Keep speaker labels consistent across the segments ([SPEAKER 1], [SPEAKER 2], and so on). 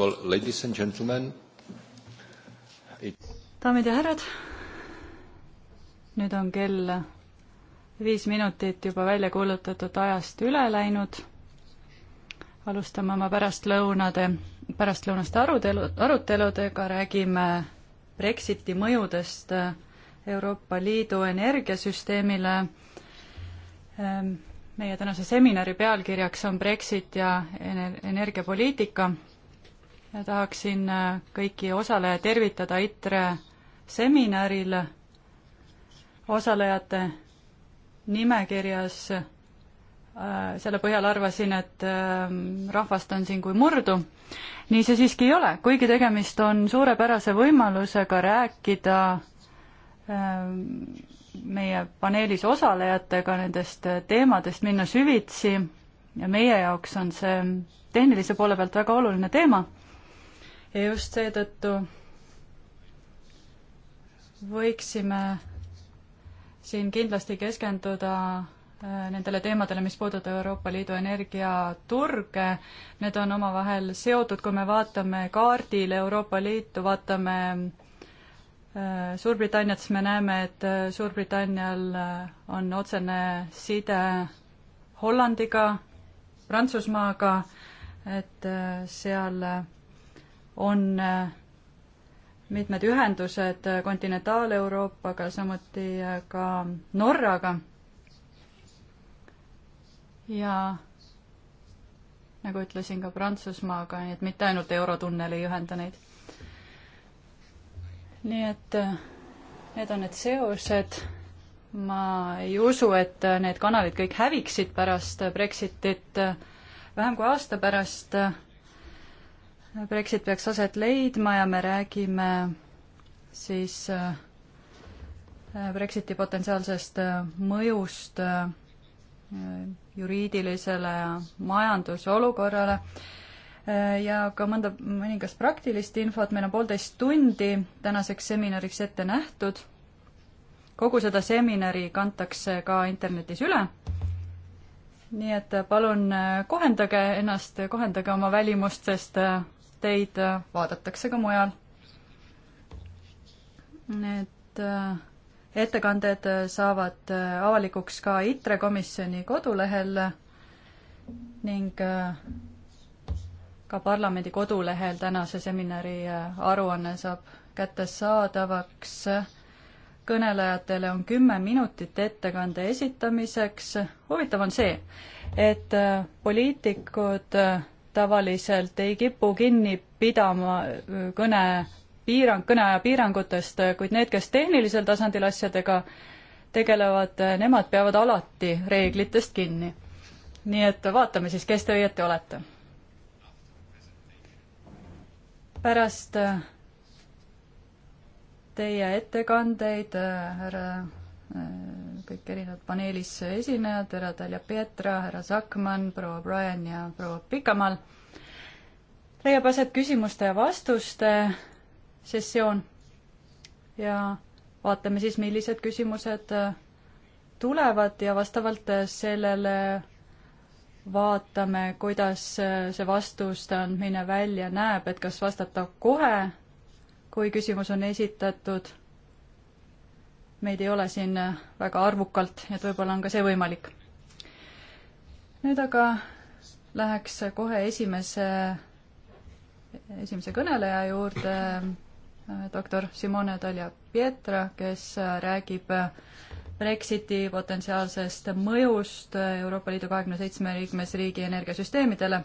[SPEAKER 1] Well, ladies and gentlemen it....
[SPEAKER 2] daamid ja härrad, nüüd on kell viis minutit juba välja kuulutatud ajast üle läinud. alustame oma pärastlõunade, pärastlõunaste arutelu, aruteludega, räägime Brexiti mõjudest Euroopa Liidu energiasüsteemile. Ehm, meie tänase seminari pealkirjaks on Brexit ja energiapoliitika tahaksin äh, kõiki osalejaid tervitada ITRE seminaril osalejate nimekirjas. Äh, selle põhjal arvasin, et äh, rahvast on siin kui murdu. nii see siiski ei ole, kuigi tegemist on suurepärase võimalusega rääkida meie paneelis osalejatega nendest teemadest, minna süvitsi ja meie jaoks on see tehnilise poole pealt väga oluline teema ja just seetõttu võiksime siin kindlasti keskenduda äh, nendele teemadele, mis puudutab Euroopa Liidu energiaturge, need on omavahel seotud, kui me vaatame kaardil Euroopa Liitu, vaatame äh, Suurbritanniat, siis me näeme, et äh, Suurbritannial on otsene side Hollandiga, Prantsusmaaga, et seal on äh, mitmed ühendused äh, Kontinentaal-Euroopaga, samuti äh, ka Norraga. ja nagu ütlesin, ka Prantsusmaaga, nii et mitte ainult Eurotunnel ei ühenda neid. nii et need on need seosed. ma ei usu, et need kanalid kõik häviksid pärast Brexitit. vähem kui aasta pärast äh, Brexit peaks aset leidma ja me räägime siis äh, Brexiti potentsiaalsest äh, mõjust äh, juriidilisele ja majanduse olukorrale ja ka mõnda, mõningast praktilist infot, meil on poolteist tundi tänaseks seminariks ette nähtud. kogu seda seminari kantakse ka internetis üle. nii et palun kohendage ennast, kohendage oma välimust, sest teid äh, vaadatakse ka mujal. Need äh, ettekanded äh, saavad avalikuks ka ITRE komisjoni kodulehel ning ka parlamendi kodulehel tänase seminari aruanne saab kättesaadavaks. kõnelejatele on kümme minutit ettekande esitamiseks. huvitav on see, et poliitikud tavaliselt ei kipu kinni pidama kõne piirang, kõneaja piirangutest, kuid need, kes tehnilisel tasandil asjadega tegelevad, nemad peavad alati reeglitest kinni. nii et vaatame siis, kes te õieti olete. pärast teie ettekandeid, härra kõik erinevad paneelis esinejad, härra Talja Pietra, härra Sakman, proua Brian ja proua Pikamal. leiab aset küsimuste ja vastuste sessioon ja vaatame siis, millised küsimused äh, tulevad ja vastavalt äh, sellele vaatame, kuidas äh, see vastuste andmine välja näeb, et kas vastata kohe, kui küsimus on esitatud meid ei ole siin äh, väga arvukalt, et võib-olla on ka see võimalik. nüüd aga läheks kohe esimese, esimese kõneleja juurde, äh, doktor Simone Talja Pietra, kes äh, räägib Brexiti potentsiaalsest mõjust Euroopa Liidu kahekümne seitsme liikmesriigi energiasüsteemidele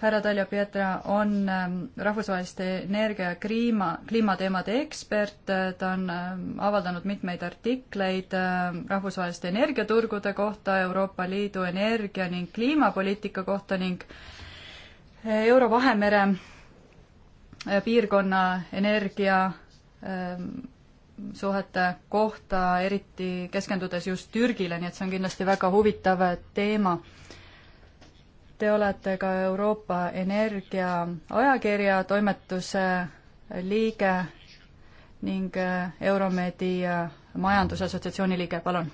[SPEAKER 2] härra Talja Pietra on ähm, rahvusvaheliste energia- ja kliima, kliimateemade ekspert, äh, ta on ähm, avaldanud mitmeid artikleid ähm, rahvusvaheliste energiaturgude kohta, Euroopa Liidu energia- ning kliimapoliitika kohta ning äh, Euro-Vahemere äh, piirkonna energia suhete kohta, eriti keskendudes just Türgile, nii et see on kindlasti väga huvitav teema. Te olete ka Euroopa Energia ajakirja toimetuse liige ning äh, Euromedi äh, majandusassotsiatsiooni liige, palun.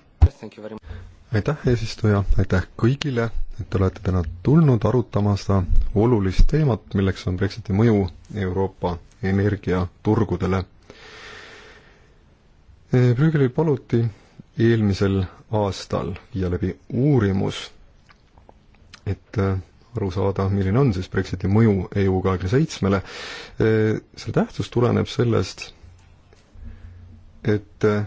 [SPEAKER 1] aitäh, eesistuja, aitäh kõigile, et te olete täna tulnud arutama seda olulist teemat, milleks on Brexiti mõju Euroopa energiaturgudele. Äh, Brügeli paluti eelmisel aastal viia läbi uurimus et äh, aru saada, milline on siis Brexiti mõju EU kahekümne seitsmele. Äh, selle tähtsus tuleneb sellest, et äh,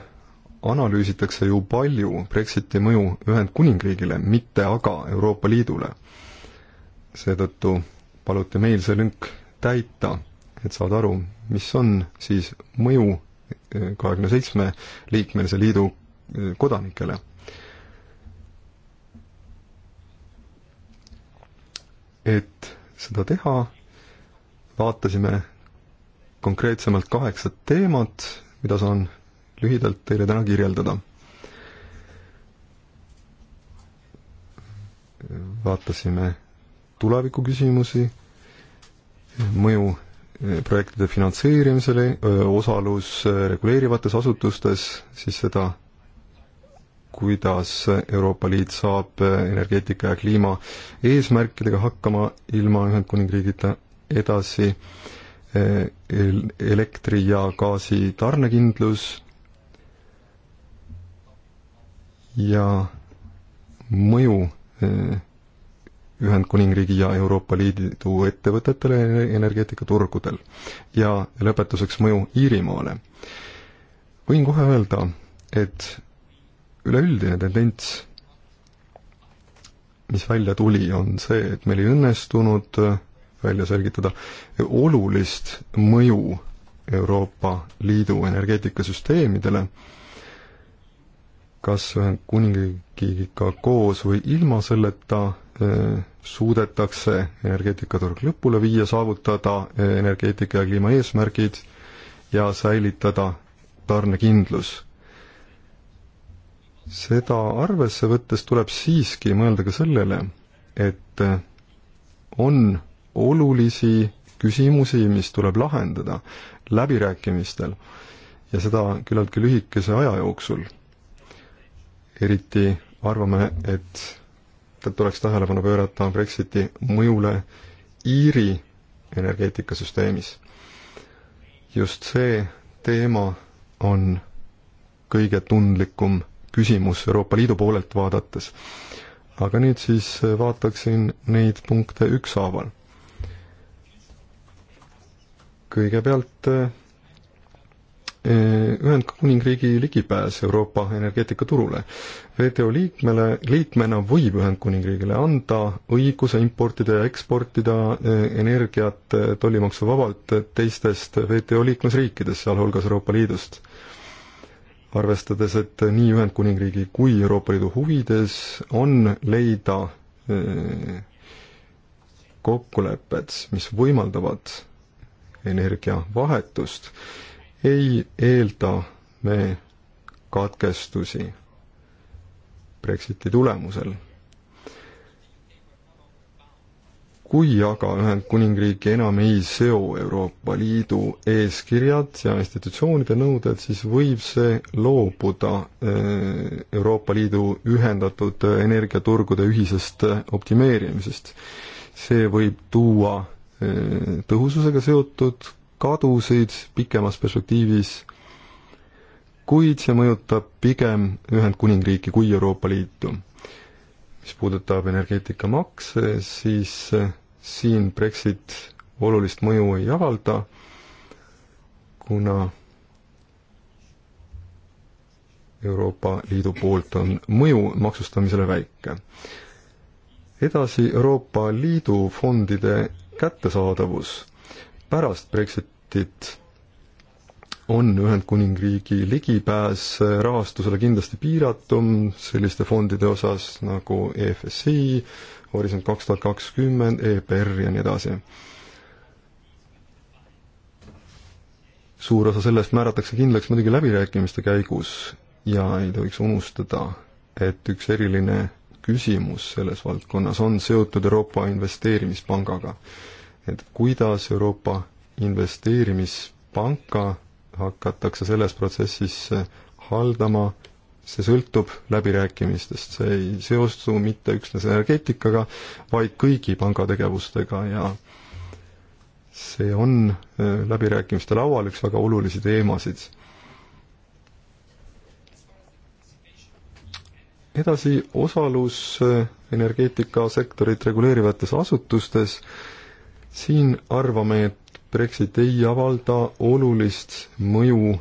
[SPEAKER 1] analüüsitakse ju palju Brexiti mõju Ühendkuningriigile, mitte aga Euroopa Liidule. seetõttu paluti meil see lünk täita, et saada aru, mis on siis mõju kahekümne seitsme liikmelise liidu kodanikele et seda teha, vaatasime konkreetsemalt kaheksat teemat, mida saan lühidalt teile täna kirjeldada. vaatasime tuleviku küsimusi, mõju eh, projektide finantseerimisele, eh, osalus eh, reguleerivates asutustes, siis seda kuidas Euroopa Liit saab energeetika ja kliima eesmärkidega hakkama ilma Ühendkuningriigita edasi eh, elektri ja gaasi tarnekindlus ja mõju eh, Ühendkuningriigi ja Euroopa Liidu ettevõtetele energeetikaturgudel ja lõpetuseks mõju Iirimaale. võin kohe öelda, et üleüldine tendents, mis välja tuli, on see, et meil ei õnnestunud äh, välja selgitada olulist mõju Euroopa Liidu energeetikasüsteemidele, kas Ühendkuningriigiga koos või ilma selleta äh, suudetakse energeetikaturg lõpule viia, saavutada äh, energeetika ja kliimaeesmärgid ja säilitada tarnekindlus seda arvesse võttes tuleb siiski mõelda ka sellele, et on olulisi küsimusi, mis tuleb lahendada läbirääkimistel ja seda küllaltki lühikese aja jooksul. eriti arvame, et tuleks tähelepanu pöörata Brexiti mõjule Iiri energeetikasüsteemis. just see teema on kõige tundlikum küsimus Euroopa Liidu poolelt vaadates. aga nüüd siis vaataksin neid punkte ükshaaval. kõigepealt eh, Ühendkuningriigi ligipääs Euroopa energeetikaturule. WTO liikmele, liikmena võib Ühendkuningriigile anda õiguse importida ja eksportida eh, energiat tollimaksuvabalt teistest WTO liikmesriikidest, sealhulgas Euroopa Liidust arvestades, et nii Ühendkuningriigi kui Euroopa Liidu huvides on leida eh, kokkulepped, mis võimaldavad energiavahetust, ei eelda me katkestusi Brexiti tulemusel kui aga Ühendkuningriiki enam ei seo Euroopa Liidu eeskirjad ja institutsioonide nõuded, siis võib see loobuda eh, Euroopa Liidu ühendatud energiaturgude ühisest optimeerimisest. see võib tuua eh, tõhususega seotud kadusid pikemas perspektiivis, kuid see mõjutab pigem Ühendkuningriiki kui Euroopa Liitu mis puudutab energeetikamakse, siis eh, siin Brexit olulist mõju ei avalda, kuna Euroopa Liidu poolt on mõju maksustamisele väike. edasi Euroopa Liidu fondide kättesaadavus. pärast Brexitit on Ühendkuningriigi ligipääs rahastusele kindlasti piiratum selliste fondide osas nagu EFSI, Horisont kaks tuhat kakskümmend, EPR ja nii edasi. suur osa sellest määratakse kindlaks muidugi läbirääkimiste käigus ja ei tohiks unustada, et üks eriline küsimus selles valdkonnas on seotud Euroopa Investeerimispangaga. et kuidas Euroopa Investeerimispanka hakatakse selles protsessis äh, haldama, see sõltub läbirääkimistest, see ei seostu mitte üksnes energeetikaga, vaid kõigi panga tegevustega ja see on äh, läbirääkimiste laual üks väga olulisi teemasid. edasi osalus äh, energeetikasektorit reguleerivates asutustes, siin arvame, et Brexit ei avalda olulist mõju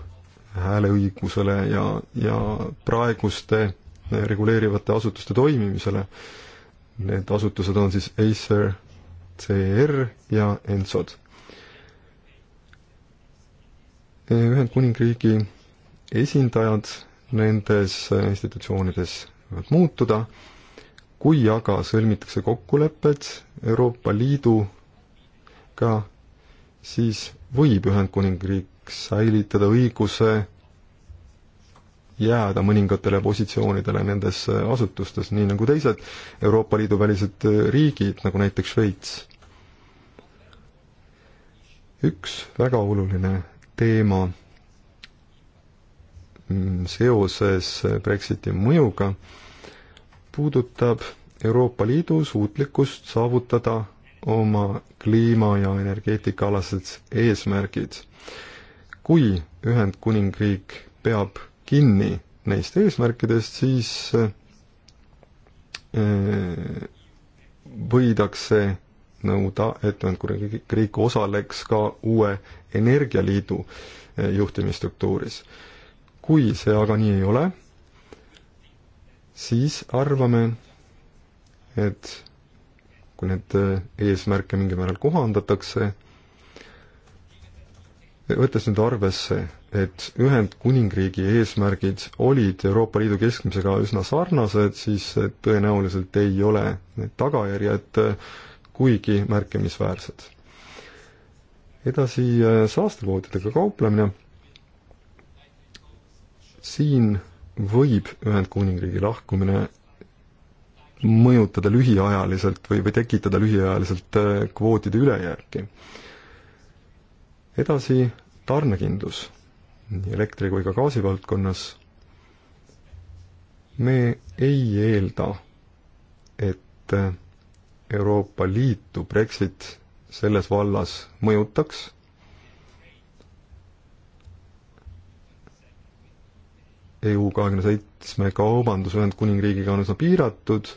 [SPEAKER 1] hääleõigusele ja, ja praeguste reguleerivate asutuste toimimisele. Need asutused on siis Acer, CR ja ENSOD. Ühendkuningriigi esindajad nendes institutsioonides võivad muutuda, kui aga sõlmitakse kokkulepped Euroopa Liiduga siis võib Ühendkuningriik säilitada õiguse jääda mõningatele positsioonidele nendes asutustes, nii nagu teised Euroopa Liidu välised riigid, nagu näiteks Šveits. üks väga oluline teema mm, seoses Brexiti mõjuga puudutab Euroopa Liidu suutlikkust saavutada oma kliima- ja energeetikaalased eesmärgid. kui Ühendkuningriik peab kinni neist eesmärkidest, siis äh, võidakse nõuda, et Ühendkuningriik osaleks ka uue energialiidu äh, juhtimisstruktuuris. kui see aga nii ei ole, siis arvame, et kui need äh, eesmärke mingil määral kohandatakse, võttes nüüd arvesse, et Ühendkuningriigi eesmärgid olid Euroopa Liidu keskmisega üsna sarnased, siis äh, tõenäoliselt ei ole need tagajärjed äh, kuigi märkimisväärsed. edasi saastekvootidega kauplemine. siin võib Ühendkuningriigi lahkumine mõjutada lühiajaliselt või, või tekitada lühiajaliselt äh, kvootide ülejääki. edasi tarnekindlus nii elektri kui ka gaasi valdkonnas. me ei eelda, et äh, Euroopa Liitu Brexit selles vallas mõjutaks EU kahekümne seitsme kaubandus Ühendkuningriigiga on üsna piiratud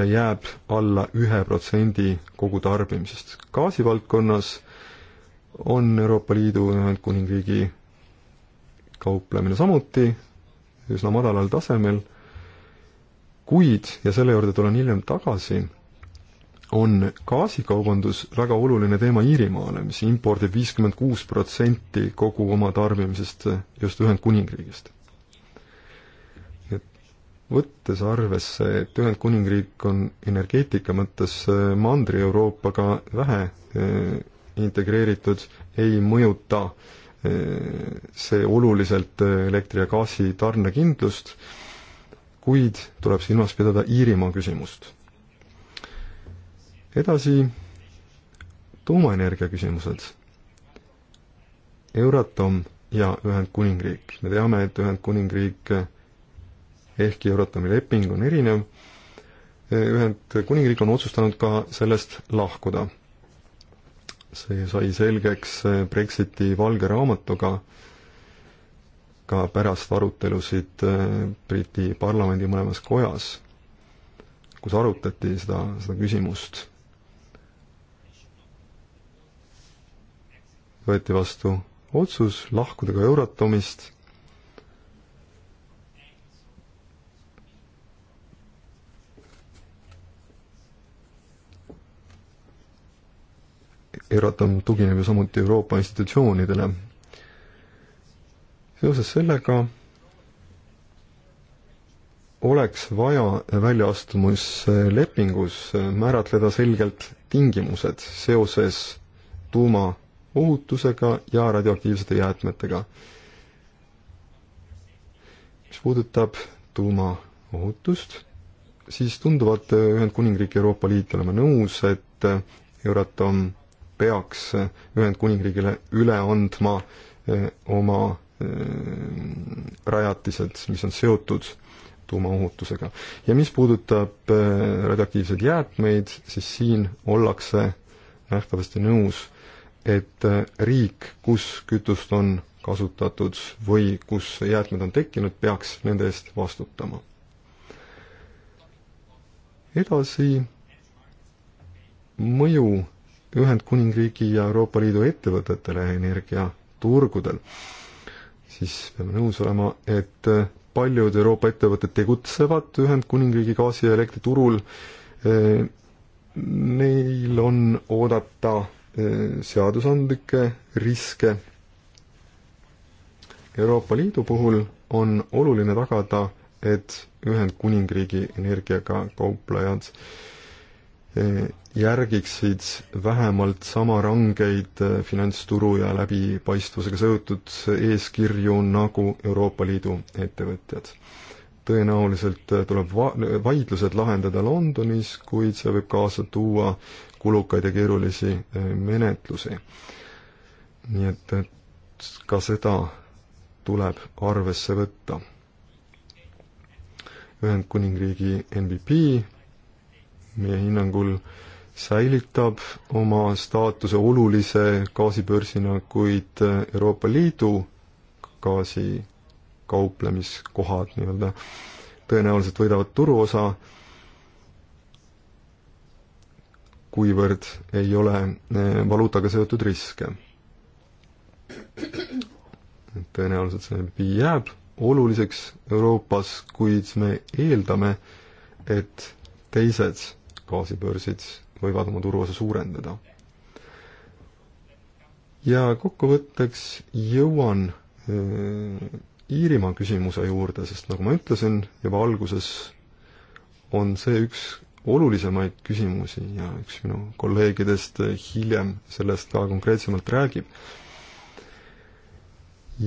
[SPEAKER 1] ja jääb alla ühe protsendi kogu tarbimisest. gaasi valdkonnas on Euroopa Liidu ja Ühendkuningriigi kauplemine samuti üsna madalal tasemel, kuid, ja selle juurde tulen hiljem tagasi, on gaasikaubandus väga oluline teema Iirimaale, mis impordib viiskümmend kuus protsenti kogu oma tarbimisest just Ühendkuningriigist võttes arvesse, et Ühendkuningriik on energeetika mõttes äh, Mandri-Euroopaga vähe äh, integreeritud, ei mõjuta äh, see oluliselt elektri ja gaasi tarnekindlust, kuid tuleb silmas pidada Iirimaa küsimust. edasi tuumaenergia küsimused. Euratom ja Ühendkuningriik, me teame, et Ühendkuningriik ehkki Euratomi leping on erinev, Ühendkuningriik on otsustanud ka sellest lahkuda. see sai selgeks Brexiti valge raamatuga, ka pärast arutelusid äh, Briti parlamendi mõlemas kojas, kus arutati seda, seda küsimust võeti vastu otsus lahkuda ka Euratomist Euratom tugineb ju samuti Euroopa institutsioonidele. seoses sellega oleks vaja väljaastumislepingus määratleda selgelt tingimused seoses tuumaohutusega ja radioaktiivsete jäätmetega. mis puudutab tuumaohutust, siis tunduvad Ühendkuningriik ja Euroopa Liit olema nõus, et Euratom peaks Ühendkuningriigile üle andma eh, oma eh, rajatised, mis on seotud tuumaohutusega. ja mis puudutab eh, radioaktiivseid jäätmeid, siis siin ollakse nähtavasti nõus, et riik, kus kütust on kasutatud või kus jäätmed on tekkinud, peaks nende eest vastutama. edasi mõju Ühendkuningriigi ja Euroopa Liidu ettevõtetele energiaturgudel, siis peame nõus olema, et paljud Euroopa ettevõtted tegutsevad Ühendkuningriigi gaasi- ja elektriturul, neil on oodata eh, seadusandlikke riske. Euroopa Liidu puhul on oluline tagada, et Ühendkuningriigi energiaga kauplejad eh, järgiksid vähemalt sama rangeid äh, finantsturu ja läbipaistvusega seotud eeskirju nagu Euroopa Liidu ettevõtjad. tõenäoliselt äh, tuleb va-, vaidlused lahendada Londonis, kuid see võib kaasa tuua kulukaid ja keerulisi äh, menetlusi. nii et, et ka seda tuleb arvesse võtta. Ühendkuningriigi MVP meie hinnangul äh, säilitab oma staatuse olulise gaasibörsina, kuid Euroopa Liidu gaasi kauplemiskohad nii-öelda tõenäoliselt võidavad turuosa, kuivõrd ei ole eh, valuutaga seotud riske. tõenäoliselt see jääb oluliseks Euroopas, kuid me eeldame, et teised gaasibörsid võivad oma turuosa suurendada. ja kokkuvõtteks jõuan äh, Iirimaa küsimuse juurde, sest nagu ma ütlesin juba alguses, on see üks olulisemaid küsimusi ja üks minu kolleegidest hiljem sellest ka konkreetsemalt räägib.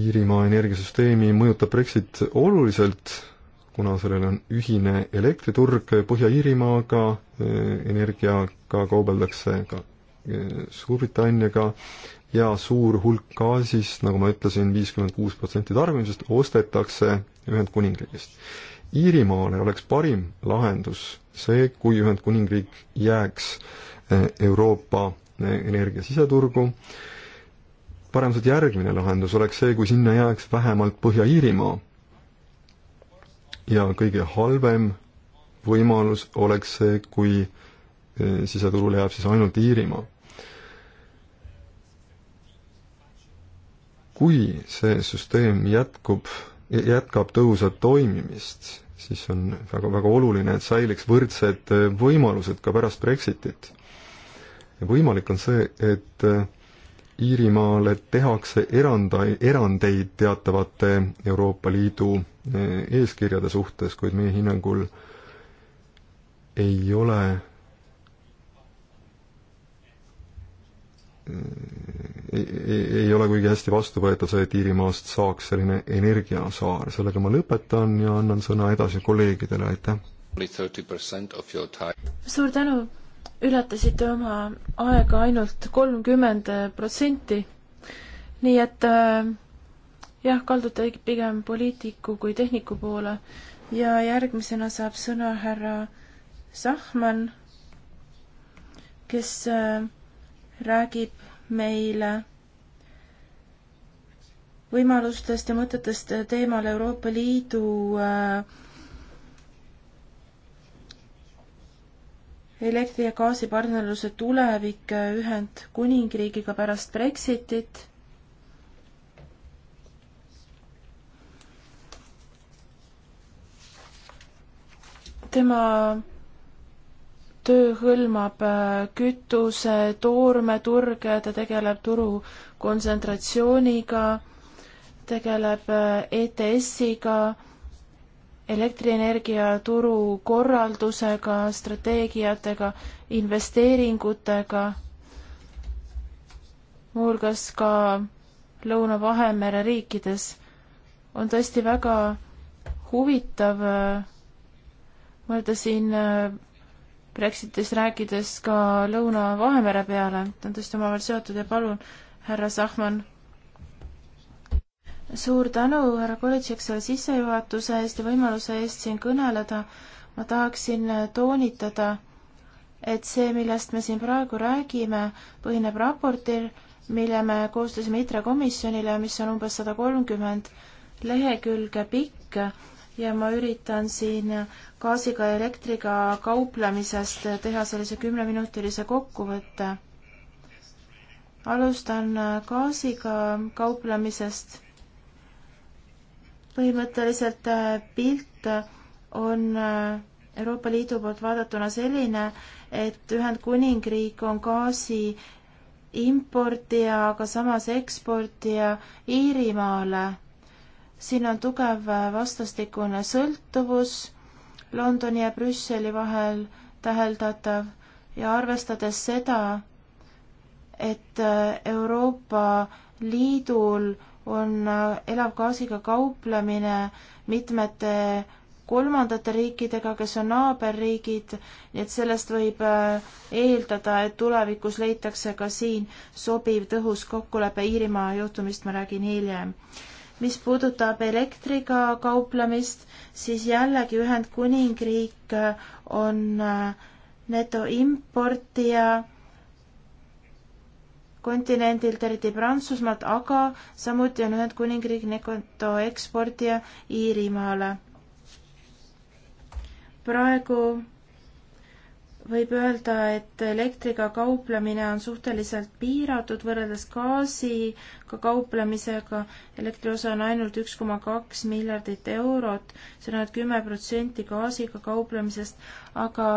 [SPEAKER 1] Iirimaa energiasüsteemi mõjutab Brexit oluliselt kuna sellel on ühine elektriturg Põhja-Iirimaaga, eh, energiaga kaubeldakse ka eh, Suurbritanniaga ja suur hulk gaasist, nagu ma ütlesin, viiskümmend kuus protsenti tarbimisest ostetakse Ühendkuningriigist. Iirimaale oleks parim lahendus see, kui Ühendkuningriik jääks eh, Euroopa energia siseturgu, paremalt järgmine lahendus oleks see, kui sinna jääks vähemalt Põhja-Iirimaa ja kõige halvem võimalus oleks see, kui e, siseturule jääb siis ainult Iirimaa. kui see süsteem jätkub, e, jätkab tõhusat toimimist, siis on väga, väga oluline, et säiliks võrdsed e, võimalused ka pärast Brexitit. ja võimalik on see, et Iirimaale tehakse eranda, erandeid teatavate Euroopa Liidu Eh, eeskirjade suhtes, kuid meie hinnangul ei ole eh, ei, ei, ei ole kuigi hästi vastuvõetav see, et Iirimaast saaks selline energiasaar. sellega ma lõpetan ja annan sõna edasi kolleegidele, aitäh!
[SPEAKER 3] suur tänu! ületasite oma aega ainult kolmkümmend protsenti. nii et äh, jah, kaldute pigem poliitiku kui tehniku poole ja järgmisena saab sõna härra Sahman, kes äh, räägib meile võimalustest ja mõtetest teemal Euroopa Liidu äh, elektri- ja gaasipartnerluse tulevik Ühendkuningriigiga pärast Brexitit tema töö hõlmab äh, kütuse, toormeturge, ta tegeleb turu kontsentratsiooniga, tegeleb äh, ETS-iga, elektrienergia turu korraldusega, strateegiatega, investeeringutega, muuhulgas ka Lõuna-Vahemere riikides. on tõesti väga huvitav äh, mõelda siin äh, Brexitis rääkides ka Lõuna-Vahemere peale, ta on tõesti omavahel seotud ja palun, härra Sahman. suur tänu, härra Kolitšek, selle sissejuhatuse eest ja võimaluse eest siin kõneleda. ma tahaksin äh, toonitada, et see, millest me siin praegu räägime, põhineb raportil, mille me koostasime ITRE komisjonile, mis on umbes sada kolmkümmend lehekülge pikk ja ma üritan siin gaasiga ja elektriga kauplemisest teha sellise kümneminutilise kokkuvõtte. alustan gaasiga kauplemisest. põhimõtteliselt äh, pilt on äh, Euroopa Liidu poolt vaadatuna selline, et Ühendkuningriik on gaasi importija, aga samas eksportija Iirimaale siin on tugev vastastikune sõltuvus Londoni ja Brüsseli vahel täheldatav ja arvestades seda, et äh, Euroopa Liidul on äh, elav gaasiga kauplemine mitmete kolmandate riikidega, kes on naaberriigid, nii et sellest võib äh, eeldada, et tulevikus leitakse ka siin sobiv tõhus kokkulepe, Iirimaa juhtumist ma räägin hiljem mis puudutab elektriga kauplemist, siis jällegi Ühendkuningriik äh, on äh, netoimportija kontinendilt, eriti Prantsusmaalt, aga samuti on Ühendkuningriik netoeksportija Iirimaale. praegu võib öelda, et elektriga kauplemine on suhteliselt piiratud võrreldes gaasiga kauplemisega. elektri osa on ainult üks koma kaks miljardit eurot, see on ainult kümme protsenti gaasiga kauplemisest, aga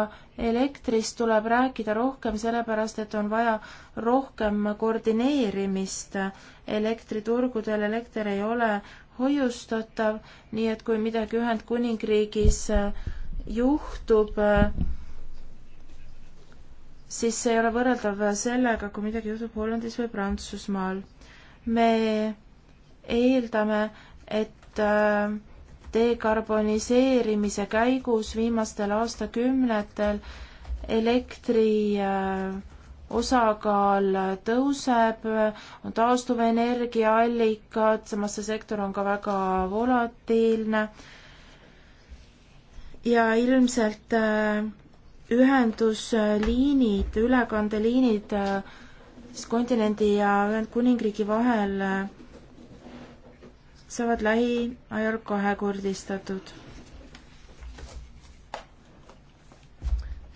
[SPEAKER 3] elektrist tuleb rääkida rohkem, sellepärast et on vaja rohkem koordineerimist elektriturgudel, elekter ei ole hoiustatav, nii et kui midagi Ühendkuningriigis juhtub, siis see ei ole võrreldav sellega, kui midagi juhtub Hollandis või Prantsusmaal. me eeldame, et äh, dekarboniseerimise käigus viimastel aastakümnetel elektri äh, osakaal tõuseb, on taastuvenergiaallikad, samas see sektor on ka väga volatiilne ja ilmselt äh, ühendusliinid, ülekandeliinid äh, siis kontinendi ja Ühendkuningriigi vahel äh, saavad lähiajal kahekordistatud.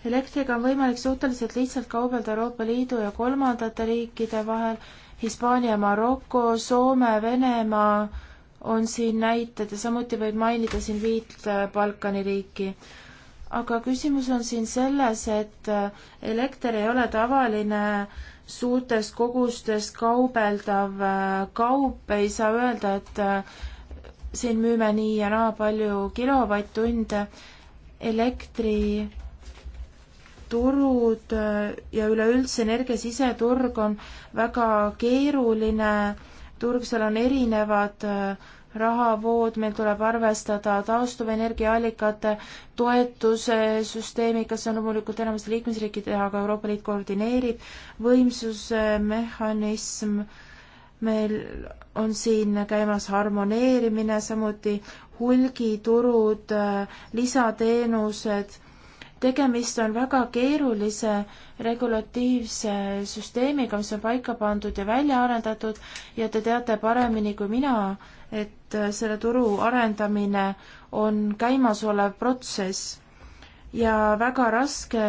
[SPEAKER 3] elektriga on võimalik suhteliselt lihtsalt kaubelda Euroopa Liidu ja kolmandate riikide vahel. Hispaania, Maroko, Soome, Venemaa on siin näited ja samuti võib mainida siin viit äh, Balkani riiki aga küsimus on siin selles, et äh, elekter ei ole tavaline suurtes kogustes kaubeldav äh, kaup, ei saa öelda, et äh, siin müüme nii ja naa palju kilovatt-tunde. elektriturud ja üleüldse energia siseturg on väga keeruline turg, seal on erinevad äh, rahavood, meil tuleb arvestada taastuvenergiaallikate toetuse süsteemiga, see on loomulikult enamasti liikmesriikide, aga Euroopa Liit koordineerib, võimsusmehhanism, meil on siin käimas harmoneerimine, samuti hulgiturud, lisateenused tegemist on väga keerulise regulatiivse süsteemiga, mis on paika pandud ja välja arendatud ja te teate paremini kui mina, et selle turu arendamine on käimasolev protsess ja väga raske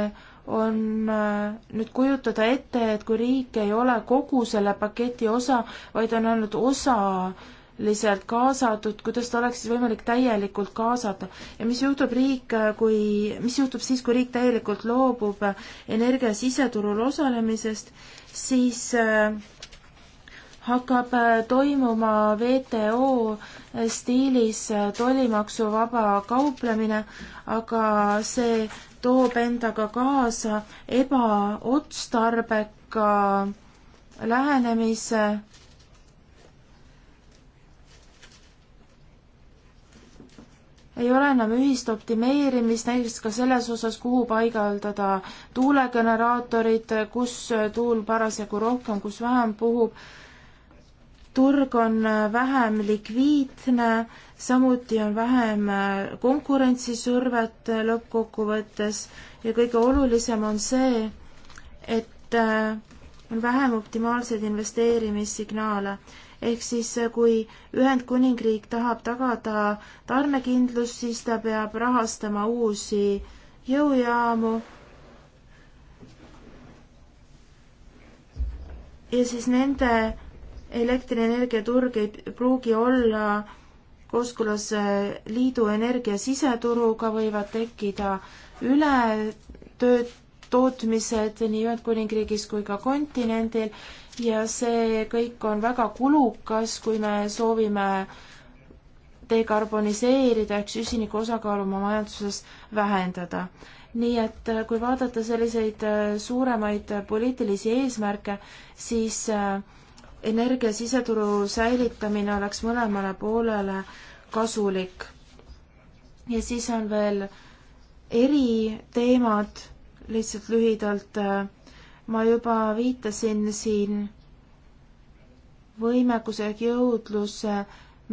[SPEAKER 3] on äh, nüüd kujutada ette, et kui riik ei ole kogu selle paketi osa, vaid on ainult osa äh, täielikult kaasatud, kuidas ta oleks siis võimalik täielikult kaasata ja mis juhtub riik, äh, kui, mis juhtub siis, kui riik täielikult loobub äh, energia siseturul osalemisest, siis äh, hakkab äh, toimuma WTO stiilis tollimaksuvaba kauplemine, aga see toob endaga kaasa ebaotstarbeka lähenemise ei ole enam ühist optimeerimist näiteks ka selles osas, kuhu paigaldada tuulegeneraatorid, kus tuul parasjagu rohkem, kus vähem puhub. turg on vähem likviidne, samuti on vähem konkurentsisurvet lõppkokkuvõttes ja kõige olulisem on see, et on vähem optimaalseid investeerimissignaale ehk siis äh, kui Ühendkuningriik tahab tagada tarnekindlust, siis ta peab rahastama uusi jõujaamu. ja siis nende elektrienergia turg ei pruugi olla kooskõlas äh, liidu energia siseturuga, võivad tekkida ületööd, tootmised nii Ühendkuningriigis kui ka kontinendil ja see kõik on väga kulukas, kui me soovime dekarboniseerida ehk süsiniku osakaalu oma majanduses vähendada. nii et äh, kui vaadata selliseid äh, suuremaid äh, poliitilisi eesmärke, siis energia siseturu säilitamine oleks mõlemale poolele kasulik. ja siis on veel eriteemad, lihtsalt lühidalt äh, ma juba viitasin siin võimekuse jõudluse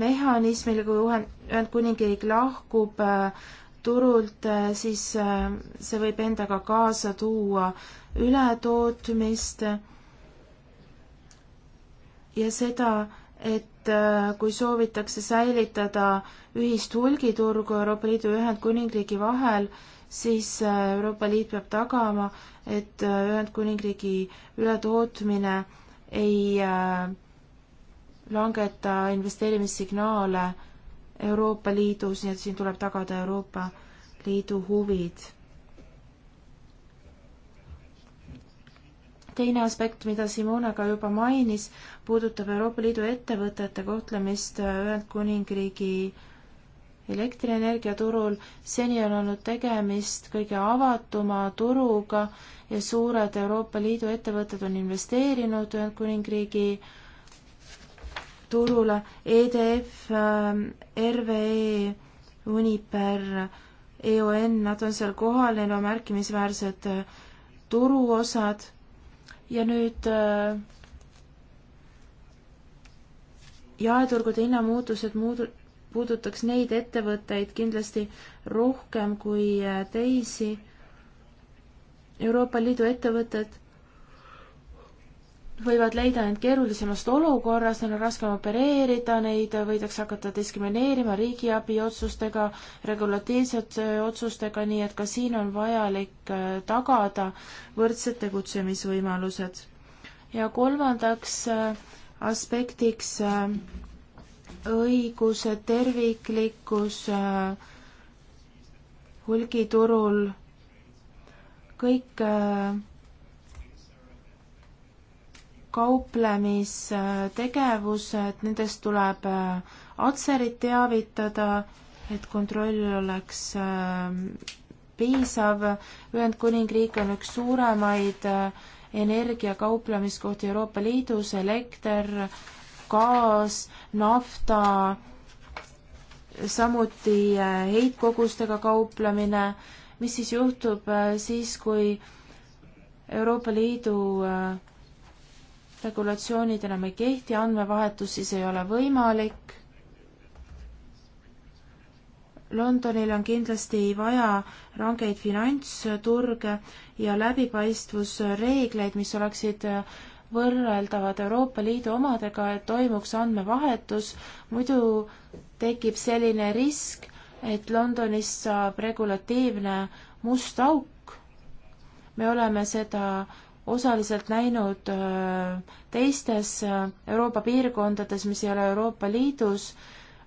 [SPEAKER 3] mehhanismile, kui Ühendkuningriik lahkub äh, turult, äh, siis äh, see võib endaga kaasa tuua ületootmist ja seda, et kui soovitakse säilitada ühist hulgiturgu Euroopa Liidu ja Ühendkuningriigi vahel, siis äh, Euroopa Liit peab tagama, et äh, Ühendkuningriigi ületootmine ei äh, langeta investeerimissignaale Euroopa Liidus, nii et siin tuleb tagada Euroopa Liidu huvid. teine aspekt, mida Simone ka juba mainis, puudutab Euroopa Liidu ettevõtete kohtlemist Ühendkuningriigi äh, elektrienergiaturul. seni on olnud tegemist kõige avatuma turuga ja suured Euroopa Liidu ettevõtted on investeerinud Ühendkuningriigi turule EDF, ähm, RVE, Uniper, EON, nad on seal kohal, neil on märkimisväärsed äh, turuosad ja nüüd äh, jaeturgude hinnamuutused muud-, puudutaks neid ettevõtteid kindlasti rohkem kui äh, teisi Euroopa Liidu ettevõtted võivad leida end keerulisemast olukorrast, neil on raskem opereerida, neid äh, võidakse hakata diskrimineerima riigiabi otsustega, regulatiivsete äh, otsustega, nii et ka siin on vajalik tagada võrdsed tegutsemisvõimalused. ja kolmandaks aspektiks õiguse terviklikkus äh, hulgiturul, kõik äh, kauplemistegevused, nendest tuleb äh, atserit teavitada, et kontroll oleks piisav. Ühendkuningriik on üks suuremaid energiakauplemiskohti Euroopa Liidus, elekter, gaas, nafta, samuti äh, heitkogustega kauplemine, mis siis juhtub äh, siis, kui Euroopa Liidu äh, regulatsioonid enam ei kehti, andmevahetus siis ei ole võimalik. Londonil on kindlasti vaja rangeid finantsturge ja läbipaistvusreegleid, mis oleksid võrreldavad Euroopa Liidu omadega, et toimuks andmevahetus, muidu tekib selline risk, et Londonist saab regulatiivne must auk. me oleme seda osaliselt näinud äh, teistes äh, Euroopa piirkondades, mis ei ole Euroopa Liidus,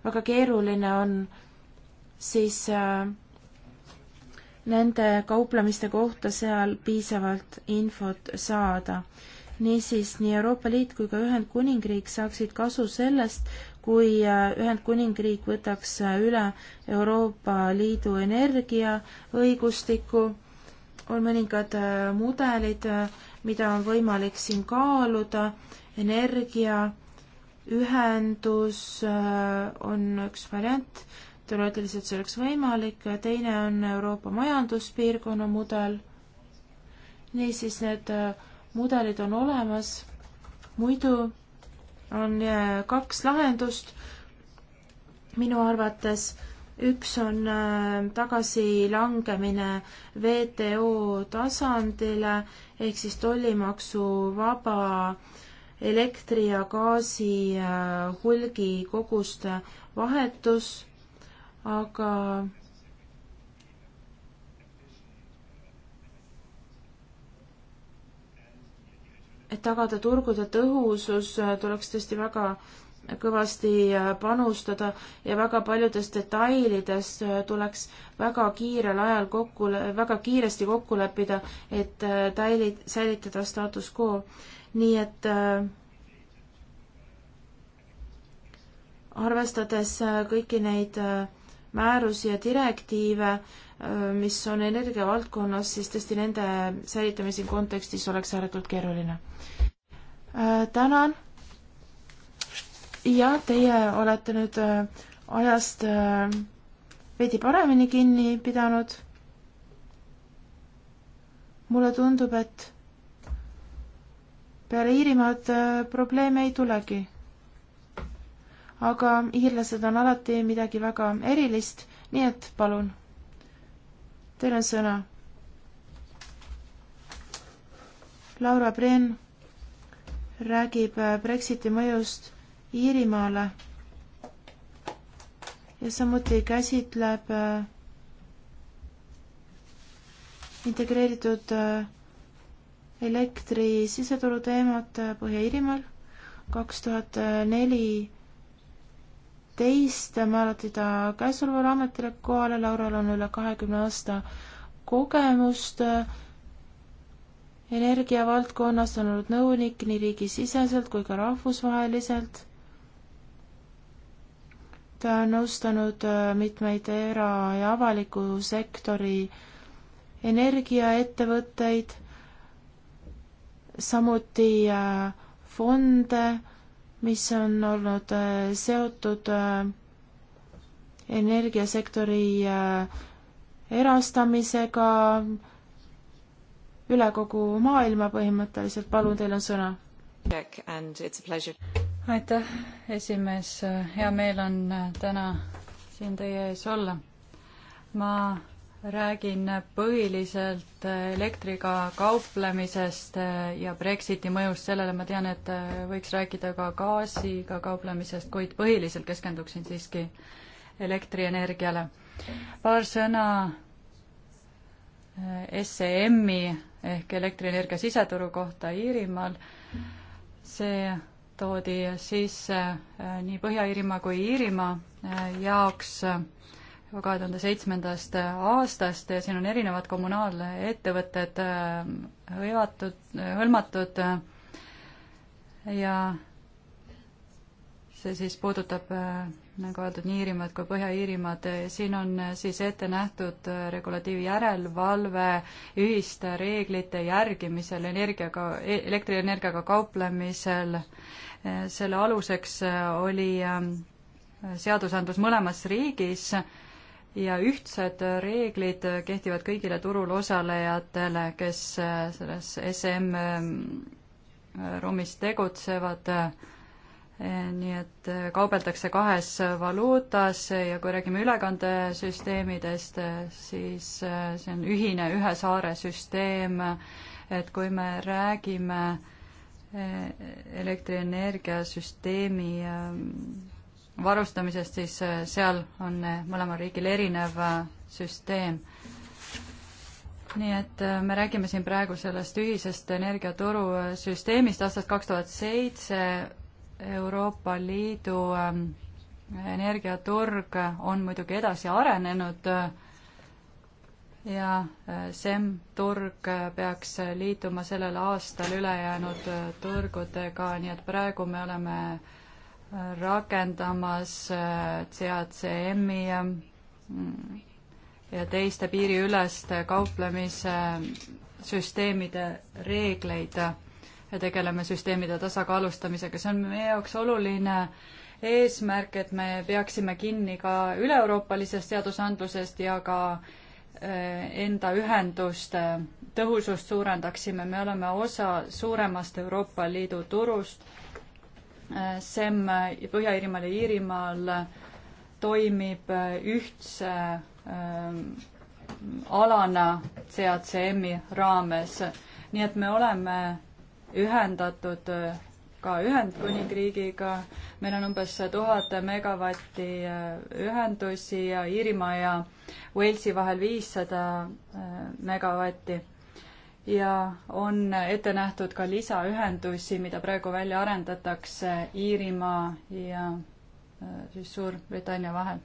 [SPEAKER 3] väga keeruline on siis äh, nende kauplemiste kohta seal piisavalt infot saada niisiis nii Euroopa Liit kui ka Ühendkuningriik saaksid kasu sellest, kui äh, Ühendkuningriik võtaks äh, üle Euroopa Liidu energiaõigustiku, on mõningad äh, mudelid, mida on võimalik siin kaaluda, energia, ühendus on üks variant, teoreetiliselt see oleks võimalik, teine on Euroopa Majanduspiirkonna mudel, niisiis need äh, mudelid on olemas, muidu on äh, kaks lahendust minu arvates. üks on äh, tagasilangemine WTO tasandile ehk siis tollimaksu vaba elektri ja gaasi äh, hulgikoguste vahetus, aga et tagada turgude tõhusus, äh, tuleks tõesti väga kõvasti äh, panustada ja väga paljudes detailides äh, tuleks väga kiirel ajal kokku, väga kiiresti kokku leppida, et täili-, säilitada status quo. nii et arvestades kõiki neid määrusi ja direktiive, mis on energiavaldkonnas, siis tõesti nende säilitamise kontekstis oleks ääretult keeruline. Äh, tänan. ja teie olete nüüd äh, ajast äh, veidi paremini kinni pidanud. mulle tundub, et peale Iirimaad probleeme ei tulegi. aga iirlased on alati midagi väga erilist, nii et palun Teil on sõna. Laura Brenn räägib äh, Brexiti mõjust Iirimaale ja samuti käsitleb äh, integreeritud äh, elektri siseturu teemat Põhja-Iirimaal. kaks tuhat neli teist määrati ta käesolevale ametile kohale, Laural on üle kahekümne aasta kogemust energiavaldkonnas, on olnud nõunik nii riigisiseselt kui ka rahvusvaheliselt. ta on nõustanud äh, mitmeid era- ja avaliku sektori energiaettevõtteid, samuti äh, fonde mis on olnud äh, seotud äh, energiasektori äh, erastamisega üle kogu maailma põhimõtteliselt. palun, teil on sõna. aitäh, esimees,
[SPEAKER 2] hea meel on täna siin teie ees olla. ma räägin põhiliselt elektriga kauplemisest ja Brexiti mõjust sellele, ma tean, et võiks rääkida ka gaasiga kauplemisest, kuid põhiliselt keskenduksin siiski elektrienergiale. paar sõna SEM-i ehk elektrienergia siseturu kohta Iirimaal. see toodi sisse nii Põhja-Iirimaa kui Iirimaa jaoks kahe tuhande seitsmendast aastast ja siin on erinevad kommunaalettevõtted äh, hõivatud, hõlmatud äh, ja see siis puudutab äh, nagu öeldud, nii Iirimaad kui Põhja-Iirimaad, siin on siis ette nähtud regulatiivi järelevalve ühiste reeglite järgimisel energiaga, e-, elektrienergiaga kauplemisel. selle aluseks oli ähm, seadusandlus mõlemas riigis ja ühtsed reeglid kehtivad kõigile turul osalejatele, kes äh, selles SM ähm, äh, ruumis tegutsevad, äh, nii et kaubeldakse kahes valuutas ja kui räägime ülekandesüsteemidest, siis see on ühine ühe saare süsteem, et kui me räägime elektrienergiasüsteemi ähm, varustamisest, siis äh, seal on äh, mõlemal riigil erinev äh, süsteem. nii et me räägime siin praegu sellest ühisest energiaturu süsteemist aastast kaks tuhat seitse, Euroopa Liidu ähm, energiaturg on muidugi edasi arenenud ja SEM turg peaks liituma sellel aastal ülejäänud turgudega, nii et praegu me oleme äh, rakendamas äh, CACM-i mm, ja teiste piiriüleste kauplemise süsteemide reegleid ja tegeleme süsteemide tasakaalustamisega, see on meie jaoks oluline eesmärk, et me peaksime kinni ka üle-euroopalisest seadusandlusest ja ka äh, enda ühenduste äh, tõhusust suurendaksime, me oleme osa suuremast Euroopa Liidu turust SEM Põhja-Iirimaal ja Iirimaal toimib ühtse ähm, alana CACM-i raames. nii et me oleme ühendatud äh, ka Ühendkuningriigiga, meil on umbes tuhat megavatti äh, ühendusi ja Iirimaa ja Walesi vahel viissada äh, megavatti ja on ette nähtud ka lisaühendusi, mida praegu välja arendatakse Iirimaa ja äh, siis Suurbritannia vahel.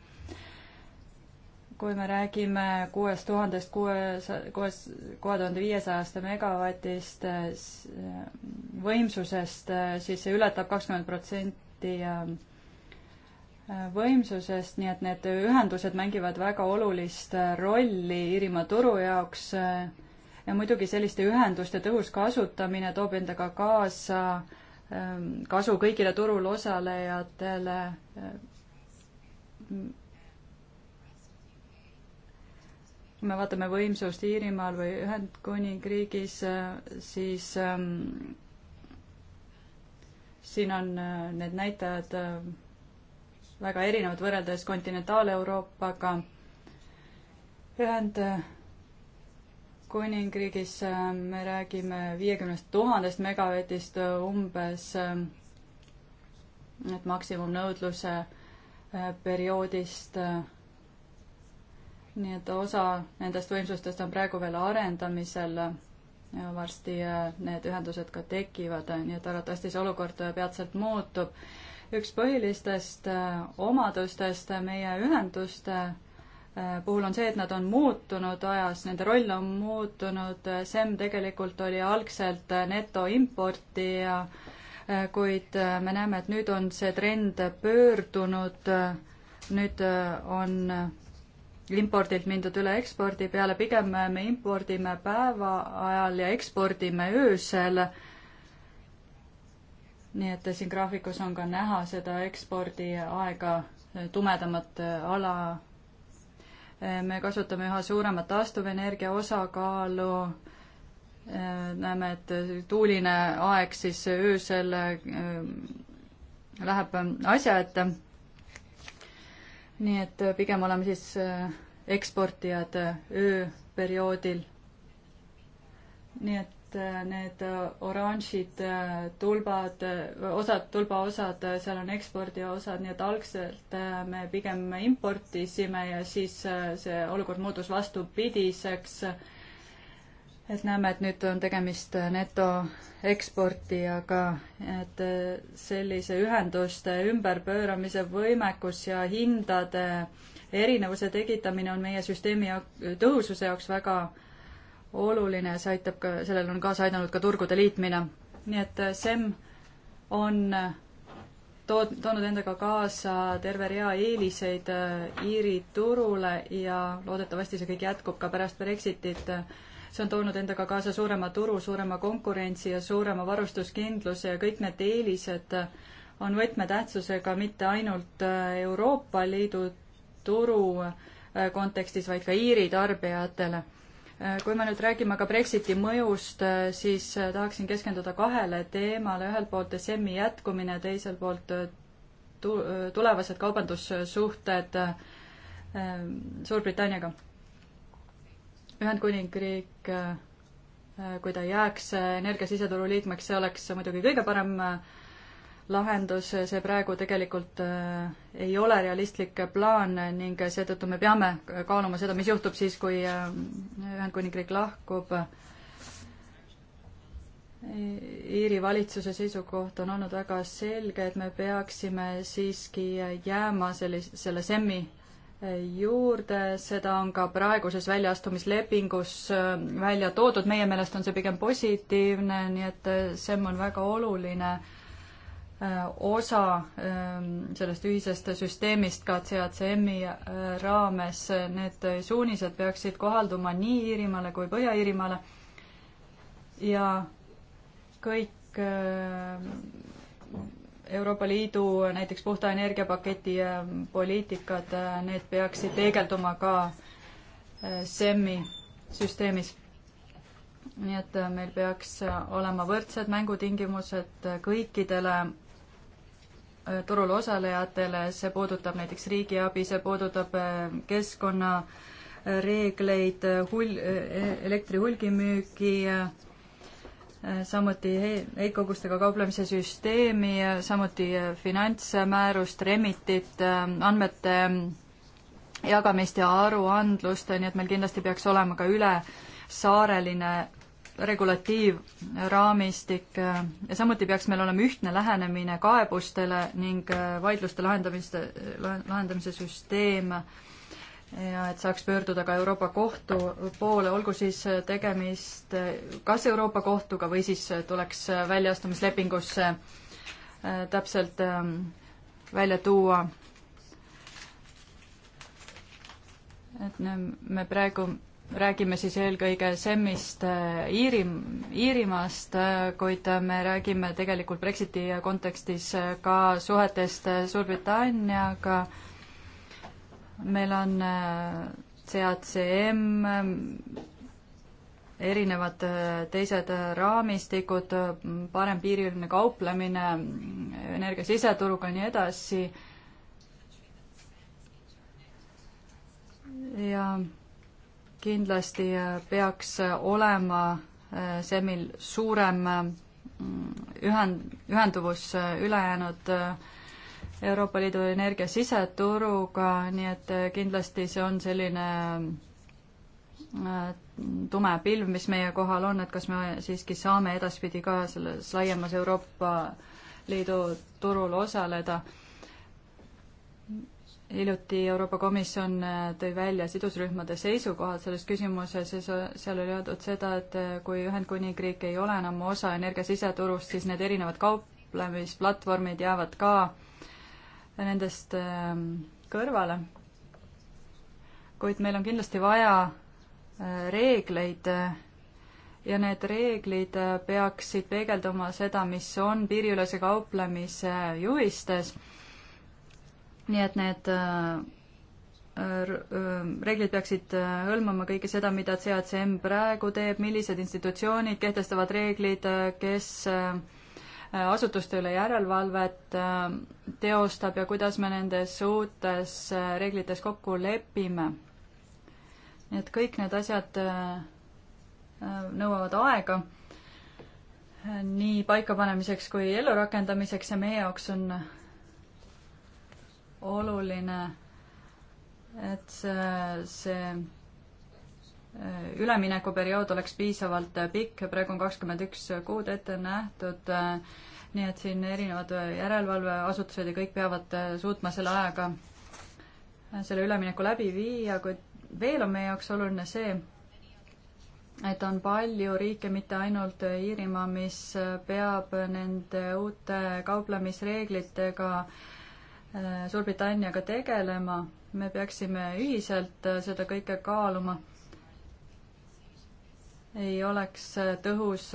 [SPEAKER 2] kui me räägime kuuest tuhandest kuuesaja, kuues, kuue tuhande viiesajast megavatist äh, võimsusest, äh, siis see ületab kakskümmend protsenti võimsusest, nii et need ühendused mängivad väga olulist rolli Iirimaa turu jaoks ja muidugi selliste ühenduste tõhus kasutamine toob endaga kaasa ähm, kasu kõigile turul osalejatele. Ähm, kui me vaatame võimsust Iirimaal või Ühendkuningriigis, äh, siis ähm, siin on äh, need näitajad äh, väga erinevad võrreldes kontinentaal-Euroopaga. Ühend Kuningriigis äh, me räägime viiekümnest tuhandest megavatist äh, umbes, äh, et maksimumnõudluse perioodist. nii et osa nendest võimsustest on praegu veel arendamisel. varsti need ühendused ka tekivad, nii et arvatavasti see olukord peatselt muutub. üks põhilistest omadustest meie ühenduste Äh, puhul on see, et nad on muutunud ajas, nende roll on muutunud, äh, SEM tegelikult oli algselt äh, netoimportija, kuid me näeme, et nüüd on see trend pöördunud, nüüd on impordilt mindud üle ekspordi peale, pigem me impordime päeva ajal ja ekspordime öösel. nii et siin graafikus on ka näha seda ekspordi aega, tumedamat ala me kasutame üha suuremat taastuvenergia osakaalu, näeme, et tuuline aeg siis öösel äh, läheb asja ette. nii et pigem oleme siis äh, eksportijad äh, ööperioodil. nii et et äh, need äh, oranžid äh, tulbad, osad, tulbaosad, seal on ekspordiosad, nii et algselt me pigem importisime ja siis see olukord muutus vastupidiseks. et näeme, et nüüd on tegemist netoeksportijaga, et sellise ühenduste ümberpööramise võimekus ja hindade erinevuse tekitamine on meie süsteemi tõhususe jaoks väga oluline, see aitab ka, sellele on kaasa aidanud ka turgude liitmine. nii et äh, SEM on äh, tood-, toonud endaga kaasa terve rea eeliseid äh, Iiri turule ja loodetavasti see kõik jätkub ka pärast Brexitit. see on toonud endaga kaasa suurema turu, suurema konkurentsi ja suurema varustuskindluse ja kõik need eelised on võtmetähtsusega mitte ainult Euroopa Liidu turu kontekstis, vaid ka Iiri tarbijatele Äh, kui me nüüd räägime ka Brexiti mõjust, äh, siis äh, tahaksin keskenduda kahele teemale, ühelt poolt SEM-i jätkumine, teiselt poolt tu-, tulevased kaubandussuhted ähm, Suurbritanniaga. Ühendkuningriik, kui ta jääks energia siseturu liikmeks, see oleks muidugi kõige parem äh, lahendus, see praegu tegelikult äh, ei ole realistlik plaan ning seetõttu me peame kaaluma seda, mis juhtub siis, kui äh, Ühendkuningriik lahkub. Iiri valitsuse seisukoht on olnud väga selge, et me peaksime siiski jääma sellis-, selle SEM-i äh, juurde, seda on ka praeguses väljaastumislepingus välja toodud, meie meelest on see pigem positiivne, nii et SEM on väga oluline äh, Äh, osa ähm, sellest ühisest süsteemist ka CACM-i äh, raames. Äh, need suunised peaksid kohalduma nii Iirimaale kui Põhja-Iirimaale ja kõik Euroopa Liidu näiteks puhta energiapaketi poliitikad, need peaksid peegelduma ka CEM-i süsteemis nii et meil peaks olema võrdsed mängutingimused kõikidele Äh, turul osalejatele, see puudutab näiteks riigiabi, see puudutab äh, keskkonnareegleid, äh, hul-, e-, elektri hulgimüüki, samuti heitkogustega kauplemise süsteemi, samuti finantsmäärust, Remitit, andmete mm, jagamist ja aruandlust, nii et meil kindlasti peaks olema ka üle saareline regulatiivraamistik ja samuti peaks meil olema ühtne lähenemine kaebustele ning äh, vaidluste lahendamiste, lahendamise süsteem ja et saaks pöörduda ka Euroopa Kohtu poole, olgu siis äh, tegemist äh, kas Euroopa Kohtuga või siis tuleks väljaastumislepingusse täpselt ähm, välja tuua. et me praegu räägime siis eelkõige SEM-ist äh, Iiri, Iirimaast, äh, kuid äh, me räägime tegelikult Brexiti kontekstis ka suhetest Suurbritanniaga. meil on CACM, erinevad teised raamistikud, parem piiriline kauplemine, energia siseturuga ja nii edasi. ja kindlasti äh, peaks äh, olema äh, see, mil suurem mm, ühend, ühenduvus ülejäänud Euroopa Liidu energia siseturuga, nii et kindlasti see on selline tume pilv, mis meie kohal on, et kas me siiski saame edaspidi ka selles laiemas Euroopa Liidu turul osaleda hiljuti Euroopa Komisjon äh, tõi välja sidusrühmade seisukohad selles küsimuses ja seal oli öeldud seda, et äh, kui Ühendkuningriik ei ole enam osa energia siseturust, siis need erinevad kauplemisplatvormid jäävad ka nendest ähm, kõrvale. kuid meil on kindlasti vaja äh, reegleid ja need reeglid peaksid peegeldama seda, mis on piiriülese kauplemise juhistes nii et need äh, äh, reeglid peaksid äh, hõlmama kõike seda, mida CACM praegu teeb, millised institutsioonid kehtestavad reeglid, kes asutuste üle järelevalvet teostab ja kuidas me nendes uutes reeglites kokku lepime. nii et kõik need asjad nõuavad aega nii paikapanemiseks kui ellurakendamiseks ja meie jaoks on oluline, et see, see äh, üleminekuperiood oleks piisavalt äh, pikk, praegu on kakskümmend üks kuud ette nähtud, äh, nii et siin erinevad järelevalveasutused ja kõik peavad suutma selle ajaga selle ülemineku läbi viia, kuid veel on meie jaoks oluline see, et on palju riike, mitte ainult Iirimaa, mis peab nende uute kauplemisreeglitega äh, Äh, Suurbritanniaga tegelema, me peaksime ühiselt äh, seda kõike kaaluma. ei oleks äh, tõhus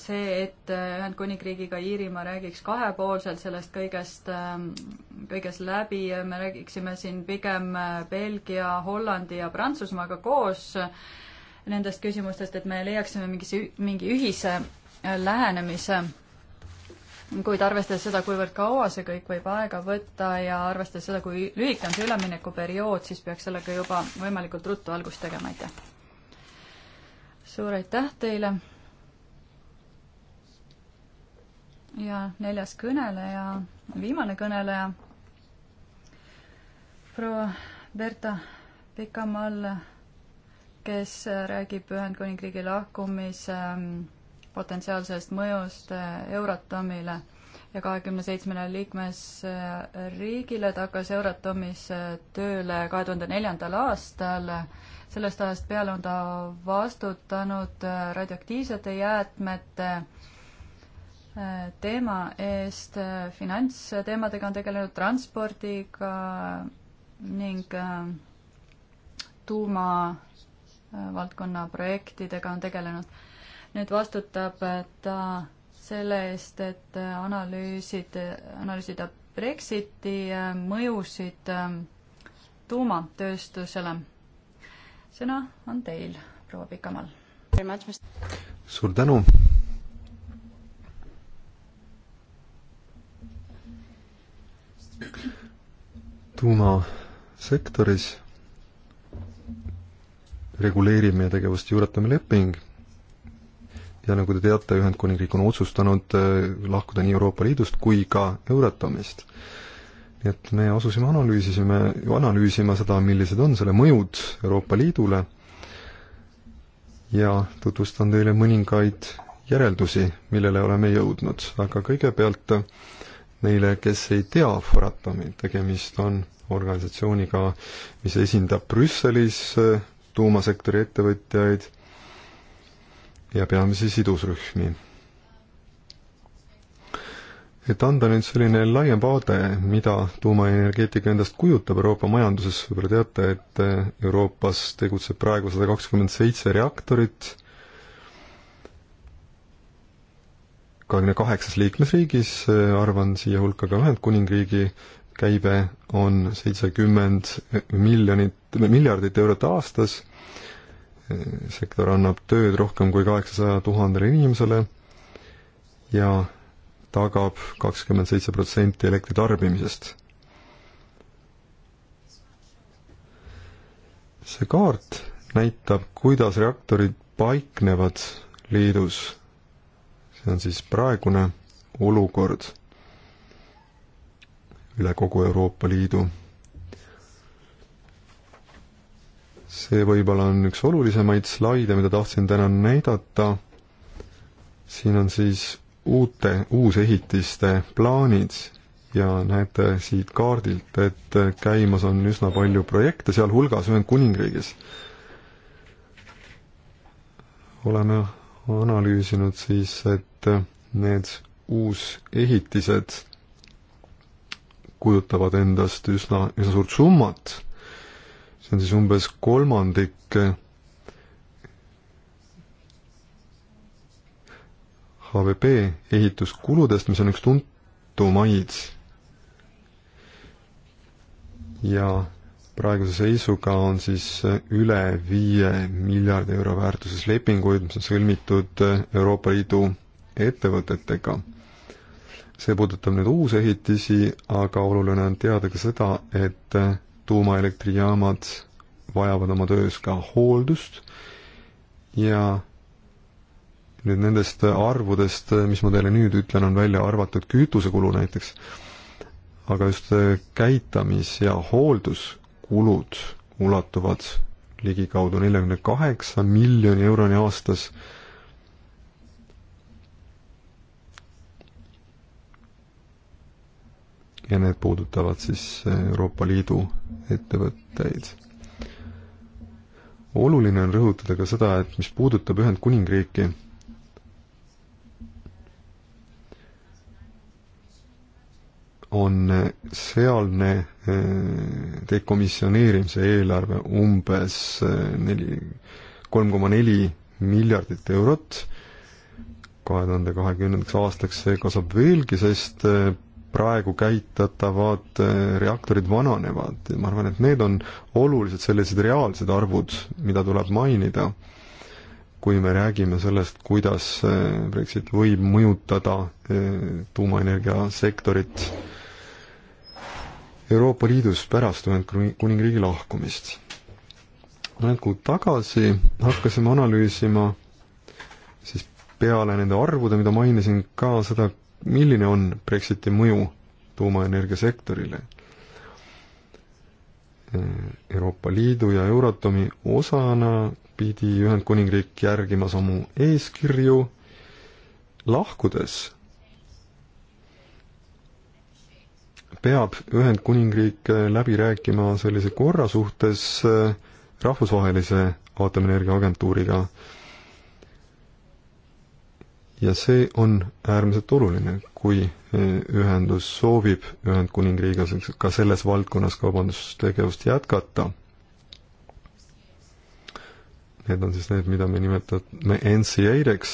[SPEAKER 2] see, et Ühendkuningriigiga Iirimaa räägiks kahepoolselt sellest kõigest, ähm, kõigest läbi, me räägiksime siin pigem Belgia, Hollandi ja Prantsusmaaga koos nendest küsimustest, et me leiaksime mingise, mingi ühise lähenemise kuid arvestades seda, kuivõrd kaua see kõik võib aega võtta ja arvestades seda, kui lühike on see üleminekuperiood, siis peaks sellega juba võimalikult ruttu algust tegema, aitäh! suur aitäh teile! ja neljas kõneleja, viimane kõneleja, proua Berta Pikamaal, kes räägib Ühendkuningriigi lahkumise ähm, potentsiaalsest mõjust äh, Euratomile ja kahekümne seitsmele liikmesriigile. ta hakkas Euratomis äh, tööle kahe tuhande neljandal aastal. sellest ajast peale on ta vastutanud äh, radioaktiivsete jäätmete teema eest, finantsteemadega on tegelenud, transpordiga ning tuumavaldkonna projektidega on tegelenud nüüd vastutab äh, ta selle eest, et äh, analüüsid, analüüsida Brexiti äh, mõjusid ähm, tuumatööstusele. sõna on teil, proua Pikamal.
[SPEAKER 1] suur tänu. tuumasektoris reguleerib meie tegevust juuretame leping ja nagu te teate, Ühendkuningriik on otsustanud äh, lahkuda nii Euroopa Liidust kui ka Euratomist. nii et me asusime analüüsisime, analüüsima seda, millised on selle mõjud Euroopa Liidule ja tutvustan teile mõningaid järeldusi, millele oleme jõudnud, aga kõigepealt neile, kes ei tea Foratomi, tegemist on organisatsiooniga, mis esindab Brüsselis äh, tuumasektori ettevõtjaid ja peamisi sidusrühmi. et anda nüüd selline laiem vaade, mida tuumaenergeetika endast kujutab Euroopa majanduses, võib-olla teate, et eh, Euroopas tegutseb praegu sada kakskümmend seitse reaktorit, kahekümne kaheksas liikmesriigis, eh, arvan siia hulka ka Ühendkuningriigi, käibe on seitsekümmend miljonit, miljardit eurot aastas sektor annab tööd rohkem kui kaheksasaja tuhandele inimesele ja tagab kakskümmend seitse protsenti elektri tarbimisest. see kaart näitab, kuidas reaktorid paiknevad liidus. see on siis praegune olukord üle kogu Euroopa Liidu see võib-olla on üks olulisemaid slaide, mida tahtsin täna näidata. siin on siis uute, uusehitiste plaanid ja näete siit kaardilt, et käimas on üsna palju projekte, sealhulgas Ühendkuningriigis. oleme analüüsinud siis, et need uusehitised kujutavad endast üsna, üsna suurt summat see on siis umbes kolmandik HVP ehituskuludest, mis on üks tuntumaid. ja praeguse seisuga on siis üle viie miljardi euro väärtuses lepinguid, mis on sõlmitud Euroopa Liidu ettevõtetega. see puudutab nüüd uusehitisi, aga oluline on teada ka seda, et tuumaelektrijaamad vajavad oma töös ka hooldust ja nüüd nendest arvudest, mis ma teile nüüd ütlen, on välja arvatud kütusekulu näiteks, aga just äh, käitamis- ja hoolduskulud ulatuvad ligikaudu neljakümne kaheksa miljoni euroni aastas ja need puudutavad siis Euroopa Liidu ettevõtteid. oluline on rõhutada ka seda, et mis puudutab Ühendkuningriiki, on sealne eh, dekomisjoneerimise eelarve umbes eh, neli, kolm koma neli miljardit eurot, kahe tuhande kahekümnendaks aastaks see kasvab veelgi, sest eh, praegu käitatavad äh, reaktorid vananevad ja ma arvan, et need on olulised sellised reaalsed arvud, mida tuleb mainida, kui me räägime sellest, kuidas äh, Brexit võib mõjutada äh, tuumaenergiasektorit Euroopa Liidus pärast Ühendkuningriigi lahkumist. mõned kuud tagasi hakkasime analüüsima siis peale nende arvude, mida mainisin, ka seda, milline on Brexiti mõju tuumaenergiasektorile? Euroopa Liidu ja Euratomi osana pidi Ühendkuningriik järgima samu eeskirju, lahkudes peab Ühendkuningriik läbi rääkima sellise korra suhtes äh, rahvusvahelise aatomienergiaagentuuriga äh, ja see on äärmiselt oluline, kui e, ühendus soovib Ühendkuningriigiga ka selles valdkonnas kaubandustegevust jätkata. Need on siis need, mida me nimetame NCA-deks.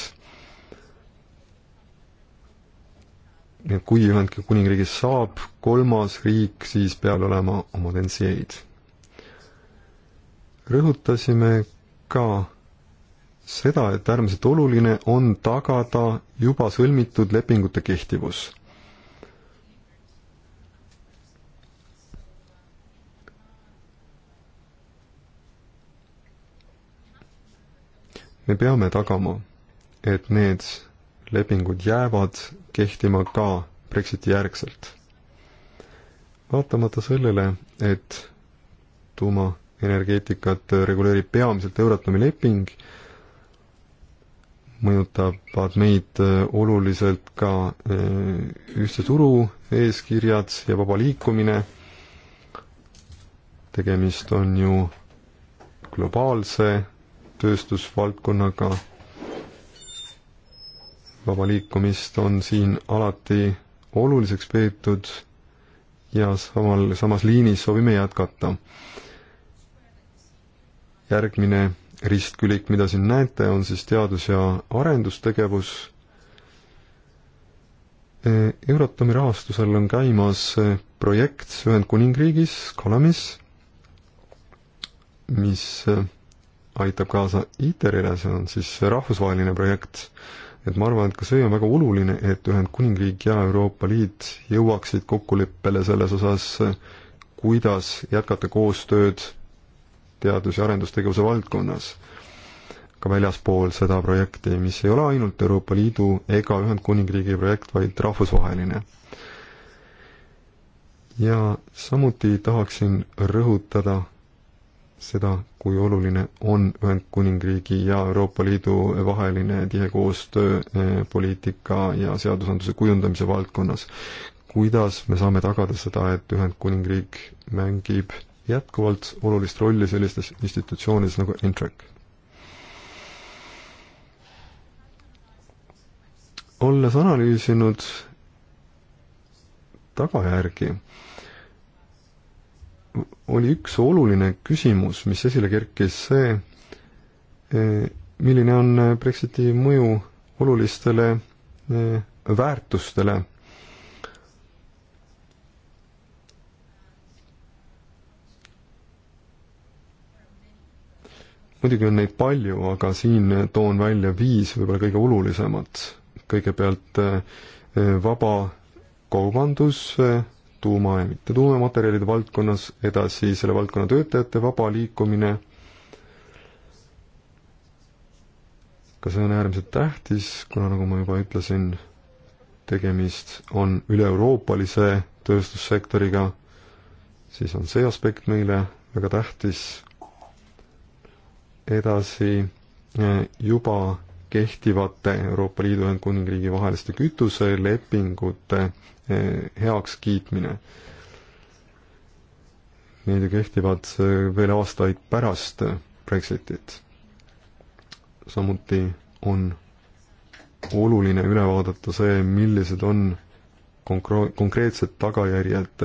[SPEAKER 1] nii et kui Ühendkuningriigis saab kolmas riik, siis peab olema omad NCA-d. rõhutasime ka seda, et äärmiselt oluline on tagada juba sõlmitud lepingute kehtivus. me peame tagama, et need lepingud jäävad kehtima ka Brexiti järgselt. vaatamata sellele, et tuumaenergeetikat reguleerib peamiselt Euratomi leping, mõjutavad meid äh, oluliselt ka äh, ühtse turu eeskirjad ja vaba liikumine. tegemist on ju globaalse tööstusvaldkonnaga. vaba liikumist on siin alati oluliseks peetud ja samal, samas liinis soovime jätkata. järgmine ristkülik, mida siin näete, on siis teadus- ja arendustegevus. E, Euratomi rahastusel on käimas e, projekt Ühendkuningriigis, Kalamis, mis e, aitab kaasa ITER-ile, see on siis rahvusvaheline projekt. et ma arvan, et ka see on väga oluline, et Ühendkuningriik ja Euroopa Liit jõuaksid kokkuleppele selles osas, kuidas jätkata koostööd teadus- ja arendustegevuse valdkonnas, ka väljaspool seda projekti, mis ei ole ainult Euroopa Liidu ega Ühendkuningriigi projekt, vaid rahvusvaheline. ja samuti tahaksin rõhutada seda, kui oluline on Ühendkuningriigi ja Euroopa Liidu vaheline tihe koostöö eh, poliitika ja seadusandluse kujundamise valdkonnas. kuidas me saame tagada seda, et Ühendkuningriik mängib jätkuvalt olulist rolli sellistes institutsioonides nagu Intrek. olles analüüsinud tagajärgi, oli üks oluline küsimus, mis esile kerkis, see, e, milline on Brexiti mõju olulistele e, väärtustele muidugi on neid palju, aga siin toon välja viis võib-olla kõige olulisemat. kõigepealt eh, vaba kaubandus eh, tuuma- ja mittetuumamaterjalide valdkonnas, edasi selle valdkonna töötajate vaba liikumine, ka see on äärmiselt tähtis, kuna nagu ma juba ütlesin, tegemist on üle-euroopalise tööstussektoriga, siis on see aspekt meile väga tähtis edasi eh, juba kehtivate Euroopa Liidu ja Ühendkuningriigi vaheliste kütuselepingute eh, heakskiitmine. Need ju kehtivad eh, veel aastaid pärast Brexitit. samuti on oluline üle vaadata see, millised on konkre-, konkreetsed tagajärjed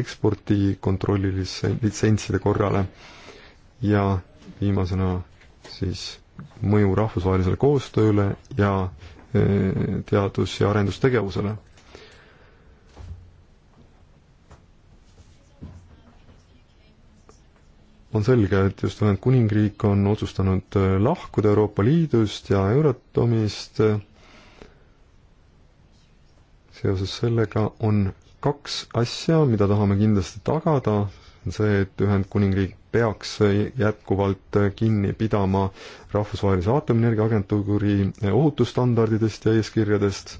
[SPEAKER 1] ekspordikontrolli litsentside korrale ja viimasena siis mõju rahvusvahelisele koostööle ja e, teadus- ja arendustegevusele. on selge, et just Ühendkuningriik on otsustanud e, lahkuda Euroopa Liidust ja Euratomist. seoses sellega on kaks asja, mida tahame kindlasti tagada see, et Ühendkuningriik peaks jätkuvalt kinni pidama Rahvusvahelise Aatomienergia Agentuuri ohutusstandardidest ja eeskirjadest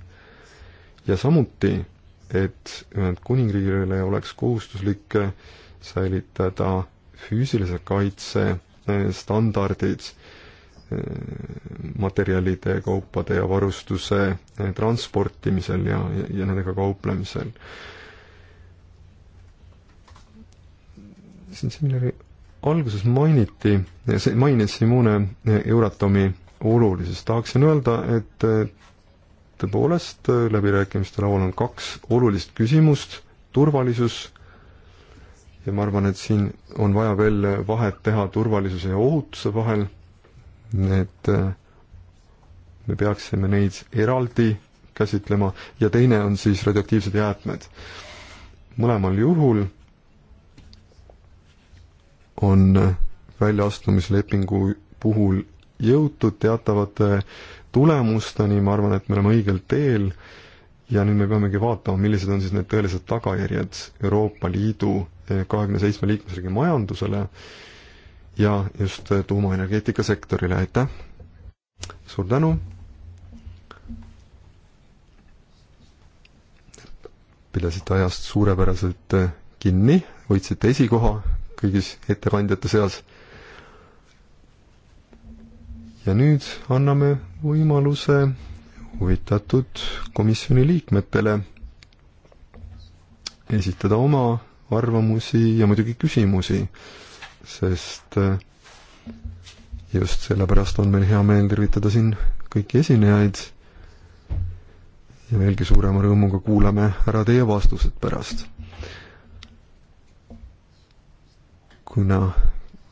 [SPEAKER 1] ja samuti, et Ühendkuningriigile oleks kohustuslik säilitada füüsilise kaitse standardid materjalide, kaupade ja varustuse transportimisel ja, ja, ja nendega kauplemisel siin seminari alguses mainiti, mainis Simone Euratomi olulisust, tahaksin öelda, et tõepoolest läbirääkimiste laual on kaks olulist küsimust, turvalisus ja ma arvan, et siin on vaja veel vahet teha turvalisuse ja ohutuse vahel, et me peaksime neid eraldi käsitlema ja teine on siis radioaktiivsed jäätmed. mõlemal juhul on väljaastumislepingu puhul jõutud teatavate tulemusteni, ma arvan, et me oleme õigel teel ja nüüd me peamegi vaatama, millised on siis need tõelised tagajärjed Euroopa Liidu kahekümne seitsme liikmesriigi majandusele ja just tuumaenergeetika sektorile, aitäh! suur tänu! pidasite ajast suurepäraselt kinni, hoidsite esikoha kõigis ettekandjate seas. ja nüüd anname võimaluse huvitatud komisjoni liikmetele esitada oma arvamusi ja muidugi küsimusi, sest äh, just sellepärast on meil hea meel tervitada siin kõiki esinejaid ja veelgi suurema rõõmuga kuulame ära teie vastused pärast kuna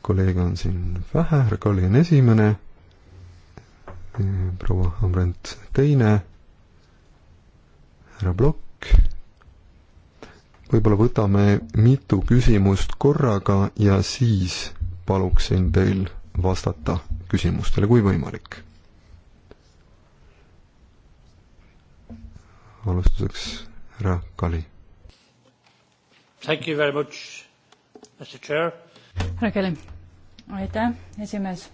[SPEAKER 1] kolleege on siin vähe, Rekoli on esimene, proua Ambrent teine, härra Plokk, võib-olla võtame mitu küsimust korraga ja siis paluksin teil vastata küsimustele, kui võimalik. alustuseks härra Kali.
[SPEAKER 2] Thank you very much, Mr Chair härra Kelly. aitäh, esimees.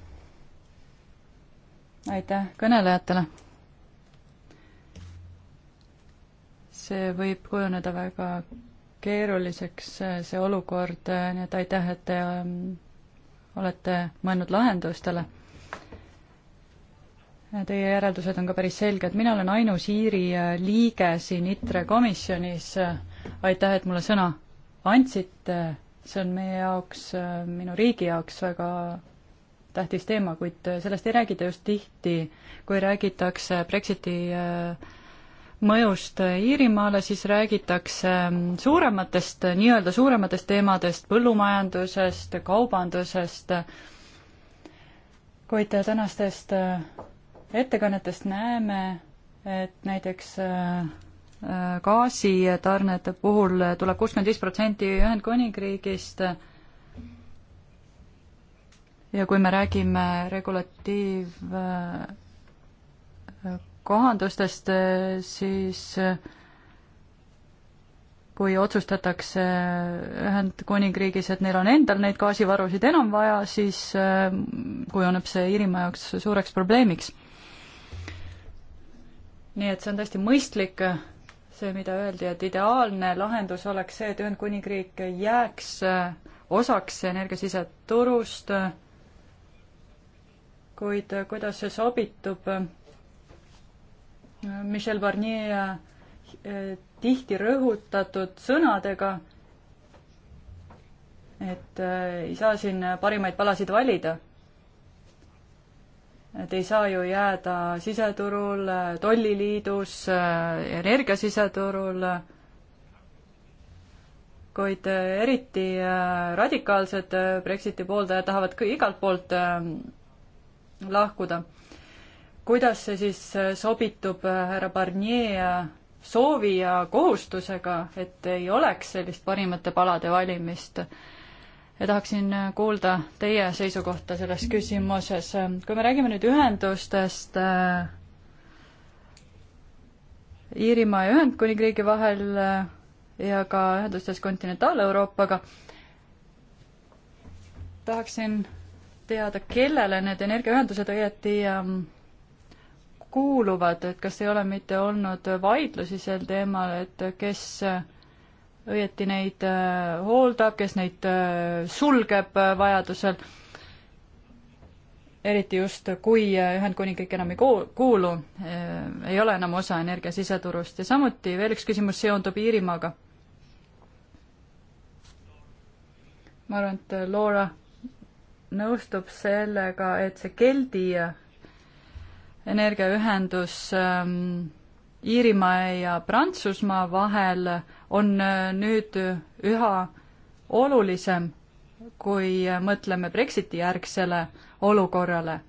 [SPEAKER 2] aitäh kõnelejatele. see võib kujuneda väga keeruliseks, see olukord, nii et aitäh, et te ähm, olete mõelnud lahendustele Teie järeldused on ka päris selged. mina olen ainus Iiri äh, liige siin ITRE komisjonis. aitäh, et mulle sõna andsite. Äh, see on meie jaoks, minu riigi jaoks väga tähtis teema, kuid sellest ei räägita just tihti. kui räägitakse Brexiti äh, mõjust Iirimaale, siis räägitakse mm, suurematest, nii-öelda suurematest teemadest, põllumajandusest, kaubandusest, kuid tänastest äh, ettekannetest näeme, et näiteks äh, gaasitarnete puhul tuleb kuuskümmend viis protsenti Ühendkuningriigist ja kui me räägime regulatiiv äh, kohandustest, siis äh, kui otsustatakse Ühendkuningriigis, et neil on endal neid gaasivarusid enam vaja, siis äh, kujuneb see Iirimaa jaoks suureks probleemiks. nii et see on täiesti mõistlik see, mida öeldi, et ideaalne lahendus oleks see, et Ühendkuningriik jääks äh, osaks energiasiseturust, kuid äh, kuidas see sobitub äh, Michel Barnier tihti rõhutatud sõnadega, et ei saa siin parimaid palasid valida et ei saa ju jääda siseturul, tolliliidus, energiasiseturul, kuid eriti äh, radikaalsed äh, Brexiti pooldajad tahavad ka igalt poolt äh, lahkuda. kuidas see siis sobitub härra Barnier soovi ja kohustusega, et ei oleks sellist parimate palade valimist? ja tahaksin kuulda teie seisukohta selles küsimuses. kui me räägime nüüd ühendustest äh, Iirimaa ja Ühendkuningriigi vahel äh, ja ka ühendustest Kontinentaal-Euroopaga, tahaksin teada, kellele need energiaühendused õieti ähm, kuuluvad, et kas ei ole mitte olnud vaidlusi sel teemal, et kes äh, õieti neid äh, hooldab, kes neid äh, sulgeb äh, vajadusel, eriti just, kui Ühendkuningriik enam ei kuulu, ei ole enam osa energia siseturust ja samuti veel üks küsimus seondub Iirimaaga. ma arvan, et Laura nõustub sellega, et see Geldi energiaühendus ähm, Iirimaa ja Prantsusmaa vahel äh, on äh, nüüd üha olulisem, kui äh, mõtleme Brexiti järgsele olukorrale.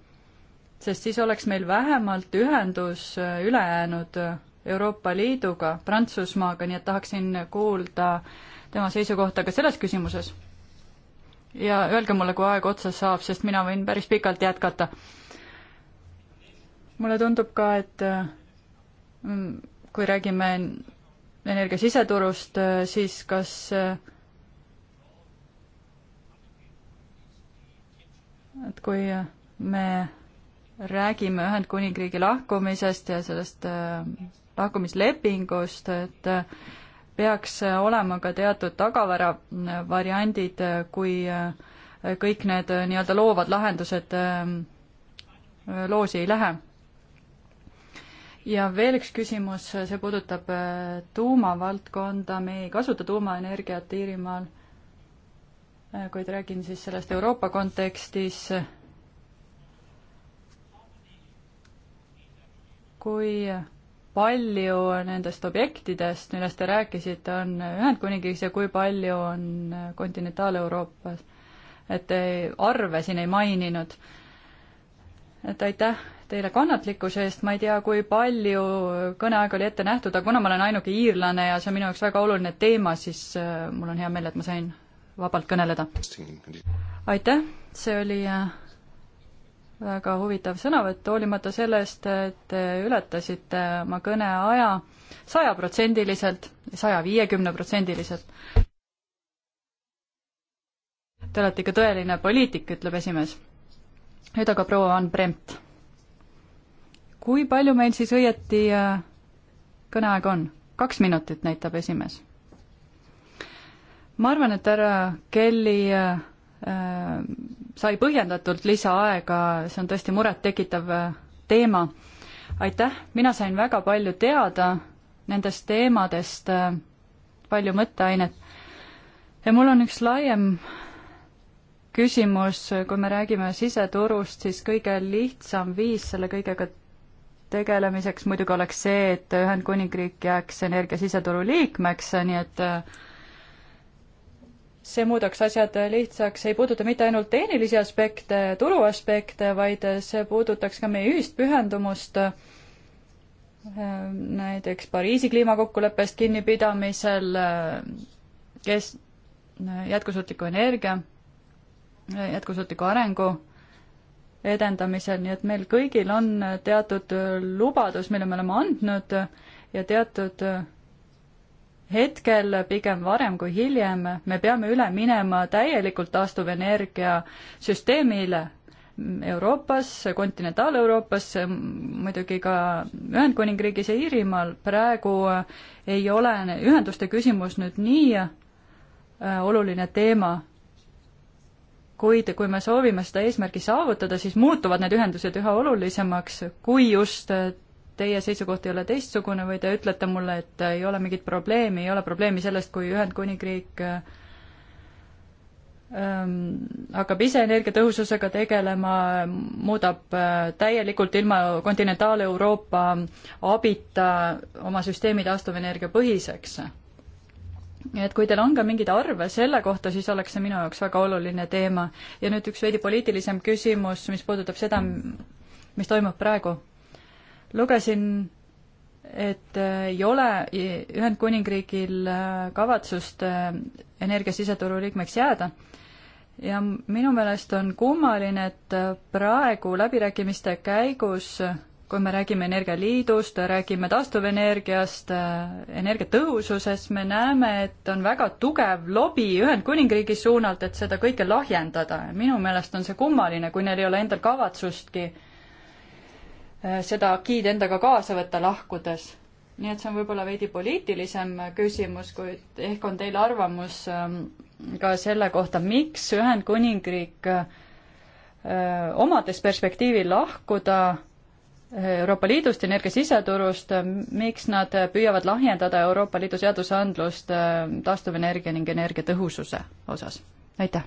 [SPEAKER 2] sest siis oleks meil vähemalt ühendus äh, ülejäänud Euroopa Liiduga, Prantsusmaaga, nii et tahaksin kuulda tema seisukohta ka selles küsimuses. ja öelge mulle, kui aeg otsa saab, sest mina võin päris pikalt jätkata. mulle tundub ka, et mm, kui räägime energia siseturust, äh, siis kas äh, et kui me räägime Ühendkuningriigi lahkumisest ja sellest äh, lahkumislepingust, et peaks olema ka teatud tagavara variandid, kui kõik need nii-öelda loovad lahendused loosi ei lähe ja veel üks küsimus, see puudutab äh, tuumavaldkonda, me ei kasuta tuumaenergiat Iirimaal, äh, kuid räägin siis sellest Euroopa kontekstis. kui palju nendest objektidest, millest te rääkisite, on Ühendkuningriigis ja kui palju on kontinentaal-Euroopas? et te arve siin ei maininud. et aitäh teile kannatlikkuse eest, ma ei tea, kui palju kõneaeg oli ette nähtud, aga kuna ma olen ainuke iirlane ja see on minu jaoks väga oluline teema, siis äh, mul on hea meel, et ma sain vabalt kõneleda. aitäh, see oli äh, väga huvitav sõnavõtt, hoolimata sellest, et te ületasite oma kõneaja sajaprotsendiliselt, saja viiekümne protsendiliselt. Te olete ikka tõeline poliitik, ütleb esimees. nüüd aga proua Ann Brempt kui palju meil siis õieti äh, kõneaeg on? kaks minutit näitab esimees. ma arvan, et härra Kelly äh, äh sai põhjendatult lisaaega, see on tõesti murettekitav äh, teema. aitäh, mina sain väga palju teada nendest teemadest, palju mõtteainet. ja mul on üks laiem küsimus, kui me räägime siseturust, siis kõige lihtsam viis selle kõigega tegelemiseks muidugi oleks see, et Ühendkuningriik jääks energia siseturu liikmeks, nii et äh, see muudaks asjad lihtsaks, ei puuduta mitte ainult tehnilisi aspekte, turu aspekte, vaid see puudutaks ka meie ühist pühendumust äh, näiteks Pariisi kliimakokkuleppest kinnipidamisel, äh, kes, jätkusuutliku energia, jätkusuutliku arengu edendamisel, nii et meil kõigil on teatud lubadus, mille me oleme andnud ja teatud hetkel, pigem varem kui hiljem, me peame üle minema täielikult taastuvenergia süsteemile Euroopas, kontinentaal-Euroopas, muidugi ka Ühendkuningriigis ja Iirimaal. praegu ei ole ühenduste küsimus nüüd nii äh, oluline teema kuid kui me soovime seda eesmärgi saavutada, siis muutuvad need ühendused üha olulisemaks, kui just teie seisukoht ei ole teistsugune või te ütlete mulle, et ei ole mingit probleemi, ei ole probleemi sellest, kui Ühendkuningriik ähm, hakkab ise energiatõhususega tegelema, muudab äh, täielikult ilma kontinentaal-Euroopa abita oma süsteemi taastuvenergia põhiseks et kui teil on ka mingeid arve selle kohta, siis oleks see minu jaoks väga oluline teema. ja nüüd üks veidi poliitilisem küsimus, mis puudutab seda, mis toimub praegu. lugesin, et äh, ei ole Ühendkuningriigil äh, kavatsust äh, energia siseturu liikmeks jääda ja minu meelest on kummaline, et praegu läbirääkimiste käigus kui me räägime Energialiidust, räägime taastuvenergiast, äh, energiatõhususest, me näeme, et on väga tugev lobi Ühendkuningriigi suunalt, et seda kõike lahjendada ja minu meelest on see kummaline, kui neil ei ole endal kavatsustki äh, seda akiid endaga kaasa võtta lahkudes. nii et see on võib-olla veidi poliitilisem äh, küsimus, kuid ehk on teil arvamus ähm, ka selle kohta, miks Ühendkuningriik omades perspektiivi lahkuda Euroopa Liidust, energia siseturust, miks nad püüavad lahjendada Euroopa Liidu seadusandlust äh, taastuvenergia ning energiatõhususe osas? aitäh!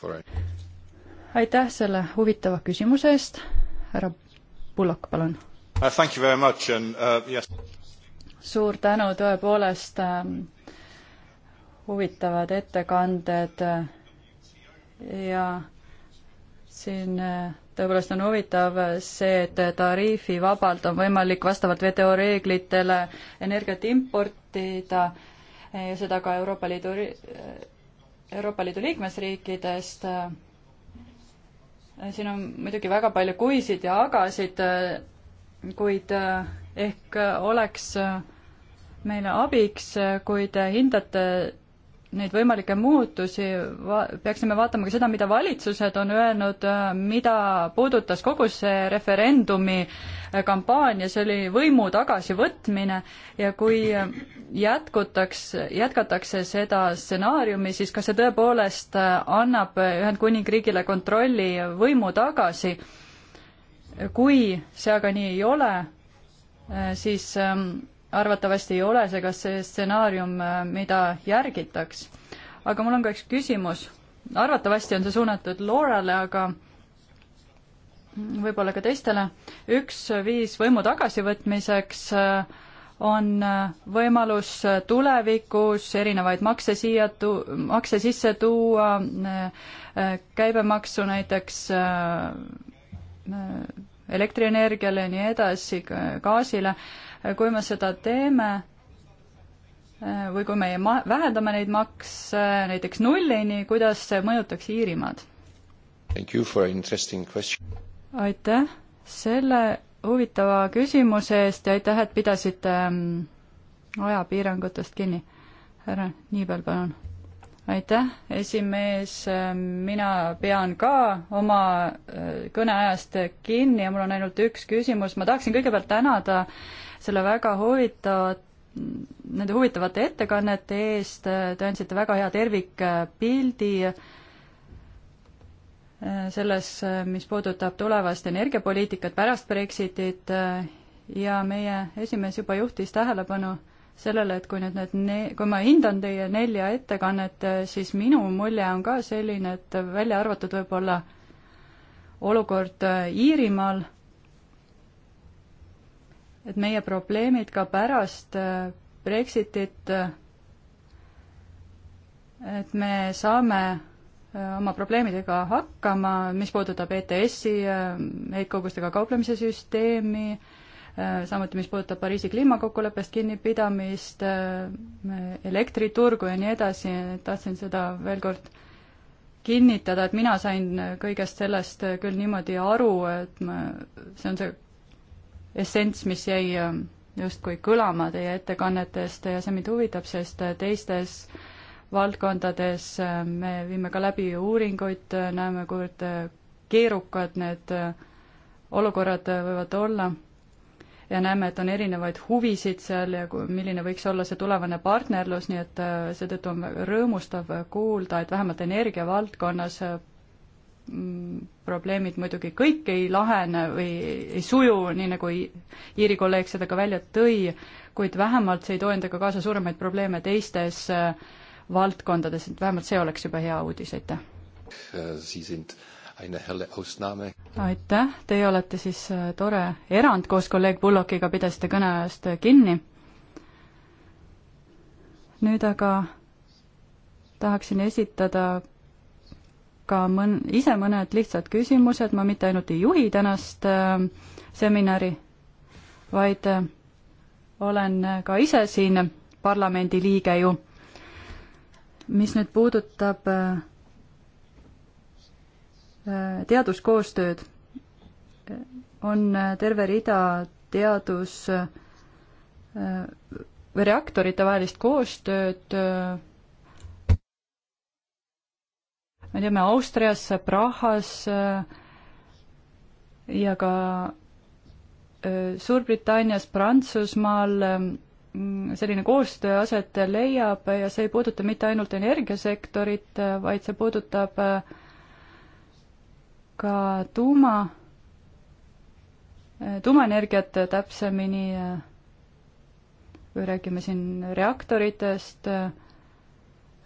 [SPEAKER 2] For... aitäh selle huvitava küsimuse eest, härra Pullok, palun
[SPEAKER 1] uh,! Uh, yes.
[SPEAKER 2] suur tänu, tõepoolest uh, huvitavad ettekanded äh, ja siin uh, tõepoolest on huvitav see, et tariifivabalt on võimalik vastavalt WTO reeglitele energiat importida ja seda ka Euroopa Liidu, Euroopa Liidu liikmesriikidest. siin on muidugi väga palju kuisid ja agasid, kuid ehk oleks meile abiks, kui te hindate neid võimalikke muutusi va-, peaksime vaatama ka seda, mida valitsused on öelnud, mida puudutas kogu see referendumi äh, kampaania, see oli võimu tagasivõtmine ja kui jätkutaks, jätkatakse seda stsenaariumi, siis kas see tõepoolest äh, annab Ühendkuningriigile kontrolli võimu tagasi? kui see aga nii ei ole, äh, siis ähm, arvatavasti ei ole see ka see stsenaarium, äh, mida järgitaks. aga mul on ka üks küsimus. arvatavasti on see suunatud Laurale, aga võib-olla ka teistele. üks viis võimu tagasivõtmiseks äh, on äh, võimalus tulevikus erinevaid makse siia tu-, makse sisse tuua, käibemaksu näiteks elektrienergiale ja nii edasi, gaasile kui me seda teeme eh, või kui me ma-, vähendame neid makse näiteks nullini, kuidas see mõjutaks Iirimaad? aitäh selle huvitava küsimuse eest ja aitäh, et pidasite mm, ajapiirangutest kinni. härra Niibel, palun. aitäh, esimees, mina pean ka oma eh, kõneajast kinni ja mul on ainult üks küsimus, ma tahaksin kõigepealt tänada selle väga huvitava, nende huvitavate ettekannete eest, te andsite väga hea tervikpildi eh, selles, eh, mis puudutab tulevast energiapoliitikat pärast Brexitit eh, ja meie esimees juba juhtis tähelepanu sellele, et kui nüüd need ne-, kui ma hindan teie nelja ettekannet, siis minu mulje on ka selline, et välja arvatud võib-olla olukord Iirimaal et meie probleemid ka pärast äh, Brexitit, äh, et me saame äh, oma probleemidega hakkama, mis puudutab ETS-i, heitkogustega kauplemise süsteemi, samuti mis puudutab Pariisi kliimakokkuleppest kinnipidamist, elektriturgu ja nii edasi, tahtsin seda veel kord kinnitada, et mina sain kõigest sellest küll niimoodi aru, et ma, see on see essents, mis jäi ähm, justkui kõlama teie ettekannetest ja see mind huvitab, sest äh, teistes valdkondades äh, me viime ka läbi uuringuid, äh, näeme, kuivõrd keerukad need olukorrad võivad olla ja näeme, et on erinevaid huvisid seal ja milline võiks olla see tulevane partnerlus, nii et seetõttu on rõõmustav kuulda, et vähemalt energia valdkonnas Mm, probleemid muidugi kõik ei lahene või ei suju, nii nagu Iiri kolleeg seda ka välja tõi, kuid vähemalt see ei too endaga kaasa suuremaid probleeme teistes äh, valdkondades, et vähemalt see oleks juba hea uudis, aitäh.
[SPEAKER 1] Äh,
[SPEAKER 2] aitäh, teie olete siis äh, tore erand, koos kolleeg Bullockiga pidasite kõne ajast kinni. nüüd aga tahaksin esitada ka mõn-, ise mõned lihtsad küsimused, ma mitte ainult ei juhi tänast äh, seminari, vaid äh, olen ka ise siin parlamendi liige ju. mis nüüd puudutab äh, äh teaduskoostööd, äh, on äh, terve rida teadus äh, reaktorite vahelist koostööd äh, me teame Austrias, Prahas äh, ja ka äh, Suurbritannias, Prantsusmaal ähm, selline koostöö aset leiab ja see ei puuduta mitte ainult energiasektorit, äh, vaid see puudutab ka tuuma, tuumaenergiat täpsemini, kui räägime siin reaktoritest,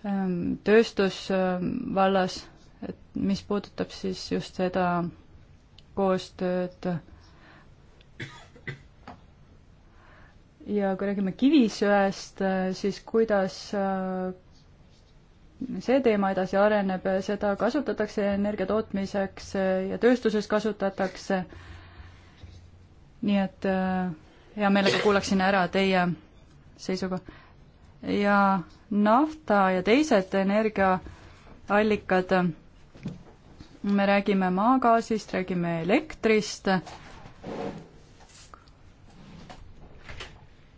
[SPEAKER 2] Ähm, tööstusvallas, ähm, et mis puudutab siis just seda koostööd ja kui räägime kivisöest, äh, siis kuidas äh, see teema edasi areneb, seda kasutatakse energia tootmiseks äh, ja tööstuses kasutatakse. nii et hea meelega kuulaksin ära teie seisukoha ja nafta ja teised energiaallikad, me räägime maagaasist, räägime elektrist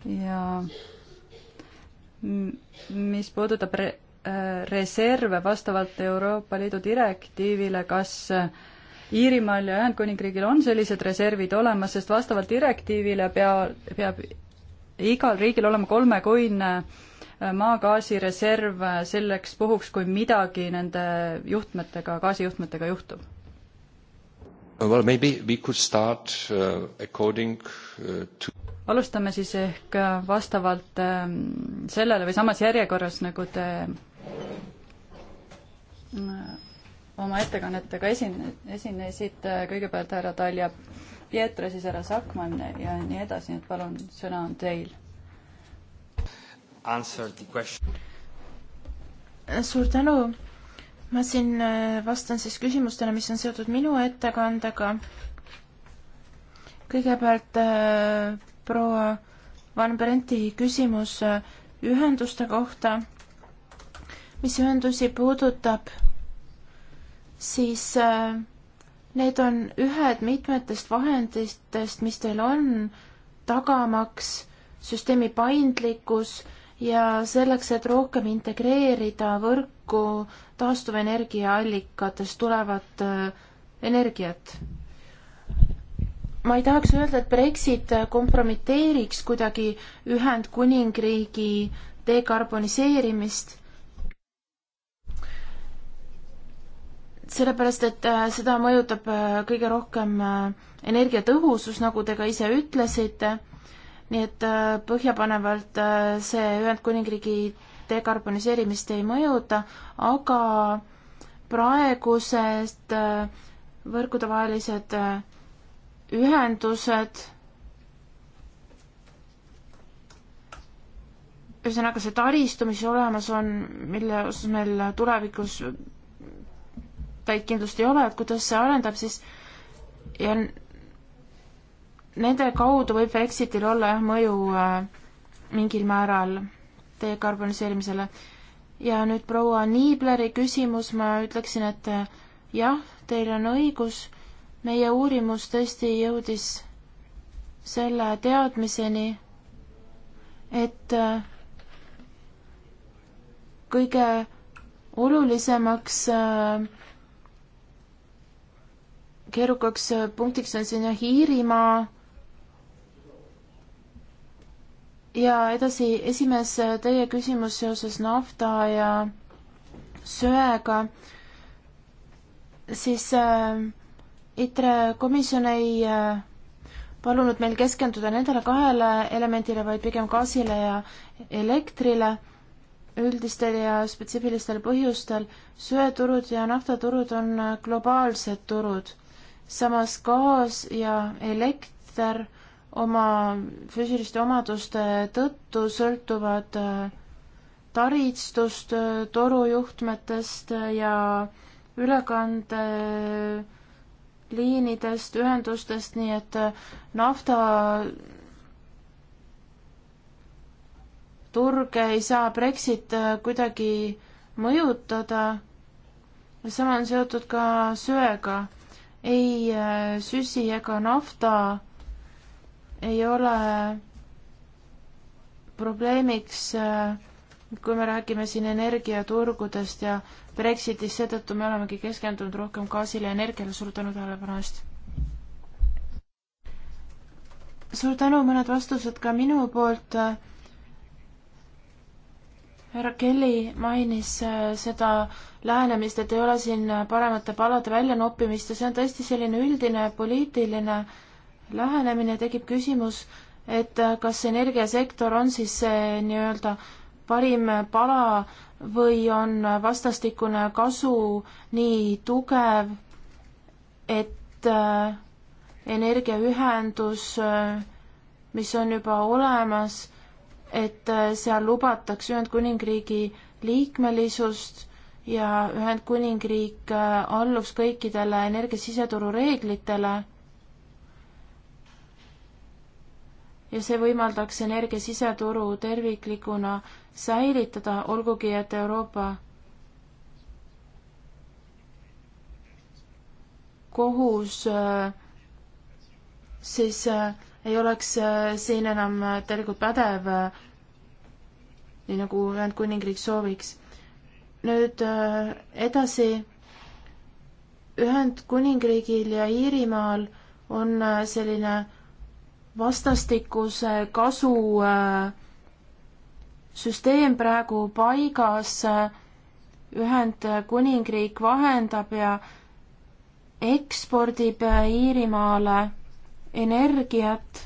[SPEAKER 2] ja mis puudutab re-, äh, reserve vastavalt Euroopa Liidu direktiivile, kas äh, Iirimaal ja Ühendkuningriigil on sellised reservid olemas, sest vastavalt direktiivile pea, peab igal riigil olema kolmekuine maagaasireserv selleks puhuks, kui midagi nende juhtmetega, gaasijuhtmetega juhtub?
[SPEAKER 1] Well, maybe we could start uh, according uh, to
[SPEAKER 2] alustame siis ehk uh, vastavalt um, sellele või samas järjekorras, nagu te uh, oma ettekannetega esine, esinesite, kõigepealt härra Talja Pietra, siis härra Sakman ja nii edasi, nii et palun,
[SPEAKER 3] sõna on teil
[SPEAKER 1] answer the question.
[SPEAKER 3] suur tänu. ma siin äh, vastan siis küsimustele, mis on seotud minu ettekandega. kõigepealt äh, proua Van Brenti küsimus äh, ühenduste kohta. mis ühendusi puudutab, siis äh, need on ühed mitmetest vahenditest, mis teil on, tagamaks süsteemi paindlikkus ja selleks, et rohkem integreerida võrku taastuvenergiaallikatest tulevat äh, energiat. ma ei tahaks öelda, et Brexit kompromiteeriks kuidagi Ühendkuningriigi dekarboniseerimist, sellepärast, et äh, seda mõjutab äh, kõige rohkem energiatõhusus, nagu te ka ise ütlesite nii et äh, põhjapanevalt äh, see Ühendkuningriigi dekarboniseerimist ei mõjuta, aga praegused äh, võrkudevahelised ühendused, ühesõnaga see taristu, mis olemas on, mille osas meil tulevikus täit kindlust ei ole, et kuidas see arendab siis ja nende kaudu võib Exitil olla jah mõju äh, mingil määral dekarboniseerimisele. ja nüüd proua Niibleri küsimus, ma ütleksin, et äh, jah, teil on õigus, meie uurimus tõesti jõudis selle teadmiseni, et äh, kõige olulisemaks keerukaks punktiks on siin jah Iirimaa ja edasi, esimees, teie küsimus seoses nafta ja söega, siis äh, ITRE komisjon ei äh, palunud meil keskenduda nendele kahele elemendile, vaid pigem gaasile ja elektrile üldistel ja spetsiifilistel põhjustel. söeturud ja naftaturud on äh, globaalsed turud, samas gaas ja elekter oma füüsiliste omaduste tõttu sõltuvad äh, taristust, äh, torujuhtmetest äh, ja ülekandeliinidest, ühendustest, nii et nafta turge ei saa Brexit kuidagi mõjutada. sama on seotud ka söega. ei süsi ega nafta ei ole probleemiks, äh, kui me räägime siin energiaturgudest ja Brexitist, seetõttu me olemegi keskendunud rohkem gaasile ja energiale, suur tänu tähelepanu eest! suur tänu, mõned vastused ka minu poolt. härra Kelly mainis äh, seda lähenemist, et ei ole siin paremate palade väljanoppimist ja see on tõesti selline üldine poliitiline äh, lähenemine, tekib küsimus, et äh, kas energiasektor on siis see nii-öelda parim pala või on vastastikune kasu nii tugev, et äh, energiaühendus, äh, mis on juba olemas, et seal lubatakse Ühendkuningriigi liikmelisust ja Ühendkuningriik alluks kõikidele energia siseturu reeglitele ja see võimaldaks energia siseturu terviklikuna säilitada, olgugi et Euroopa kohus äh, siis äh, ei oleks äh, siin enam tegelikult pädev, nii nagu Ühendkuningriik sooviks. nüüd edasi, Ühendkuningriigil ja Iirimaal on selline vastastikuse kasu äh, süsteem praegu paigas, äh, Ühendkuningriik vahendab ja ekspordib äh, Iirimaale energiat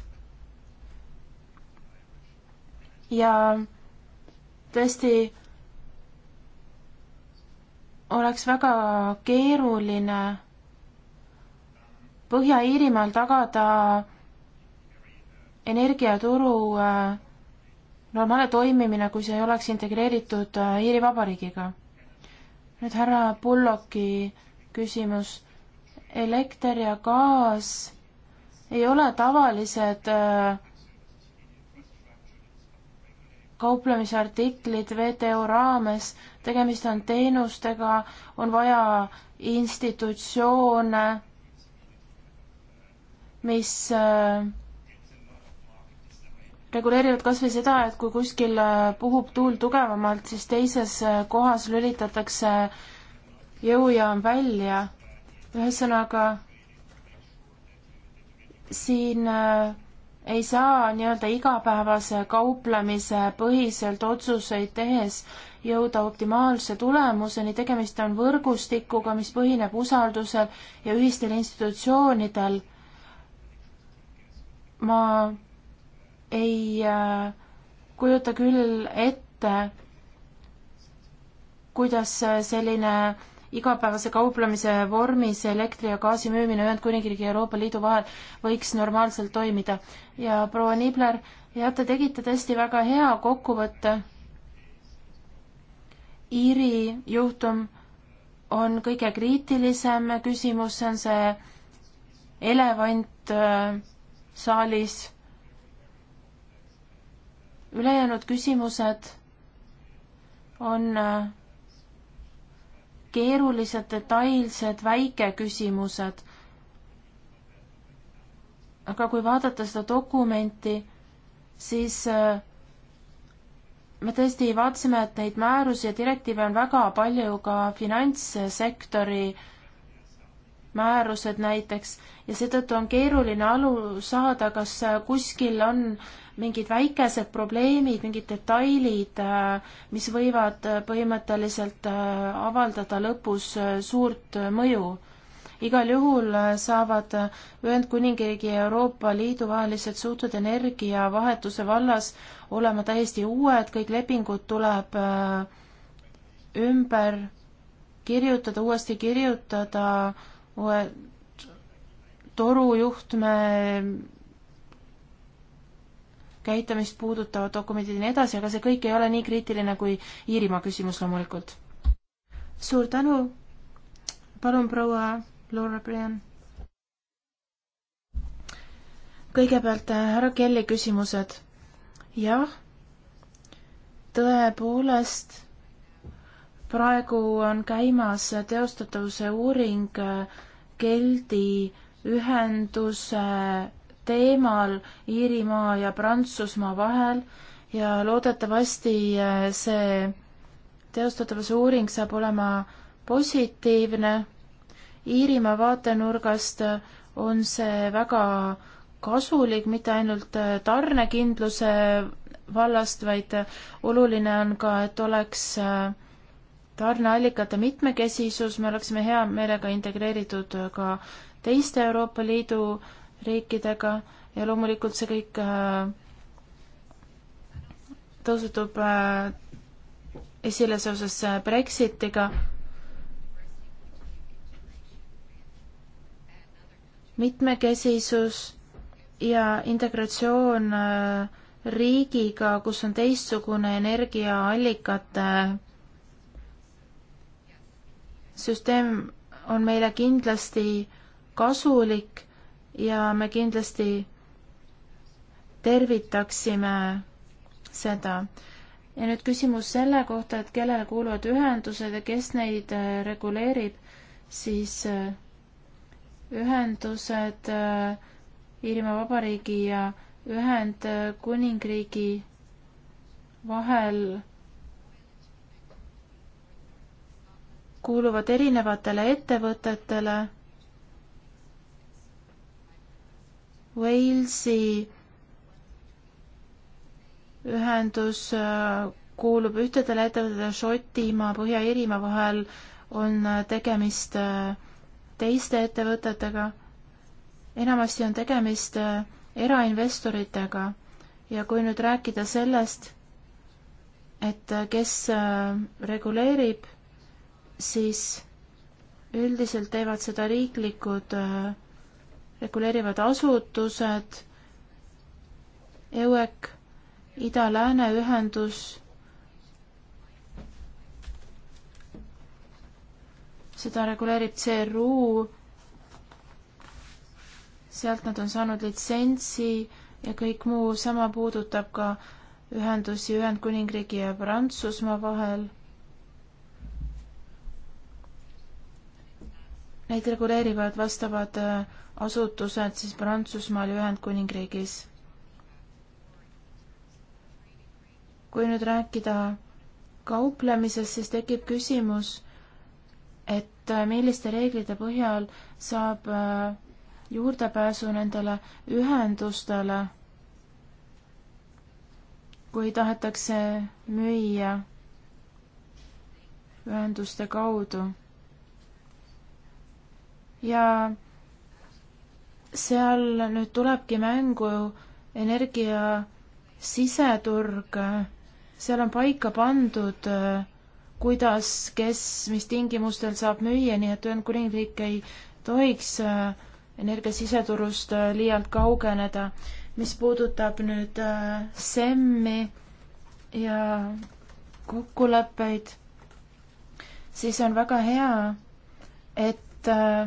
[SPEAKER 3] ja tõesti oleks väga keeruline Põhja-Iirimaal tagada energiaturu äh, normaalne toimimine, kui see ei oleks integreeritud äh, Iiri Vabariigiga. nüüd härra Pullocki küsimus. elekter ja gaas ei ole tavalised äh, kauplemisartiklid WTO raames, tegemist on teenustega, on vaja institutsioone, mis äh, reguleerivad kas või seda, et kui kuskil äh, puhub tuul tugevamalt, siis teises äh, kohas lülitatakse äh, jõujaam välja. ühesõnaga, siin ei saa nii-öelda igapäevase kauplemise põhiselt otsuseid tehes jõuda optimaalse tulemuseni, tegemist on võrgustikuga, mis põhineb usaldusel ja ühistel institutsioonidel. ma ei äh, kujuta küll ette, kuidas selline igapäevase kauplemise vormis elektri ja gaasi müümine Ühendkuningriigi ja Euroopa Liidu vahel võiks normaalselt toimida. ja proua Nibler, jah, te tegite tõesti väga hea kokkuvõtte. Iiri juhtum on kõige kriitilisem küsimus, see on see elevant äh, saalis ülejäänud küsimused on äh, keerulised, detailsed, väikeküsimused. aga kui vaadata seda dokumenti, siis äh, me tõesti vaatasime, et neid määrusi ja direktiive on väga palju ka finantssektori määrused näiteks ja seetõttu on keeruline alu saada, kas äh, kuskil on mingid väikesed probleemid, mingid detailid, äh, mis võivad äh, põhimõtteliselt äh, avaldada lõpus suurt mõju. igal juhul saavad Ühendkuningriigi ja Euroopa Liidu vahelised suhted energiavahetuse vallas olema täiesti uued, kõik lepingud tuleb ümber kirjutada, uuesti kirjutada, uue torujuhtme käitumist puudutavad dokumendid ja nii edasi, aga see kõik ei ole nii kriitiline kui Iirimaa küsimus loomulikult. suur tänu, palun proua Laura Brian. kõigepealt äh, härra Kelly küsimused. jah, tõepoolest, praegu on käimas teostatavuse uuring Geldi äh, ühenduse teemal Iirimaa ja Prantsusmaa vahel ja loodetavasti äh, see teostatavuse uuring saab olema positiivne. Iirimaa vaatenurgast äh, on see väga kasulik mitte ainult äh, tarnekindluse vallast, vaid oluline on ka, et oleks tarneallikate mitmekesisus, me oleksime hea meelega integreeritud ka teiste Euroopa Liidu riikidega ja loomulikult see kõik äh, tõusetub äh, esile seoses äh, Brexitiga. mitmekesisus ja integratsioon riigiga, kus on teistsugune energiaallikate süsteem, on meile kindlasti kasulik ja me kindlasti tervitaksime seda. ja nüüd küsimus selle kohta, et kellele kuuluvad ühendused ja kes neid äh, reguleerib, siis äh, ühendused äh, Iirimaa Vabariigi ja Ühendkuningriigi vahel kuuluvad erinevatele ettevõtetele Walesi ühendus äh, kuulub ühtedele ettevõtetele Šotimaa, Põhja-Iirimaa vahel on äh, tegemist äh, teiste ettevõtetega. enamasti on tegemist erainvestoritega ja kui nüüd rääkida sellest, et kes reguleerib, siis üldiselt teevad seda riiklikud äh, reguleerivad asutused, EUEC, Ida-Lääne ühendus, seda reguleerib CRU, sealt nad on saanud litsentsi ja kõik muu, sama puudutab ka ühendusi Ühendkuningriigi ja Prantsusmaa vahel. Neid reguleerivad vastavad äh, asutused siis Prantsusmaal ja Ühendkuningriigis. kui nüüd rääkida kauplemisest, siis tekib küsimus, et äh, milliste reeglite põhjal saab äh, juurdepääsu nendele ühendustele, kui tahetakse müüa ühenduste kaudu. ja seal nüüd tulebki mängu energia siseturg, seal on paika pandud, äh, kuidas, kes, mis tingimustel saab müüa, nii et Ühendkuningriik ei tohiks äh, energia siseturust äh, liialt kaugeneda. mis puudutab nüüd SEM-i ja kokkuleppeid, siis on väga hea, et äh,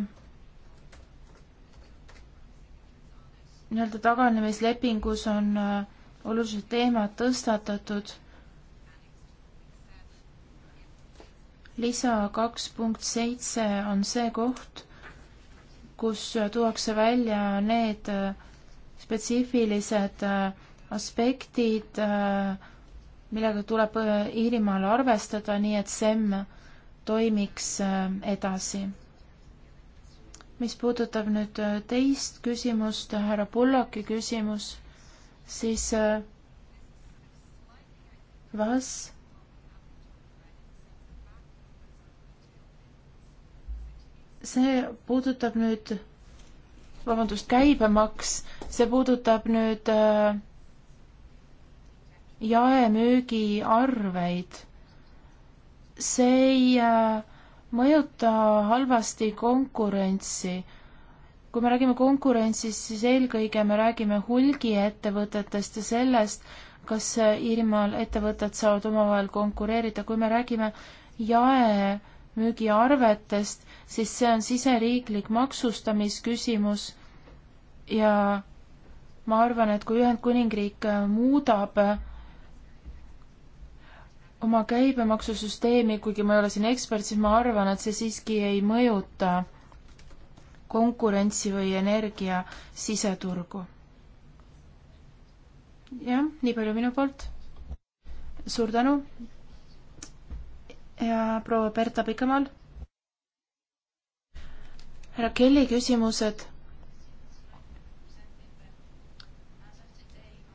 [SPEAKER 3] nii-öelda taganemislepingus on äh, olulised teemad tõstatatud. lisa kaks punkt seitse on see koht, kus äh, tuuakse välja need äh, spetsiifilised aspektid, millega tuleb Iirimaal arvestada, nii et SEM toimiks edasi mis puudutab nüüd äh, teist küsimust, härra Pullaki küsimus, siis was äh, see puudutab nüüd, vabandust, käibemaks, see puudutab nüüd äh, jaemüügiarveid. see ei äh, mõjuta halvasti konkurentsi. kui me räägime konkurentsist, siis eelkõige me räägime hulgiettevõtetest ja sellest, kas Iirimaal ettevõtted saavad omavahel konkureerida, kui me räägime jaemüügiarvetest, siis see on siseriiklik maksustamisküsimus ja ma arvan, et kui Ühendkuningriik muudab oma käibemaksusüsteemi, kuigi ma ei ole siin ekspert, siis ma arvan, et see siiski ei mõjuta konkurentsi või energia siseturgu. jah, nii palju minu poolt. suur tänu. ja proua Berta Pikamaal. härra Kelly küsimused.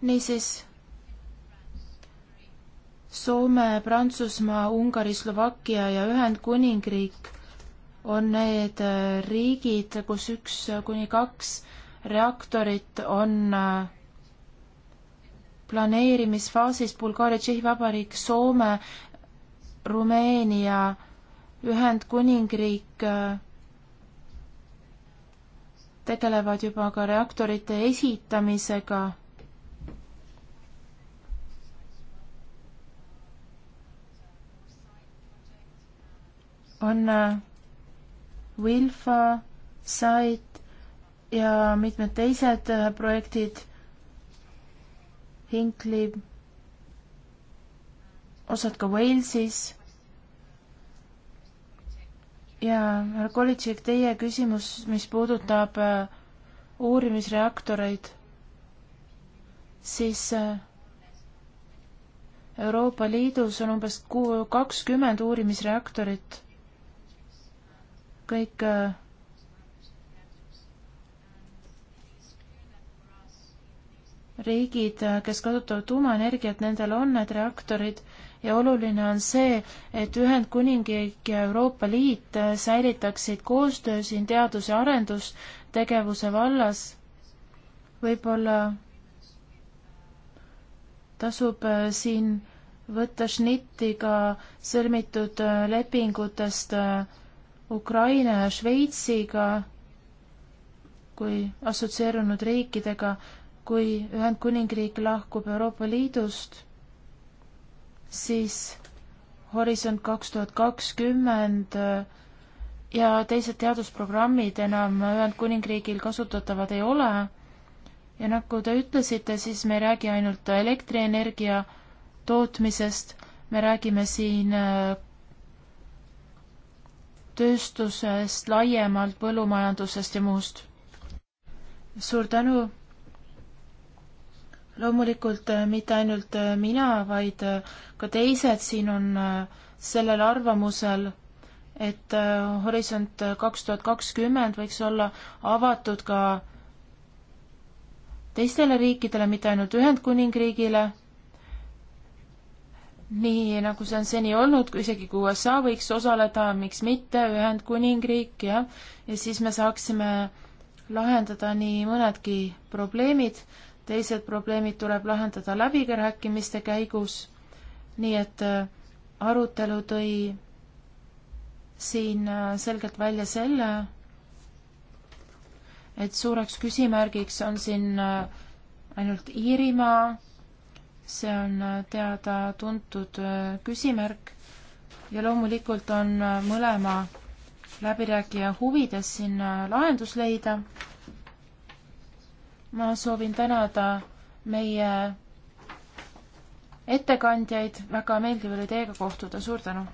[SPEAKER 3] niisiis Soome, Prantsusmaa, Ungari, Slovakkia ja Ühendkuningriik on need äh, riigid, kus üks kuni kaks reaktorit on äh, planeerimisfaasis Bulgaaria, Tšehhi Vabariik, Soome, Rumeenia, Ühendkuningriik äh, tegelevad juba ka reaktorite esitamisega on äh, Wilfa, Sait ja mitmed teised äh, projektid, Hinkli, osad ka Walesis. ja härra Kolitšik, teie küsimus, mis puudutab äh, uurimisreaktoreid, siis Euroopa Liidus on umbes kakskümmend uurimisreaktorit kõik äh, riigid, äh, kes kasutavad tuumaenergiat, nendel on need reaktorid ja oluline on see, et Ühendkuningriik ja Euroopa Liit äh, säilitaksid koostöö siin teadus- ja arendustegevuse vallas. võib-olla tasub siin võtta šnitti ka sõlmitud lepingutest äh, Ukraina ja Šveitsiga kui assotsieerunud riikidega, kui Ühendkuningriik lahkub Euroopa Liidust, siis Horisont kaks tuhat kakskümmend äh, ja teised teadusprogrammid enam Ühendkuningriigil kasutatavad ei ole. ja nagu te ütlesite, siis me ei räägi ainult elektrienergia tootmisest, me räägime siin äh, tööstusest laiemalt, põllumajandusest ja muust. suur tänu! loomulikult äh, mitte ainult äh, mina, vaid äh, ka teised siin on sellel arvamusel, et Horisont kaks tuhat kakskümmend võiks olla avatud ka teistele riikidele, mitte ainult Ühendkuningriigile nii nagu see on seni olnud, isegi kui USA võiks osaleda, miks mitte, Ühendkuningriik, jah, ja siis me saaksime lahendada nii mõnedki probleemid, teised probleemid tuleb lahendada läbirääkimiste käigus, nii et äh, arutelu tõi siin äh, selgelt välja selle, et suureks küsimärgiks on siin äh, ainult Iirimaa see on teada-tuntud äh, küsimärk ja loomulikult on äh, mõlema läbirääkija huvides siin äh, lahendus leida. ma soovin tänada meie ettekandjaid, väga meeldiv oli teiega kohtuda, suur tänu!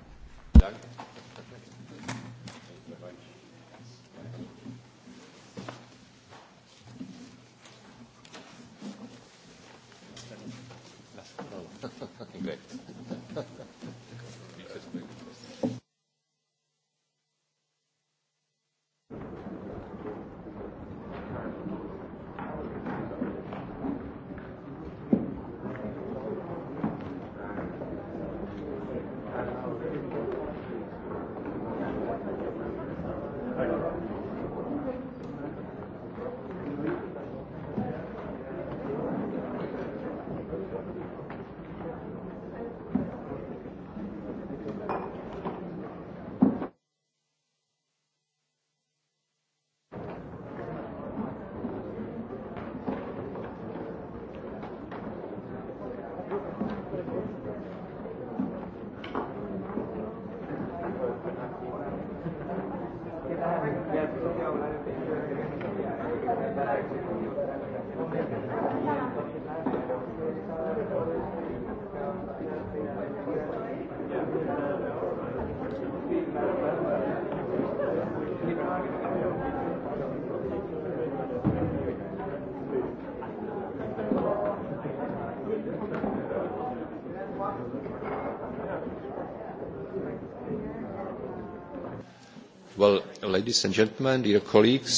[SPEAKER 1] Well, ladies and gentlemen, dear colleagues.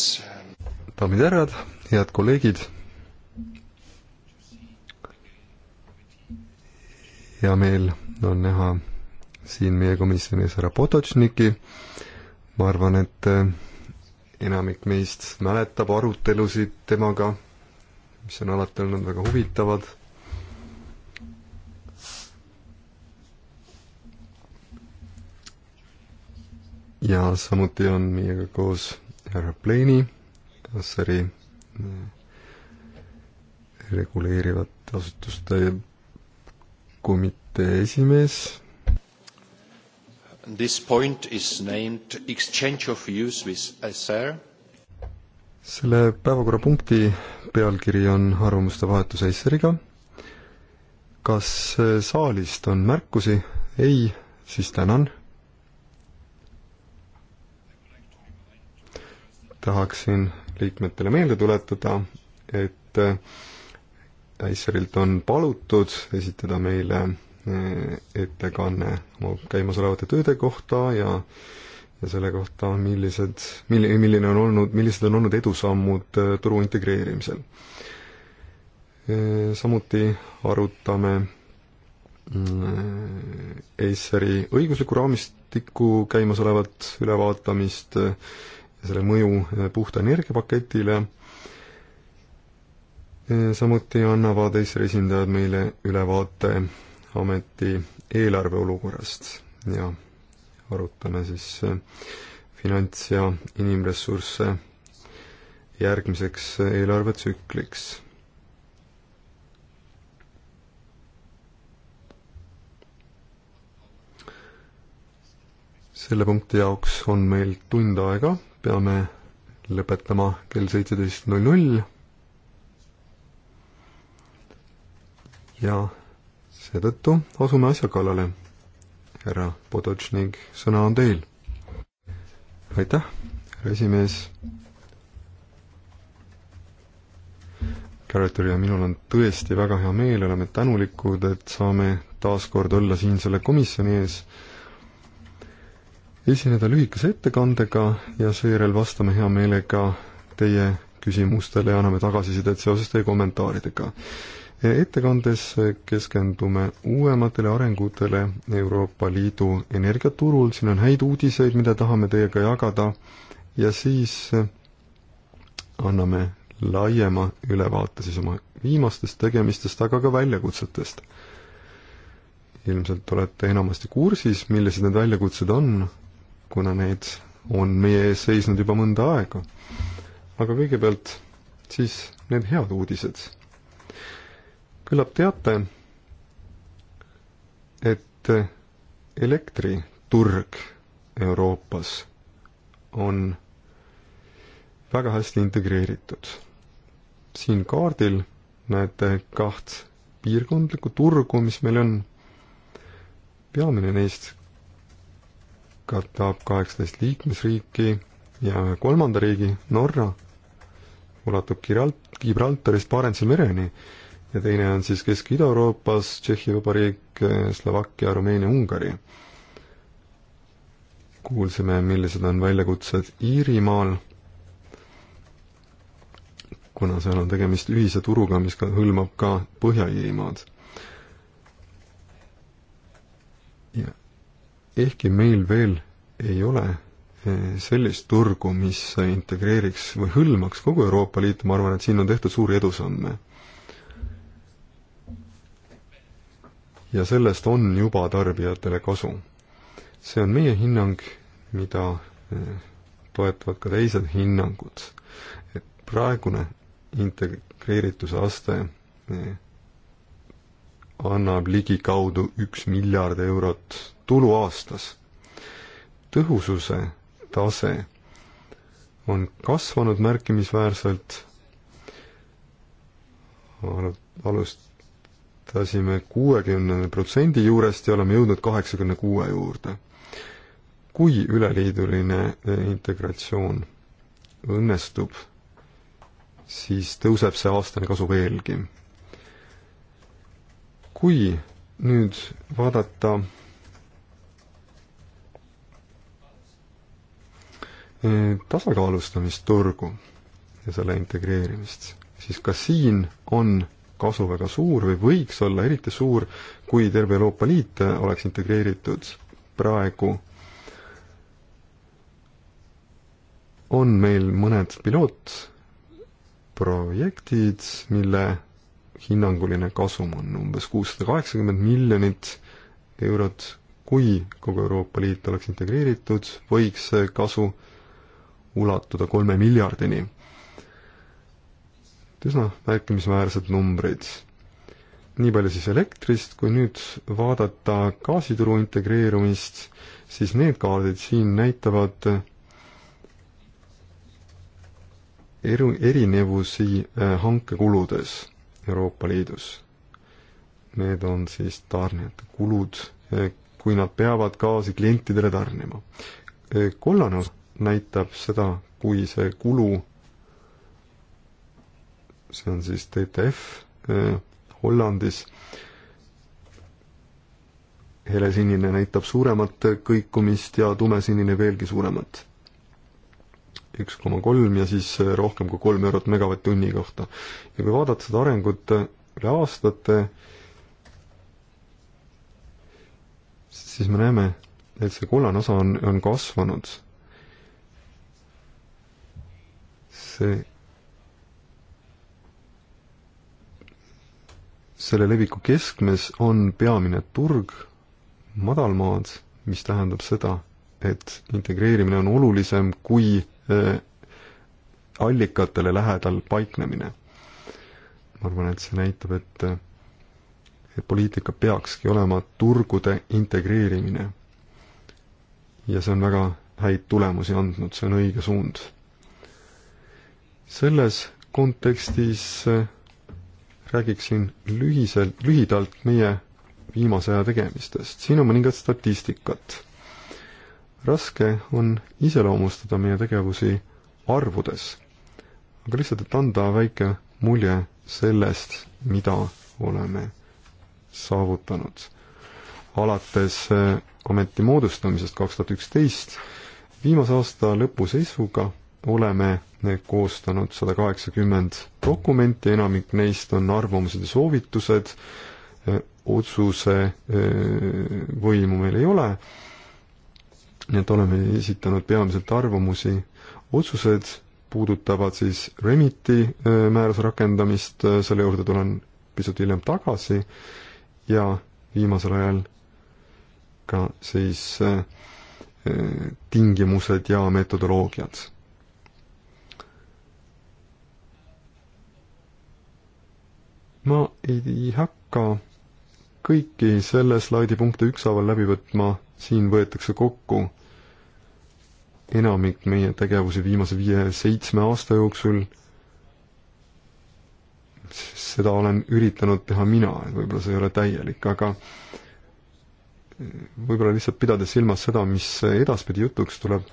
[SPEAKER 1] daamid ja härrad, head kolleegid. hea meel on näha siin meie komisjonis härra Potočniki. ma arvan, et eh, enamik meist mäletab arutelusid temaga, mis on alati olnud väga huvitavad ja samuti on meiega koos härra Pleini, Assari eh, reguleerivate asutuste komitee esimees. This point is named exchange of views with Assar. selle päevakorrapunkti pealkiri on arvamuste vahetus Assariga. kas saalist on märkusi? ei, siis tänan tahaksin liikmetele meelde tuletada, et Äisserilt äh, on palutud esitada meile äh, ettekanne oma käimasolevate tööde kohta ja ja selle kohta, millised, milli-, milline on olnud, millised on olnud edusammud äh, turu integreerimisel. samuti arutame Aceri mm, õigusliku raamistiku käimasolevat ülevaatamist ja selle mõju äh, puhta energiapaketile. Äh, samuti annavad Eestile esindajad meile ülevaate ameti eelarve olukorrast ja arutame siis äh, finants- ja inimressursse järgmiseks eelarvetsükliks selle punkti jaoks on meil tund aega peame lõpetama kell seitseteist null null. ja seetõttu asume asja kallale. härra Podočnik, sõna on teil. aitäh, härra esimees. Carreteri ja minul on tõesti väga hea meel, oleme tänulikud, et saame taas kord olla siin selle komisjoni ees esineda lühikese ettekandega ja seejärel vastame hea meelega teie küsimustele ja anname tagasisidet seoses teie kommentaaridega. ettekandes keskendume uuematele arengutele Euroopa Liidu energiaturul, siin on häid uudiseid, mida tahame teiega jagada ja siis anname laiema ülevaate siis oma viimastest tegemistest, aga ka väljakutsetest. ilmselt olete enamasti kursis, millised need väljakutsed on kuna need on meie ees seisnud juba mõnda aega. aga kõigepealt siis need head uudised. küllap teate, et elektriturg Euroopas on väga hästi integreeritud. siin kaardil näete kaht piirkondlikku turgu, mis meil on. peamine neist katab kaheksateist liikmesriiki ja ühe kolmanda riigi, Norra, ulatub Giralt-, Gibraltarist Barentsi mereni ja teine on siis Kesk-Ida-Euroopas Tšehhi Vabariik, Slovakkia, Rumeenia, Ungari. kuulsime, millised on väljakutsed Iirimaal, kuna seal on tegemist ühise turuga, mis ka hõlmab ka Põhja-Iirimaad. ja ehkki meil veel ei ole eh, sellist turgu, mis integreeriks või hõlmaks kogu Euroopa Liitu, ma arvan, et siin on tehtud suuri edusamme. ja sellest on juba tarbijatele kasu. see on meie hinnang, mida eh, toetavad ka teised hinnangud. et praegune integreerituse aste eh, annab ligikaudu üks miljard eurot tulu aastas. tõhususe tase on kasvanud märkimisväärselt, alustasime kuuekümne protsendi juurest ja oleme jõudnud kaheksakümne kuue juurde. kui üleliiduline integratsioon õnnestub, siis tõuseb see aastane kasu veelgi kui nüüd vaadata eh, tasakaalustamisturgu ja selle integreerimist, siis ka siin on kasu väga suur või võiks olla eriti suur, kui terve Euroopa Liit oleks integreeritud praegu. on meil mõned pilootprojektid, mille hinnanguline kasum on umbes kuussada kaheksakümmend miljonit eurot. kui kogu Euroopa Liit oleks integreeritud, võiks see kasu ulatuda kolme miljardini. et üsna märkimisväärsed numbrid. nii palju siis elektrist, kui nüüd vaadata gaasituru integreerumist, siis need kaardid siin näitavad eru, erinevusi eh, hankekuludes Euroopa Liidus. Need on siis tarnijate kulud, eh, kui nad peavad gaasi klientidele tarnima. Eh, kollane osa näitab seda, kui see kulu, see on siis TTF eh, Hollandis, helesinine näitab suuremat kõikumist ja tumesinine veelgi suuremat üks koma kolm ja siis rohkem kui kolm eurot megavatt-tunni kohta. ja kui vaadata seda arengut üle aastate, siis me näeme, et see kollane osa on, on kasvanud. see, selle leviku keskmes on peamine turg, madalmaad, mis tähendab seda, et integreerimine on olulisem kui Äh, allikatele lähedal paiknemine. ma arvan, et see näitab, et, et poliitika peakski olema turgude integreerimine. ja see on väga häid tulemusi andnud, see on õige suund. selles kontekstis äh, räägiksin lühiselt, lühidalt meie viimase aja tegemistest. siin on mõningat statistikat raske on iseloomustada meie tegevusi arvudes, aga lihtsalt, et anda väike mulje sellest, mida oleme saavutanud. alates eh, ameti moodustamisest kaks tuhat üksteist, viimase aasta lõpu seisuga oleme koostanud sada kaheksakümmend dokumenti, enamik neist on arvamused ja soovitused, eh, otsuse eh, võimu meil ei ole nii et oleme esitanud peamiselt arvamusi. otsused puudutavad siis Remiti äh, määruse rakendamist, äh, selle juurde tulen pisut hiljem tagasi ja viimasel ajal ka siis äh, tingimused ja metodoloogiad ma ei hakka kõiki selle slaidi punkte ükshaaval läbi võtma, siin võetakse kokku enamik meie tegevusi viimase viie-seitsme aasta jooksul, seda olen üritanud teha mina, et võib-olla see ei ole täielik, aga võib-olla lihtsalt pidades silmas seda, mis edaspidi jutuks tuleb,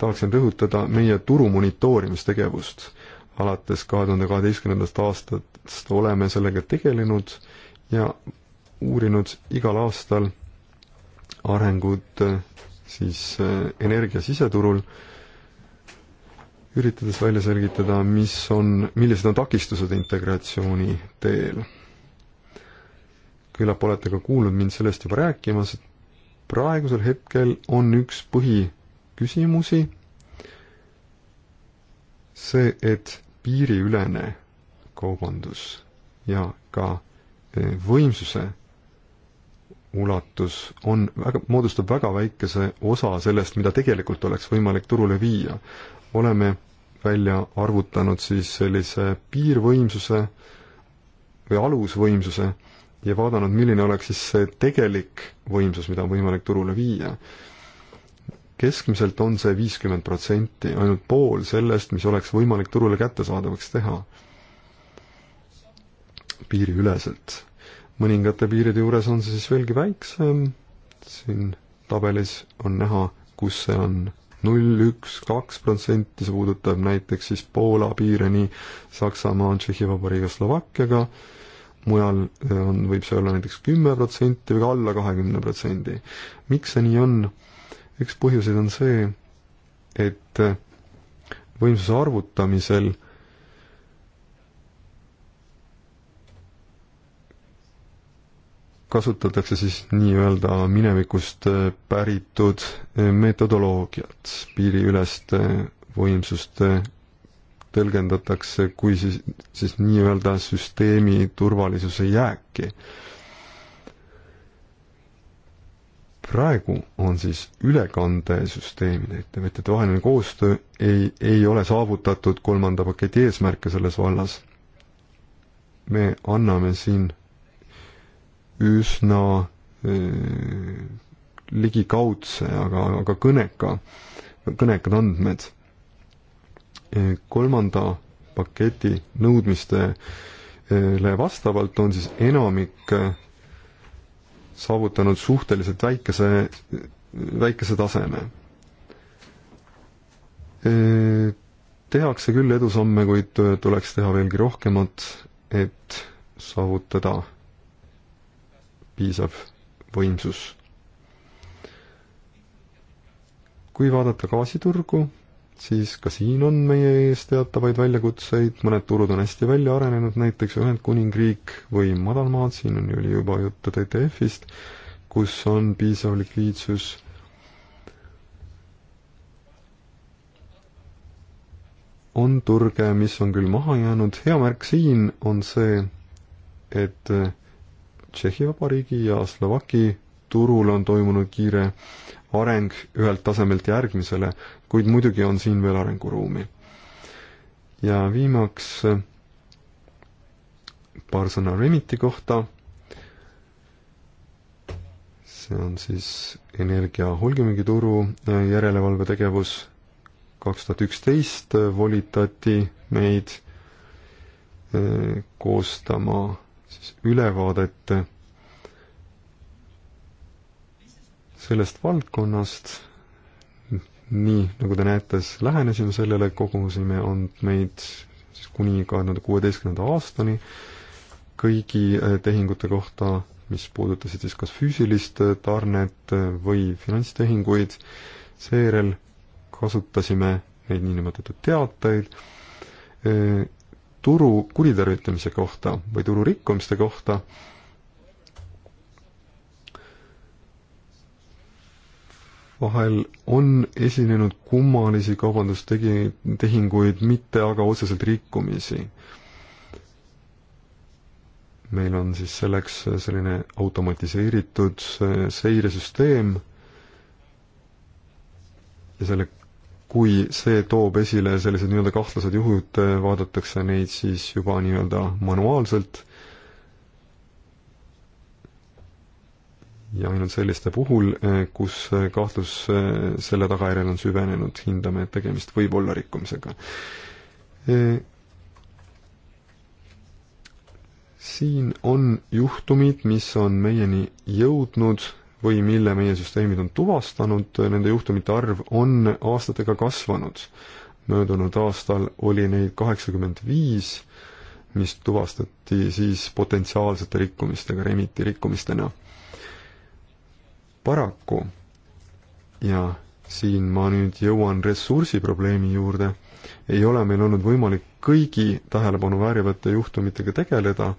[SPEAKER 1] tahaksin rõhutada meie turu monitoorimistegevust. alates kahe tuhande kaheteistkümnendast aastast oleme sellega tegelenud ja uurinud igal aastal arengut siis eh, energia siseturul, üritades välja selgitada, mis on, millised on takistused integratsiooni teel. küllap olete ka kuulnud mind sellest juba rääkimas, et praegusel hetkel on üks põhiküsimusi see, et piiriülene kaubandus ja ka eh, võimsuse ulatus on väga, moodustab väga väikese osa sellest, mida tegelikult oleks võimalik turule viia. oleme välja arvutanud siis sellise piirvõimsuse või alusvõimsuse ja vaadanud, milline oleks siis see tegelik võimsus, mida on võimalik turule viia. keskmiselt on see viiskümmend protsenti, ainult pool sellest, mis oleks võimalik turule kättesaadavaks teha piiriüleselt mõningate piiride juures on see siis veelgi väiksem, siin tabelis on näha, kus see on null, üks, kaks protsenti, see puudutab näiteks siis Poola piire nii Saksamaa, Tšehhi Vabariigi ja Slovakkiaga, mujal eh, on, võib see olla näiteks kümme protsenti või ka alla kahekümne protsendi. miks see nii on? üks põhjuseid on see, et eh, võimsuse arvutamisel äh, kasutatakse siis nii-öelda minevikust äh, päritud äh, metodoloogiat, piiriülest äh, võimsust tõlgendatakse kui siis, siis nii-öelda süsteemi turvalisuse jääki. praegu on siis ülekandesüsteemide ettevõtjate vaheline koostöö ei, ei ole saavutatud kolmanda paketi eesmärke selles vallas. me anname siin üsna e, ligikaudse, aga, aga kõneka, kõnekad andmed. E, kolmanda paketi nõudmistele vastavalt on siis enamik saavutanud suhteliselt väikese, väikese taseme. E, tehakse küll edusamme, kuid tuleks teha veelgi rohkemat, et saavutada piisav võimsus. kui vaadata gaasiturgu, siis ka siin on meie ees teatavaid väljakutseid, mõned turud on hästi välja arenenud, näiteks Ühendkuningriik või madalmaad, siin on ju juba juttu TTF-ist, kus on piisav likviidsus on turge, mis on küll maha jäänud, hea märk siin on see, et Tšehhi Vabariigi ja Slovaki turul on toimunud kiire areng ühelt tasemelt järgmisele, kuid muidugi on siin veel arenguruumi. ja viimaks paar sõna Remiti kohta. see on siis energia hulgimüügituru äh, järelevalve tegevus. kaks tuhat üksteist äh, volitati meid äh, koostama siis ülevaadet sellest valdkonnast. nii, nagu te näete, siis lähenesime sellele, kogusime andmeid siis kuni kahe tuhande kuueteistkümnenda aastani kõigi eh, tehingute kohta, mis puudutasid siis kas füüsilist eh, tarnet eh, või finantstehinguid. seejärel kasutasime neid niinimetatud teateid turu kuritarvitamise kohta või turu rikkumiste kohta, vahel on esinenud kummalisi kaubandustegijaid, tehinguid, mitte aga otseselt rikkumisi. meil on siis selleks selline automatiseeritud seiresüsteem ja selle kui see toob esile sellised nii-öelda kahtlased juhud, vaadatakse neid siis juba nii-öelda manuaalselt ja ainult selliste puhul, kus kahtlus selle tagajärjel on süvenenud, hindame, et tegemist võib olla rikkumisega. siin on juhtumid, mis on meieni jõudnud või mille meie süsteemid on tuvastanud, nende juhtumite arv on aastatega kasvanud. möödunud aastal oli neid kaheksakümmend viis, mis tuvastati siis potentsiaalsete rikkumistega, remiti rikkumistena. paraku, ja siin ma nüüd jõuan ressursiprobleemi juurde, ei ole meil olnud võimalik kõigi tähelepanu väärivate juhtumitega tegeleda,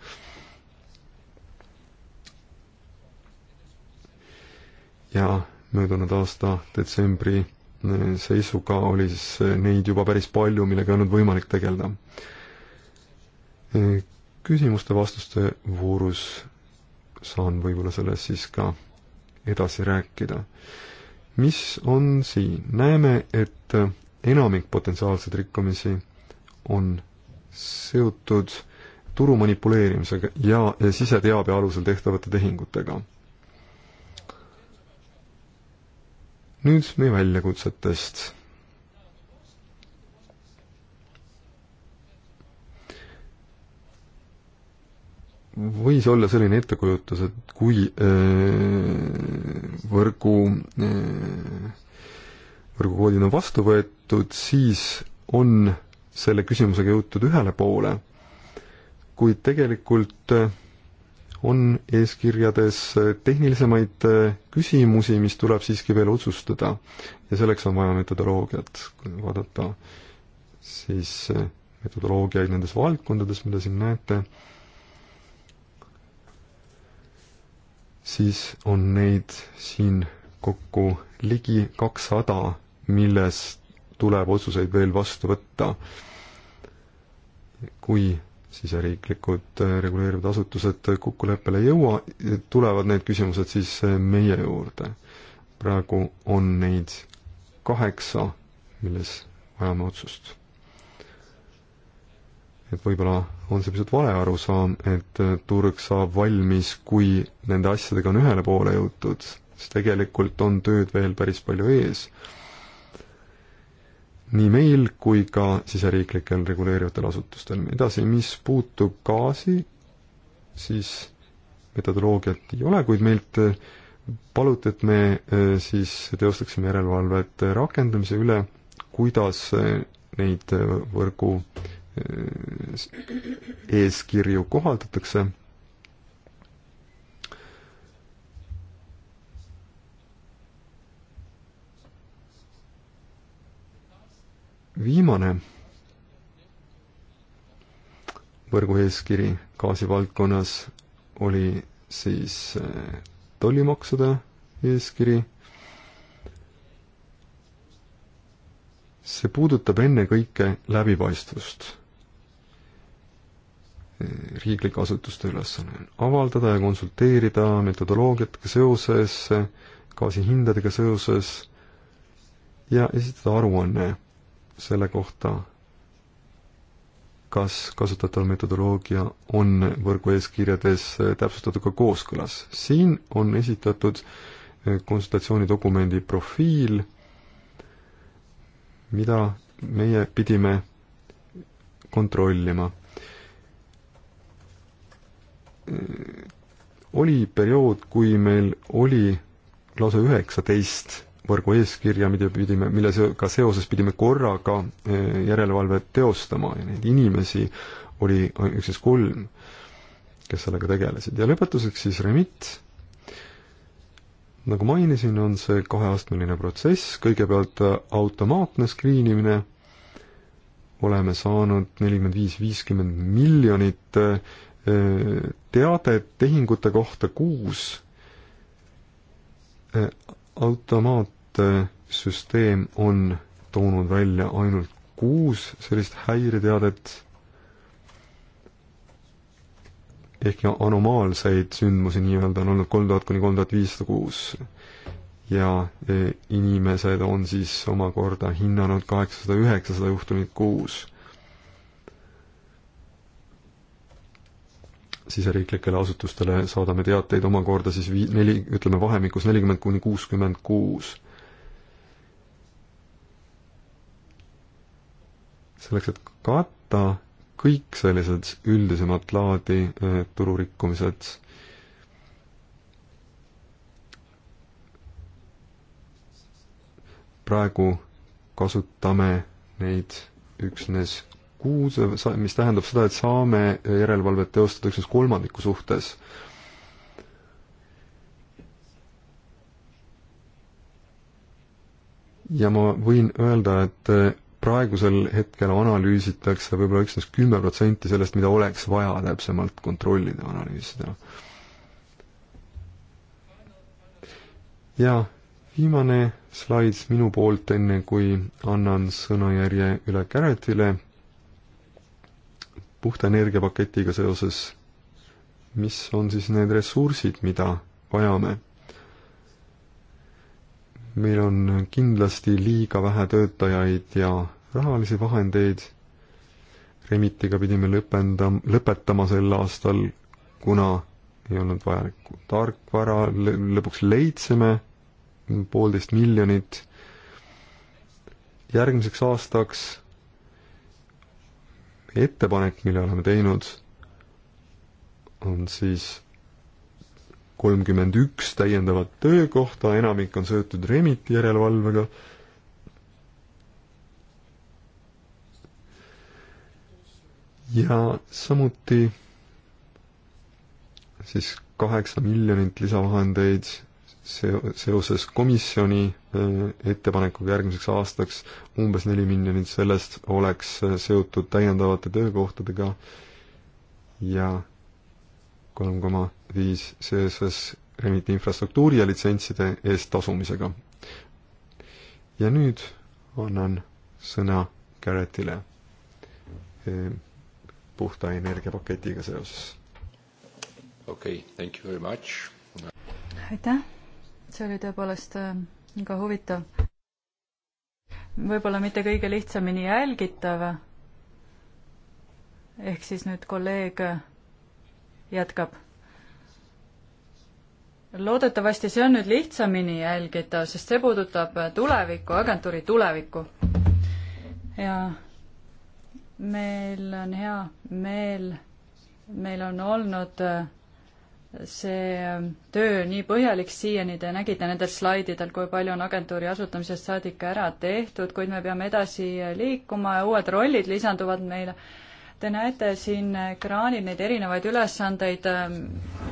[SPEAKER 1] ja möödunud aasta detsembri eh, seisuga oli siis neid juba päris palju, millega ei olnud võimalik tegeleda. Eh, küsimuste-vastuste voorus saan võib-olla sellest siis ka edasi rääkida. mis on siin? näeme, et enamik potentsiaalseid rikkumisi on seotud turu manipuleerimisega ja siseteabe alusel tehtavate tehingutega nüüd meie väljakutsetest. võis olla selline ettekujutus, et kui äh, võrgu äh,, võrgukoodid on vastu võetud, siis on selle küsimusega jõutud ühele poole, kuid tegelikult äh, on eeskirjades tehnilisemaid küsimusi, mis tuleb siiski veel otsustada. ja selleks on vaja metodoloogiat, kui vaadata siis metodoloogiaid nendes valdkondades, mida siin näete, siis on neid siin kokku ligi kakssada, milles tuleb otsuseid veel vastu võtta. kui siseriiklikud äh, reguleerivad asutused kokkuleppele ei jõua, tulevad need küsimused siis äh, meie juurde. praegu on neid kaheksa, milles vajame otsust. et võib-olla on see pisut vale arusaam, et äh, turg saab valmis, kui nende asjadega on ühele poole jõutud, sest tegelikult on tööd veel päris palju ees nii meil kui ka siseriiklikel reguleerivatel asutustel. edasi, mis puutub gaasi, siis metodoloogiat ei ole, kuid meilt paluti, et me e, siis teostaksime järelevalvet rakendamise üle, kuidas neid võrgu e, eeskirju kohaldatakse viimane võrgueeskiri gaasivaldkonnas oli siis eh, tollimaksude eeskiri. see puudutab ennekõike läbipaistvust. Eh, riiklike asutuste ülesanne on avaldada ja konsulteerida metodoloogiatega seoses, gaasihindadega seoses ja esitada aruanne selle kohta, kas kasutatav metodoloogia on võrgueeskirjades täpsustatud ka kooskõlas. siin on esitatud eh, konsultatsioonidokumendi profiil, mida meie pidime kontrollima. Eh, oli periood, kui meil oli lausa üheksateist võrgu eeskirja, mida pidime, millega seoses pidime korraga eh, järelevalvet teostama ja neid inimesi oli üksnes kolm, kes sellega tegelesid. ja lõpetuseks siis Remit. nagu mainisin, on see kaheastmeline protsess, kõigepealt eh, automaatne screen imine, oleme saanud nelikümmend viis, viiskümmend miljonit eh, teadet tehingute kohta kuus automaat et äh, süsteem on toonud välja ainult kuus sellist häireteadet ehk anomaalseid sündmusi nii-öelda on olnud kolm tuhat kuni kolm tuhat viissada kuus. ja e, inimesed on siis omakorda hinnanud kaheksasada, üheksasada juhtumit kuus. siseriiklikele asutustele saadame teateid omakorda siis vii-, neli, ütleme vahemikus nelikümmend kuni kuuskümmend kuus selleks, et katta kõik sellised üldisemat laadi äh, tururikkumised. praegu kasutame neid üksnes kuus, mis tähendab seda, et saame järelevalvet teostada üksnes kolmandiku suhtes. ja ma võin öelda, et äh, praegusel hetkel analüüsitakse võib-olla üksnes kümme protsenti sellest, mida oleks vaja täpsemalt kontrollida, analüüsida. ja viimane slaid minu poolt, enne kui annan sõnajärje üle Garrettile puhta energiapaketiga seoses, mis on siis need ressursid, mida vajame meil on kindlasti liiga vähe töötajaid ja rahalisi vahendeid. Remitiga pidime lõpendam-, lõpetama sel aastal, kuna ei olnud vajalikku tarkvara, lõpuks leidsime poolteist miljonit. järgmiseks aastaks ettepanek, mille oleme teinud, on siis kolmkümmend üks täiendavat töökohta, enamik on seotud Remiti järelevalvega. ja samuti siis kaheksa miljonit lisavahendeid seo-, seoses komisjoni äh, ettepanekuga järgmiseks aastaks, umbes neli miljonit sellest oleks äh, seotud täiendavate töökohtadega ja kolm koma viis seoses Remiti infrastruktuuri ja litsentside eest tasumisega. ja nüüd annan sõna Garrettile ehm, puhta energiapaketiga seoses. okei okay,, thank you very much.
[SPEAKER 2] aitäh, see oli tõepoolest väga ehm, huvitav. võib-olla mitte kõige lihtsamini jälgitav, ehk siis nüüd kolleeg jätkab. loodetavasti see on nüüd lihtsamini jälgitav, sest see puudutab tulevikku, agentuuri tulevikku. ja meil on hea meel, meil on olnud äh, see äh, töö nii põhjalik siiani, te nägite nendel slaididel, kui palju on agentuuri asutamisest saadik ära tehtud, kuid me peame edasi äh, liikuma ja uued rollid lisanduvad meile Te näete siin ekraanil neid erinevaid ülesandeid,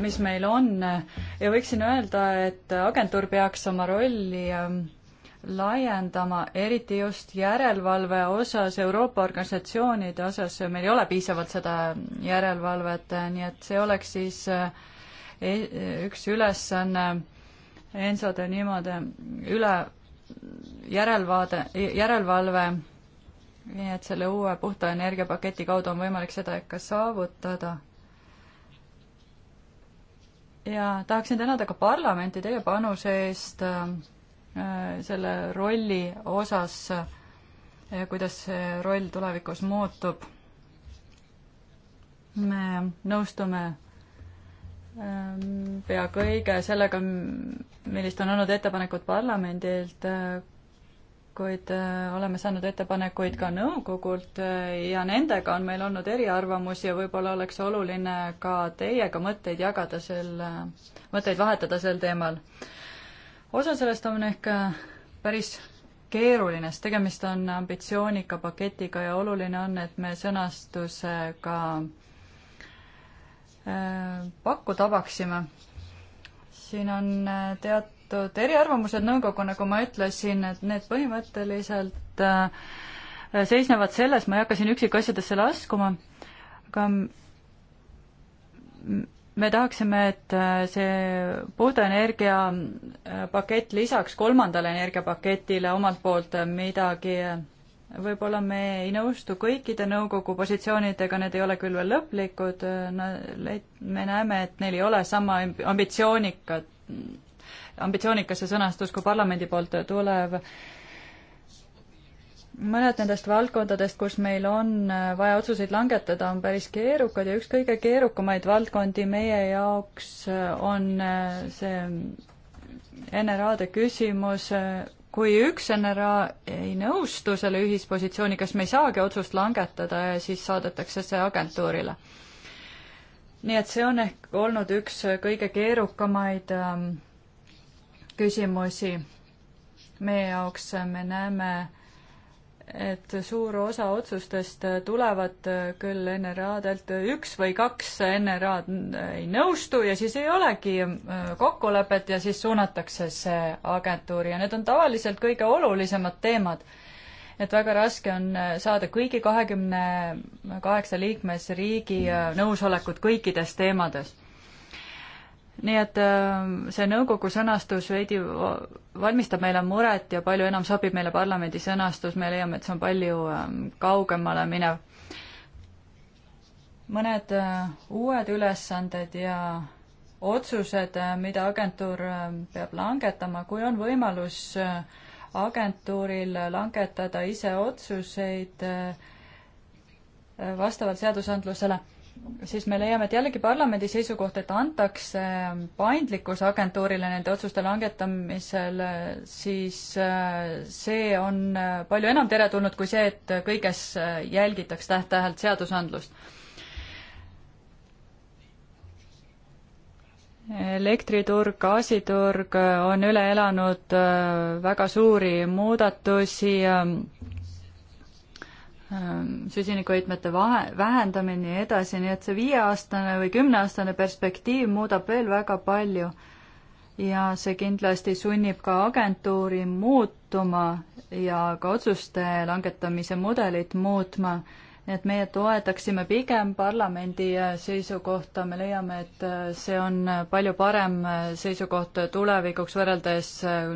[SPEAKER 2] mis meil on ja võiksin öelda, et agentuur peaks oma rolli ähm, laiendama, eriti just järelevalve osas, Euroopa organisatsioonide osas, meil ei ole piisavalt seda järelevalvet, nii et see oleks siis äh, e, üks ülesanne ENSO-de niimoodi üle järelvaade, järelevalve nii et selle uue puhta energiapaketi kaudu on võimalik seda ikka saavutada. ja tahaksin tänada ka parlamenti teie panuse eest äh, äh selle rolli osas äh,, kuidas see roll tulevikus muutub. me nõustume äh, pea kõige sellega, millised on olnud ettepanekud parlamendilt äh,, ettepanekuid, äh, oleme saanud ettepanekuid ka nõukogult äh, ja nendega on meil olnud eriarvamusi ja võib-olla oleks oluline ka teiega mõtteid jagada sel, äh, mõtteid vahetada sel teemal. osa sellest on ehk päris keeruline, sest tegemist on ambitsioonika paketiga ja oluline on, et me sõnastusega pakku tabaksime. siin on teat-, teatud eriarvamused nõukogu, nagu ma ütlesin, et need põhimõtteliselt äh, seisnevad selles, ma ei hakka siin üksikasjadesse laskuma, aga me tahaksime, et äh, see puhta energia äh, pakett lisaks kolmandale energiapaketile omalt poolt midagi võib-olla me ei nõustu kõikide nõukogu positsioonidega, need ei ole küll veel lõplikud, me näeme, et neil ei ole sama ambitsioonikat ambitsioonikas see sõnastus kui parlamendi poolt tulev. mõned nendest valdkondadest, kus meil on äh, vaja otsuseid langetada, on päris keerukad ja üks kõige keerukamaid valdkondi meie jaoks äh, on äh, see NRA-de küsimus, kui üks NRA ei nõustu selle ühispositsiooni, kas me ei saagi otsust langetada ja siis saadetakse see agentuurile. nii et see on ehk olnud üks kõige keerukamaid ähm, küsimusi. meie jaoks me näeme, et suur osa otsustest tulevad küll NRA-delt, üks või kaks NRA-d ei nõustu ja siis ei olegi äh, kokkulepet ja siis suunatakse see agentuuri ja need on tavaliselt kõige olulisemad teemad et väga raske on äh, saada kõigi kahekümne kaheksa liikmesriigi äh, nõusolekut kõikides teemades nii et äh, see nõukogu sõnastus veidi valmistab meile muret ja palju enam sobib meile parlamendi sõnastus, me leiame, et see on palju ähm, kaugemale minev. mõned äh, uued ülesanded ja otsused, äh, mida agentuur ähm, peab langetama, kui on võimalus agentuuril langetada ise otsuseid vastavalt seadusandlusele siis me leiame, et jällegi parlamendi seisukoht, et antakse paindlikkus agentuurile nende otsuste langetamisel, siis äh, see on äh, palju enam teretulnud kui see, et kõiges äh, jälgitaks täht-tähelt seadusandlust. elektriturg, gaasiturg on üle elanud väga suuri muudatusi Ähm, süsinikuheitmete vahe, vähendamine ja nii edasi, nii et see viieaastane või kümneaastane perspektiiv muudab veel väga palju. ja see kindlasti sunnib ka agentuuri muutuma ja ka otsuste langetamise mudelit muutma et meie toetaksime pigem parlamendi seisukohta, me leiame, et see on palju parem seisukoht tulevikuks võrreldes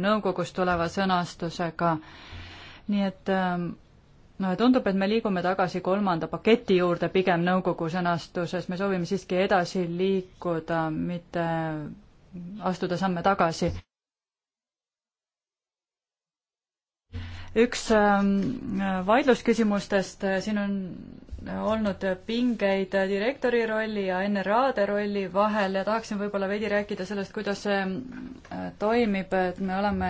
[SPEAKER 2] nõukogust tuleva sõnastusega. nii et ähm, tundub, et me liigume tagasi kolmanda paketi juurde pigem nõukogu sõnastuses, me soovime siiski edasi liikuda, mitte astuda samme tagasi. üks ähm, vaidlusküsimustest, äh, siin on olnud pingeid direktori rolli ja NRA-de rolli vahel ja tahaksin võib-olla veidi rääkida sellest, kuidas see äh, toimib, et me oleme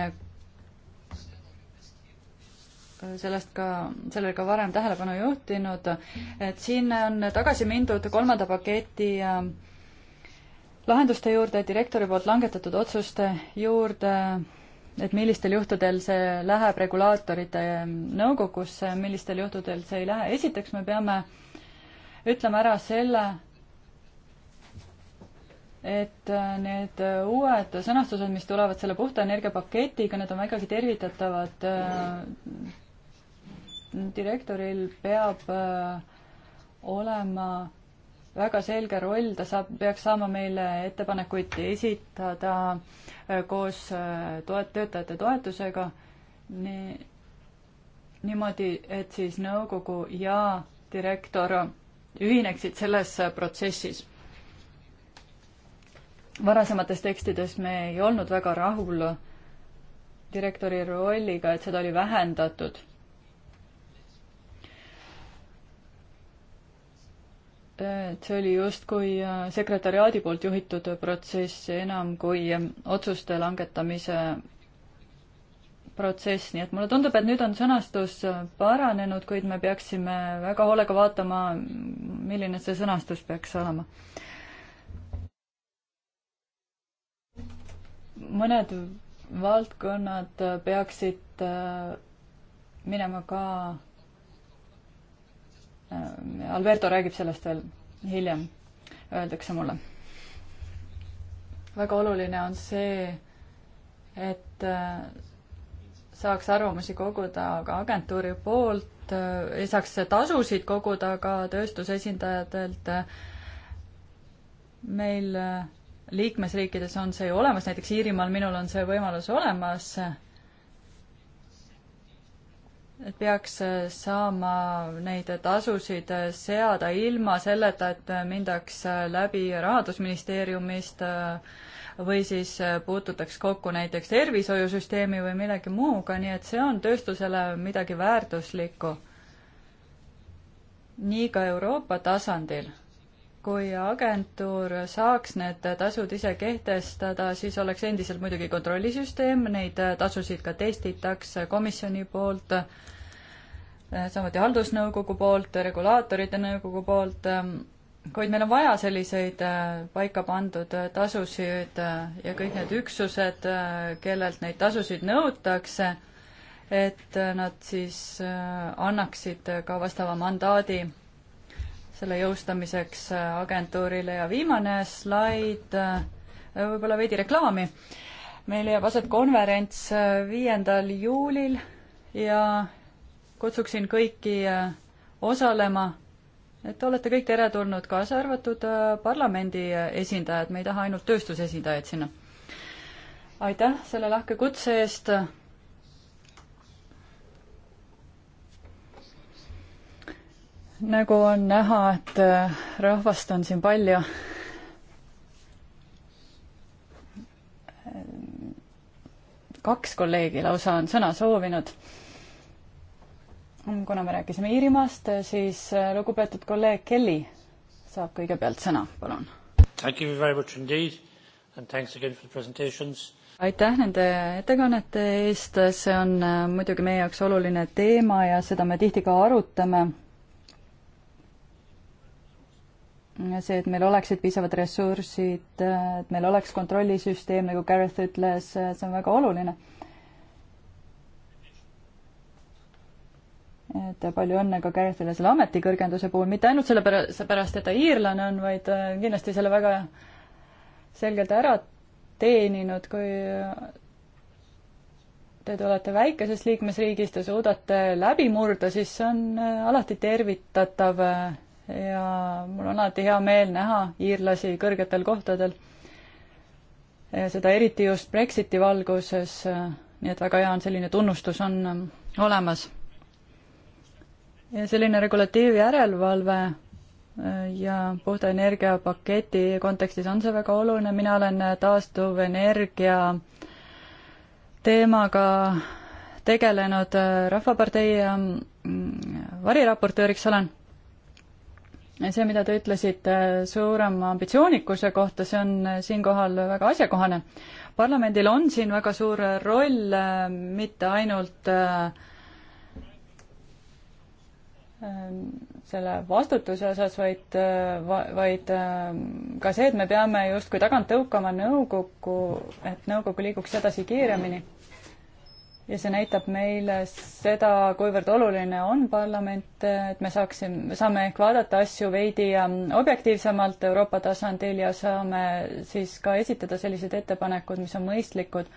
[SPEAKER 2] sellest ka, sellele ka varem tähelepanu juhtinud, et siin on tagasi mindud kolmanda paketi äh, lahenduste juurde, direktori poolt langetatud otsuste juurde, et millistel juhtudel see läheb regulaatorite äh, nõukogusse, millistel juhtudel see ei lähe. esiteks me peame ütleme ära selle, et äh, need uued sõnastused, mis tulevad selle puhta energia paketiga, need on vägagi tervitatavad direktoril peab äh, olema väga selge roll, ta saab, peaks saama meile ettepanekuid esitada äh, koos äh, toet-, töötajate toetusega, nii, niimoodi, et siis nõukogu ja direktor ühineksid selles protsessis. varasemates tekstides me ei olnud väga rahul direktori rolliga, et seda oli vähendatud et see oli justkui äh, sekretäriaadi poolt juhitud protsess enam kui äh, otsuste langetamise protsess, nii et mulle tundub, et nüüd on sõnastus äh, paranenud, kuid me peaksime väga hoolega vaatama, milline see sõnastus peaks olema. mõned valdkonnad peaksid minema ka Äh, Alberto räägib sellest veel hiljem, öeldakse mulle. väga oluline on see, et äh, saaks arvamusi koguda ka agentuuri poolt, ei äh, saaks tasusid koguda ka tööstusesindajatelt. meil liikmesriikides on see ju olemas, näiteks Iirimaal minul on see võimalus olemas et peaks äh, saama neid tasusid äh, seada ilma selleta, et äh, mindaks läbi Rahandusministeeriumist või siis puututaks kokku näiteks tervishoiusüsteemi või millegi muuga, nii et see on tööstusele midagi väärtuslikku. nii ka Euroopa tasandil kui agentuur saaks need tasud ise kehtestada, siis oleks endiselt muidugi kontrollisüsteem, neid tasusid ka testitaks komisjoni poolt, samuti haldusnõukogu poolt, regulaatorite nõukogu poolt, kuid meil on vaja selliseid paika pandud tasusid ja kõik need üksused, kellelt neid tasusid nõutakse, et nad siis annaksid ka vastava mandaadi selle jõustamiseks äh, agentuurile ja viimane slaid, äh, võib-olla veidi reklaami. meil jääb aset konverents äh, viiendal juulil ja kutsuksin kõiki osalema, et olete kõik teretulnud, kaasa arvatud parlamendi esindajad, me ei taha ainult tööstusesindajaid sinna. aitäh selle lahke kutse eest nagu on näha, et äh, rahvast on siin palju. kaks kolleegi lausa on sõna soovinud. kuna me rääkisime Iirimaast, siis äh, lugupeetud kolleeg Kelly saab kõigepealt sõna, palun. aitäh nende ettekannete eest, see on äh, muidugi meie jaoks oluline teema ja seda me tihti ka arutame see, et meil oleksid piisavad ressursid, et meil oleks kontrollisüsteem, nagu Gareth ütles, see on väga oluline. et palju õnne ka Garethile selle ametikõrgenduse puhul, mitte ainult sellepärast, et ta iirlane on, vaid äh, kindlasti selle väga selgelt ära teeninud, kui te olete väikeses liikmesriigis, te suudate läbi murda, siis see on äh, alati tervitatav äh, ja mul on alati hea meel näha iirlasi kõrgetel kohtadel. seda eriti just Brexiti valguses, nii et väga hea on, selline tunnustus on ähm, olemas. ja selline regulatiivjärelevalve äh, ja puhta energia paketi kontekstis on see väga oluline, mina olen äh, taastuvenergia teemaga tegelenud äh, Rahvapartei ähm, variraportööriks olen see, mida te ütlesite äh, suurema ambitsioonikuse kohta, see on äh, siinkohal väga asjakohane. parlamendil on siin väga suur äh, roll, mitte ainult ähm, selle vastutuse osas, vaid, vaid ähm, ka see, et me peame justkui tagant tõukama nõukokku, et nõukogu liiguks edasi kiiremini ja see näitab meile seda, kuivõrd oluline on parlament, et me saaksime, saame ehk vaadata asju veidi ähm, objektiivsemalt Euroopa tasandil ja saame siis ka esitada sellised ettepanekud, mis on mõistlikud.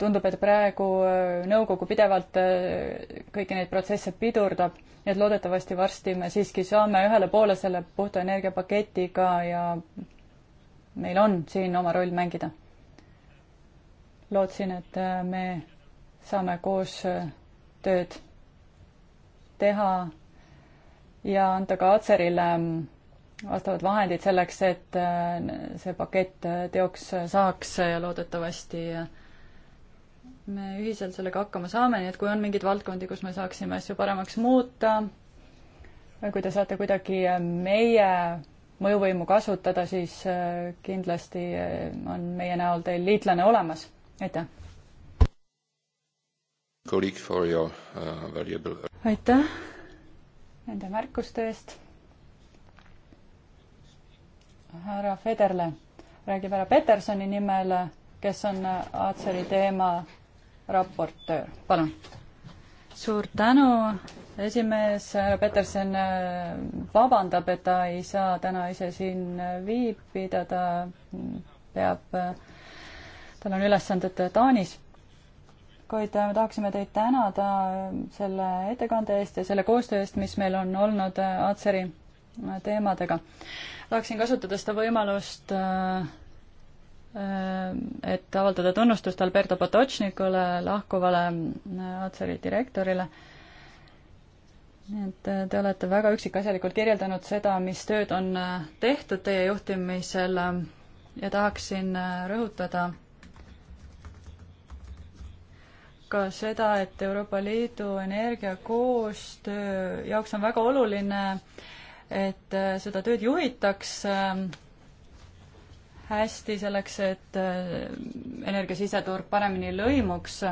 [SPEAKER 2] tundub, et praegu äh, nõukogu pidevalt äh, kõiki neid protsesse pidurdab, nii et loodetavasti varsti me siiski saame ühele poole selle puhta energiapaketiga ja meil on siin oma roll mängida lootsin, et äh, me saame koos äh, tööd teha ja anda ka Atserile mm, vastavad vahendid selleks, et äh, see pakett teoks saaks ja loodetavasti me ühiselt sellega hakkama saame, nii et kui on mingeid valdkondi, kus me saaksime asju paremaks muuta, kui te saate kuidagi meie mõjuvõimu kasutada, siis kindlasti on meie näol teil liitlane olemas aitäh!
[SPEAKER 1] Uh,
[SPEAKER 2] aitäh nende märkuste eest. härra Federle räägib härra Petersoni nimel, kes on Aatseri teema raportöör, palun. suur tänu, esimees härra Peterson äh, vabandab, et ta ei saa täna ise siin viibida, ta peab äh, tal on ülesanded Taanis. kuid äh, me tahaksime teid tänada selle ettekande eest ja selle koostöö eest, mis meil on olnud äh, Atseri äh, teemadega. tahaksin kasutada seda võimalust et avaldada tunnustust Alberto Potočnikule, lahkuvale Atseri direktorile. nii et te olete väga üksikasjalikult kirjeldanud seda, mis tööd on tehtud teie juhtimisel ja tahaksin rõhutada ka seda, et Euroopa Liidu energiakoostöö jaoks on väga oluline, et äh, seda tööd juhitaks ähm, hästi selleks, et äh, energia siseturg paremini lõimuks.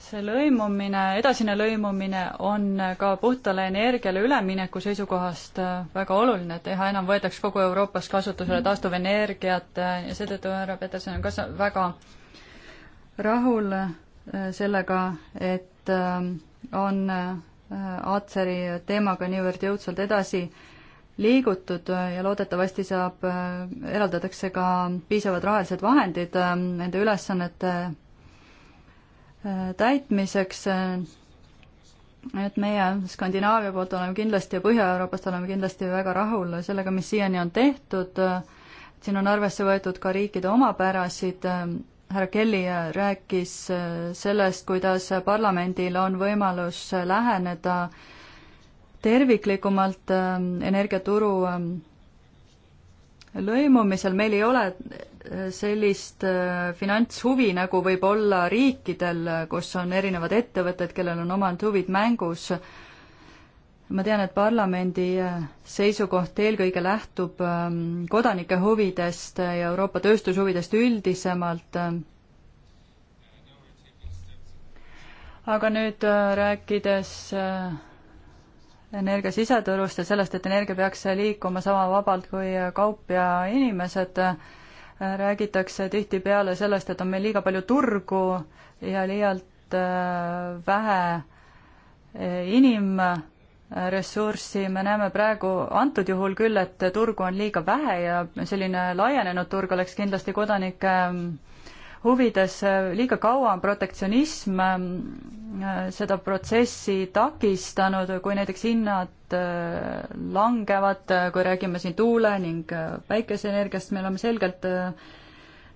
[SPEAKER 2] see lõimumine, edasine lõimumine on ka puhtale energiale ülemineku seisukohast äh, väga oluline, et üha enam võetaks kogu Euroopas kasutusele taastuvenergiat ja seetõttu härra Peterson on ka väga rahul Äh, sellega, et ähm, on äh, Atseri teemaga niivõrd jõudsalt edasi liigutud äh, ja loodetavasti saab, eraldatakse ka piisavad rahalised vahendid ähm, nende ülesannete täitmiseks, et meie Skandinaavia poolt oleme kindlasti ja Põhja-Euroopast oleme kindlasti väga rahul sellega, mis siiani on tehtud, siin on arvesse võetud ka riikide omapärasid härra Kelly äh, rääkis äh, sellest, kuidas parlamendil on võimalus äh, läheneda terviklikumalt ähm, energiaturu ähm, lõimumisel, meil ei ole sellist finantshuvi, nagu võib olla riikidel, kus on erinevad ettevõtted, kellel on omad huvid mängus ma tean, et parlamendi äh, seisukoht eelkõige lähtub ähm, kodanike huvidest ja Euroopa tööstushuvidest üldisemalt. Ähm. aga nüüd äh, rääkides äh, energia siseturust ja sellest, et energia peaks liikuma sama vabalt kui kaup ja inimesed, räägitakse tihtipeale sellest, et on meil liiga palju turgu ja liialt vähe inim- ressurssi, me näeme praegu antud juhul küll, et turgu on liiga vähe ja selline laienenud turg oleks kindlasti kodanike ähm, huvides liiga kaua on protektsionism ähm, seda protsessi takistanud, kui näiteks hinnad äh, langevad, kui räägime siin tuule- ning äh, päikeseenergiast, me oleme selgelt äh,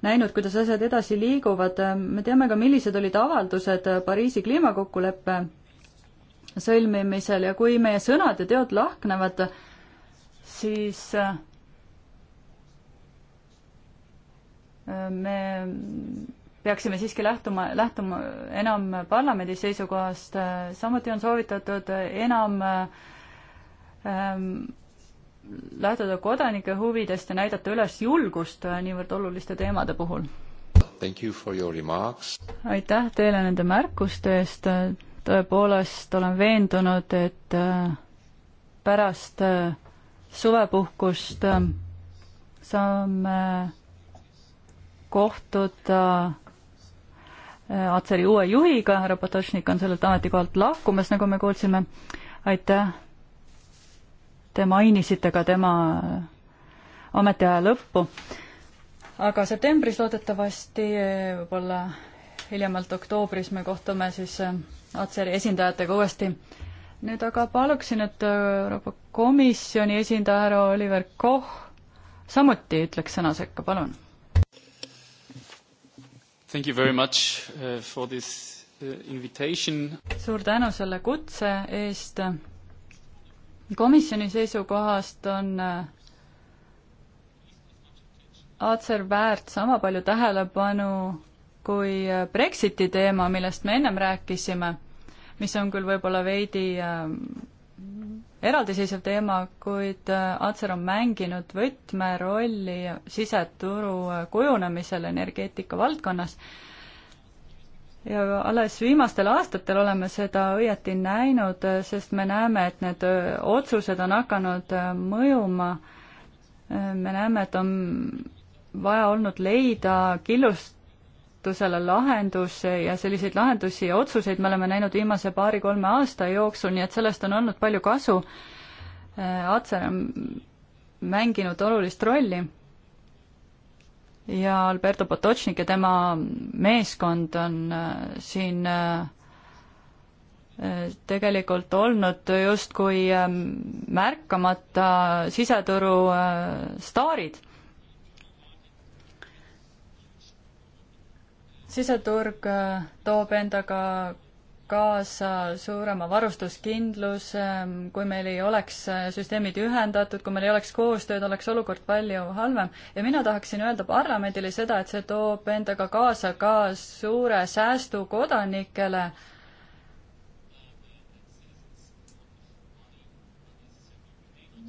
[SPEAKER 2] näinud, kuidas asjad edasi liiguvad. me teame ka, millised olid avaldused Pariisi kliimakokkuleppe sõlmimisel ja kui meie sõnad ja teod lahknevad, siis äh, me peaksime siiski lähtuma, lähtuma enam parlamendi seisukohast, samuti on soovitatud enam ähm, lähtuda kodanike huvidest ja näidata üles julgust niivõrd oluliste teemade puhul. aitäh teile nende märkuste eest tõepoolest olen veendunud, et äh, pärast äh, suvepuhkust äh, saame kohtuda Atseri uue juhiga, härra Potošnik on sellelt ametikohalt lahkumas, nagu me kuulsime. aitäh. Te mainisite ka tema ametiaja lõppu. aga septembris loodetavasti võib-olla hiljemalt oktoobris me kohtume siis Otseri esindajatega uuesti. nüüd aga paluksin, et äh, Euroopa Komisjoni esindaja härra Oliver Koch samuti ütleks sõna sekka, palun. Thank you very much uh, for this uh, invitation. suur tänu selle kutse eest. komisjoni seisukohast on äh, Atser väärt sama palju tähelepanu kui äh, Brexiti teema, millest me ennem rääkisime, mis on küll võib-olla veidi äh, eraldiseisev teema, kuid äh, Atser on mänginud võtmerolli siseturu kujunemisel energeetika valdkonnas ja alles viimastel aastatel oleme seda õieti näinud, sest me näeme, et need otsused on hakanud mõjuma. me näeme, et on vaja olnud leida killust, küsimusele lahendus ja selliseid lahendusi ja otsuseid me oleme näinud viimase paari-kolme aasta jooksul, nii et sellest on olnud palju kasu. Äh, Atser on mänginud olulist rolli ja Alberto Potočnik ja tema meeskond on äh, siin äh, tegelikult olnud justkui märkamata siseturu staarid siseturg äh, toob endaga kaasa suurema varustuskindluse, ähm, kui meil ei oleks äh, süsteemid ühendatud, kui meil ei oleks koostööd, oleks olukord palju halvem. ja mina tahaksin öelda parlamendile seda, et see toob endaga kaasa ka suure säästu kodanikele äh,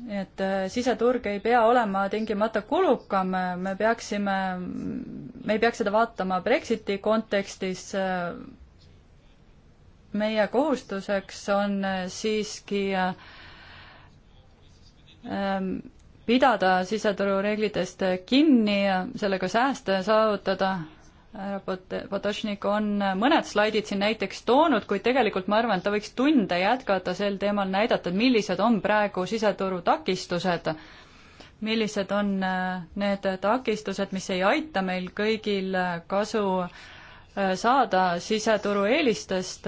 [SPEAKER 2] nii et äh, siseturg ei pea olema tingimata kulukam, me peaksime, me ei peaks seda vaatama Brexiti kontekstis. meie kohustuseks on äh, siiski äh, pidada siseturu reeglitest kinni ja sellega sääste saavutada härra Potošnik on mõned slaidid siin näiteks toonud, kuid tegelikult ma arvan, et ta võiks tunde jätkata sel teemal, näidata, et millised on praegu siseturu takistused, millised on äh, need takistused, mis ei aita meil kõigil äh, kasu äh, saada siseturu eelistest,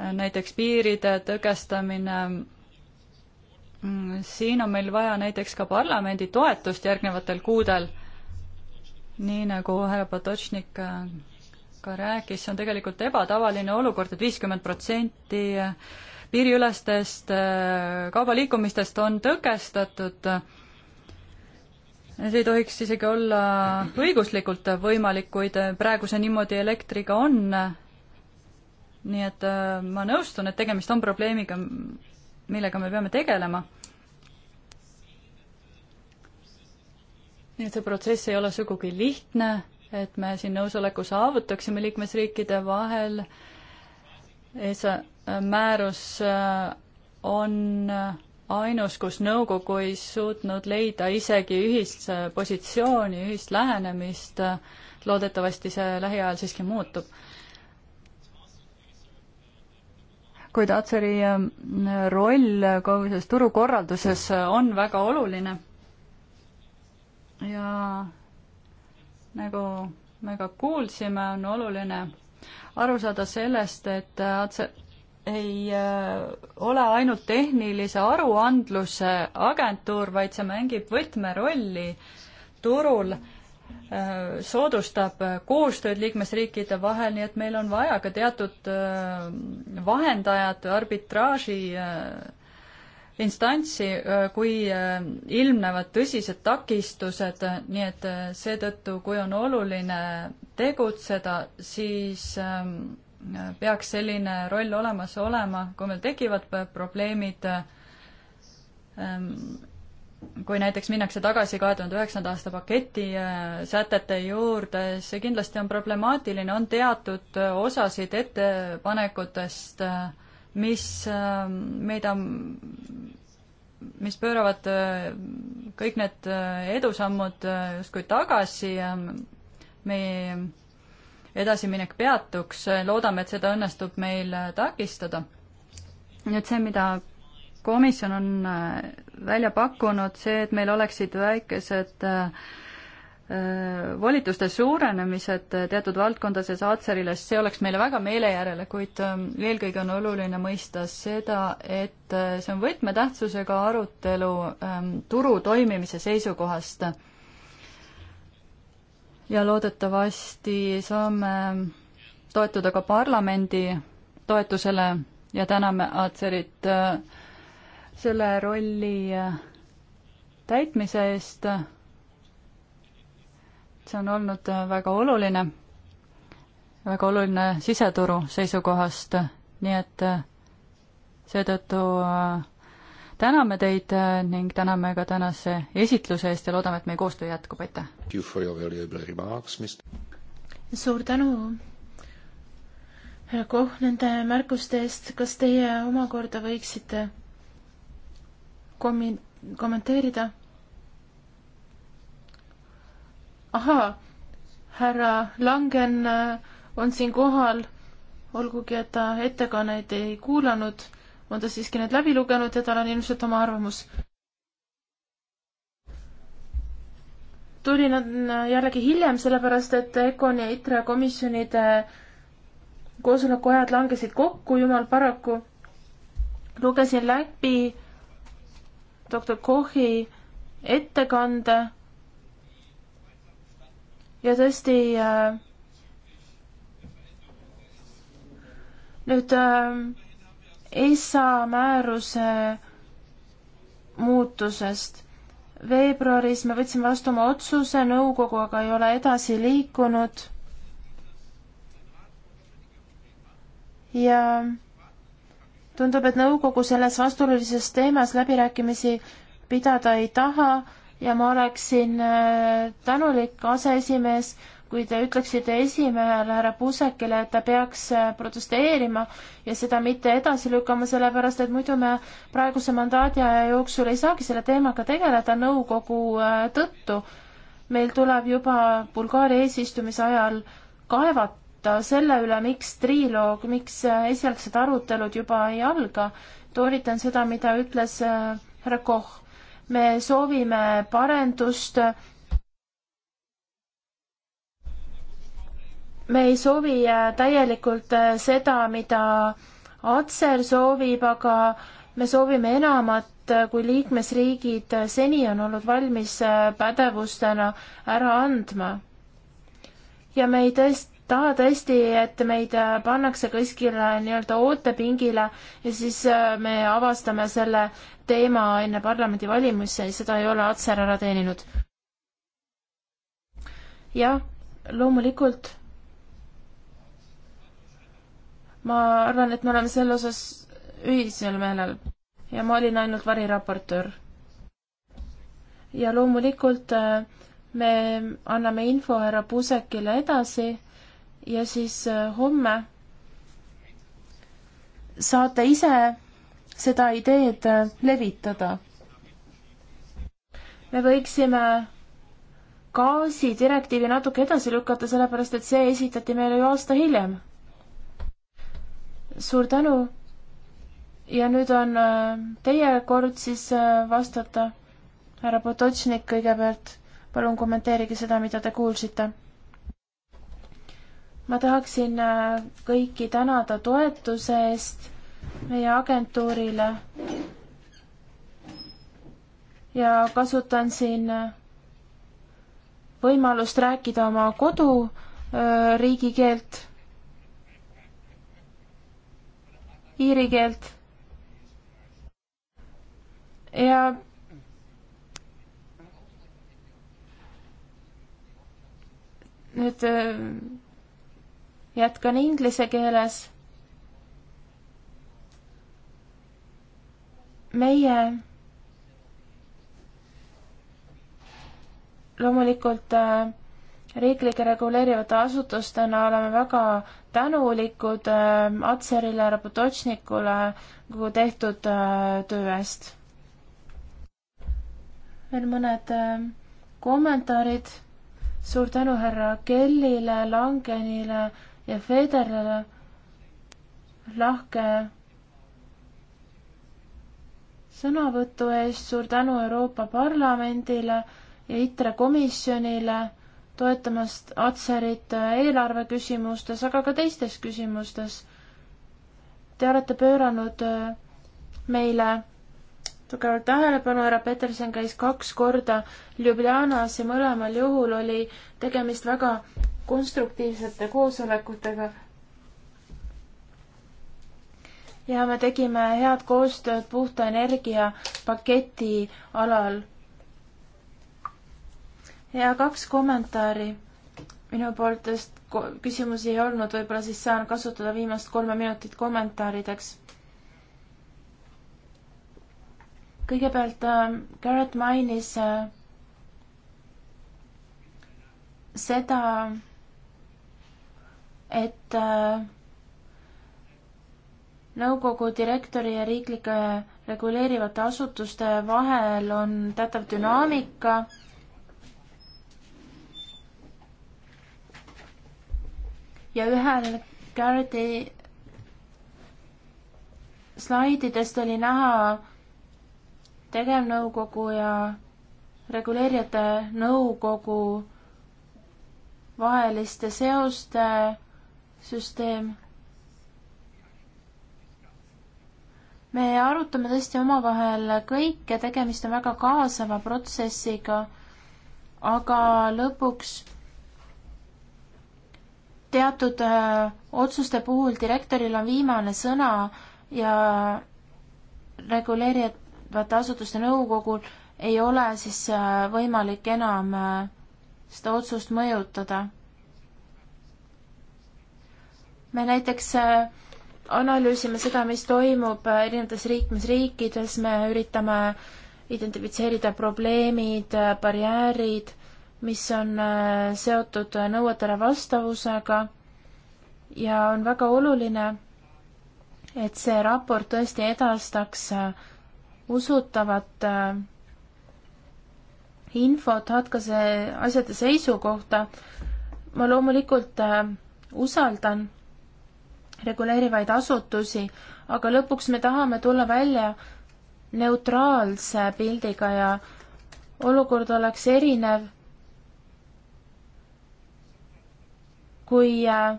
[SPEAKER 2] näiteks piiride tõkestamine, mm, siin on meil vaja näiteks ka parlamendi toetust järgnevatel kuudel nii nagu härra Potočnik äh, ka rääkis, see on tegelikult ebatavaline olukord et, et viiskümmend protsenti äh, piiriülestest äh, kaubaliikumistest on tõkestatud. see ei tohiks isegi olla õiguslikult võimalik, kuid praegu see niimoodi elektriga on. nii et ma nõustun, et tegemist on probleemiga, millega me peame tegelema nii et see protsess ei ole sugugi lihtne, et me siin nõusoleku saavutaksime liikmesriikide vahel. see määrus äh, on äh, ainus, kus nõukogu ei suutnud leida isegi ühist äh, positsiooni, ühist lähenemist. loodetavasti see lähiajal siiski muutub. kuid Atseri roll kogu selles turukorralduses on väga oluline ja nagu me ka kuulsime, on oluline aru saada sellest, et ei äh, ole ainult tehnilise aruandluse agentuur, vaid see mängib võtmerolli turul, äh, soodustab äh, koostööd liikmesriikide vahel, nii et meil on vaja ka teatud vahendajad arbitraaži instantsi, äh, kui äh, ilmnevad tõsised takistused, nii et äh, seetõttu, kui on oluline tegutseda, siis ähm, peaks selline roll olemas olema, kui meil tekivad probleemid, ähm, kui näiteks minnakse tagasi kahe tuhande üheksanda aasta paketi sätete juurde, see kindlasti on problemaatiline, on teatud osasid ettepanekutest äh, mis ähm, meid, mis pööravad äh, kõik need äh, edusammud äh, justkui tagasi ja meie edasiminek peatuks, loodame, et seda õnnestub meil takistada. nüüd see, mida komisjon on välja pakkunud, see, et meil oleksid väikesed äh, volituste suurenemised teatud valdkondades Atserile, see oleks meile väga meele järele, kuid ähm, eelkõige on oluline mõista seda, et äh, see on võtmetähtsusega arutelu ähm, turu toimimise seisukohast. ja loodetavasti saame toetuda ka parlamendi toetusele ja täname Atserit äh, selle rolli äh, täitmise eest see on olnud äh, väga oluline, väga oluline siseturu seisukohast, nii et äh, seetõttu äh, täname teid ning täname ka tänase esitluse eest ja loodame, et meie koostöö jätkub, aitäh!
[SPEAKER 3] suur tänu, härra Koh, nende märkuste eest, kas teie omakorda võiksite kommi-, kommenteerida? ahaa, härra Langen äh, on siin kohal, olgugi et ta ettekannet ei kuulanud, on ta siiski need läbi lugenud ja tal on ilmselt oma arvamus. tulin äh, jällegi hiljem, sellepärast et EKON ja ITRE komisjonide koosoleku ajad langesid kokku, jumal paraku. lugesin läbi doktor Kochi ettekande ja tõesti äh, nüüd äh, ESA määruse muutusest. veebruaris me võtsime vastu oma otsuse, nõukogu aga ei ole edasi liikunud. ja tundub, et nõukogu selles vastuolulises teemas läbirääkimisi pidada ei taha ja ma oleksin äh, tänulik aseesimees, kui te ütleksite esimehele härra Puusekile, et ta peaks äh, protesteerima ja seda mitte edasi lükkama, sellepärast et muidu me praeguse mandaadi aja jooksul ei saagi selle teemaga tegeleda nõukogu äh, tõttu. meil tuleb juba Bulgaaria eesistumise ajal kaevata selle üle, miks triloog, miks esialgsed arutelud juba ei alga. toonitan seda, mida ütles härra Koch me soovime parendust. me ei soovi äh, täielikult äh, seda, mida Atser soovib, aga me soovime enamat, äh, kui liikmesriigid seni on olnud valmis pädevustena ära andma. ja me ei tõest-, taha tõesti, et meid äh, pannakse kuskile nii-öelda ootepingile ja siis äh, me avastame selle teema enne parlamendivalimisi, seda ei ole Atser ära teeninud. jah, loomulikult. ma arvan, et me oleme selle osas ühisel meelel ja ma olin ainult variraportöör. ja loomulikult äh, me anname info härra Puusekile edasi ja siis äh, homme saate ise seda ideed äh, levitada. me võiksime gaasidirektiivi natuke edasi lükata, sellepärast et see esitati meile ju aasta hiljem. suur tänu. ja nüüd on äh, teie kord siis vastata. härra Potočnik kõigepealt, palun kommenteerige seda, mida te kuulsite ma tahaksin äh, kõiki tänada toetuse eest meie agentuurile ja kasutan siin äh, võimalust rääkida oma kodu äh, riigikeelt, iiri keelt ja nüüd jätkan inglise keeles. meie loomulikult äh, riiklike reguleerivate asutustena oleme väga tänulikud äh, Atserile, Rabotočnikule kogu tehtud äh, töö eest. veel mõned kommentaarid. suur tänu härra Kellile, Langenile ja Federer lahke sõnavõtu eest, suur tänu Euroopa Parlamendile ja ITRE komisjonile toetamast Atserit eelarve küsimustes, aga ka teistes küsimustes. Te olete pööranud meile tugevalt tähelepanu, härra Peterson käis kaks korda Ljubljanas ja mõlemal juhul oli tegemist väga konstruktiivsete koosolekutega. ja me tegime head koostööd puhta energia paketi alal. ja kaks kommentaari minu poolt, sest küsimusi ei olnud, võib-olla siis saan kasutada viimast kolme minutit kommentaarideks. kõigepealt äh, Garrett mainis äh, seda, et äh, nõukogu direktori ja riiklike reguleerivate asutuste vahel on teatav dünaamika. ja ühel Garrett'i slaididest oli näha tegevnõukogu ja reguleerijate nõukogu vaheliste seoste süsteem. me arutame tõesti omavahel kõike, tegemist on väga kaasava protsessiga, aga lõpuks teatud öö, äh, otsuste puhul direktoril on viimane sõna ja reguleerivate asutuste nõukogul ei ole siis äh, võimalik enam äh, seda otsust mõjutada me näiteks äh, analüüsime seda, mis toimub äh, erinevates liikmesriikides, me üritame identifitseerida probleemid, äh, barjäärid, mis on seotud nõuetele vastavusega ja on väga oluline, et see raport tõesti edastaks usutavat infot HTKS asjade seisu kohta. ma loomulikult usaldan reguleerivaid asutusi, aga lõpuks me tahame tulla välja neutraalse pildiga ja olukord oleks erinev, kui äh,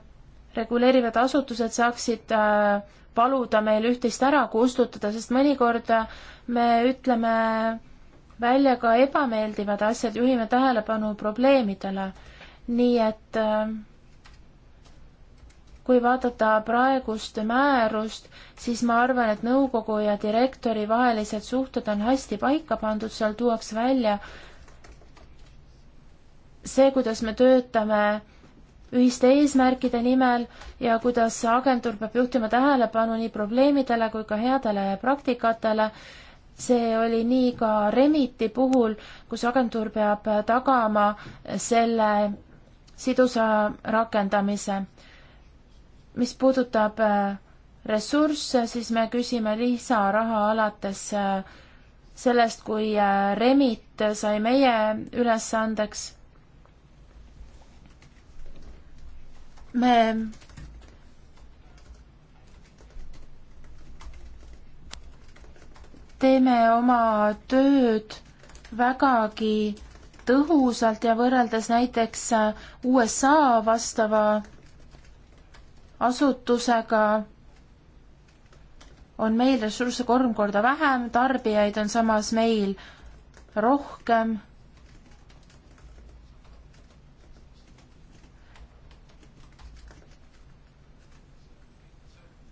[SPEAKER 3] reguleerivad asutused saaksid äh, paluda meil üht-teist ära kustutada, sest mõnikord äh, me ütleme välja ka ebameeldivad asjad, juhime tähelepanu probleemidele. nii et äh, kui vaadata praegust määrust, siis ma arvan, et nõukogu ja direktori vahelised suhted on hästi paika pandud, seal tuuakse välja see, kuidas me töötame ühiste eesmärkide nimel ja kuidas agentuur peab juhtima tähelepanu nii probleemidele kui ka headele praktikatele. see oli nii ka Remiti puhul, kus agentuur peab tagama selle sidusa rakendamise mis puudutab äh, ressursse, siis me küsime lisaraha alates äh, sellest, kui äh, Remit sai meie ülesandeks. me teeme oma tööd vägagi tõhusalt ja võrreldes näiteks USA vastava asutusega on meil ressursse kolm korda vähem, tarbijaid on samas meil rohkem.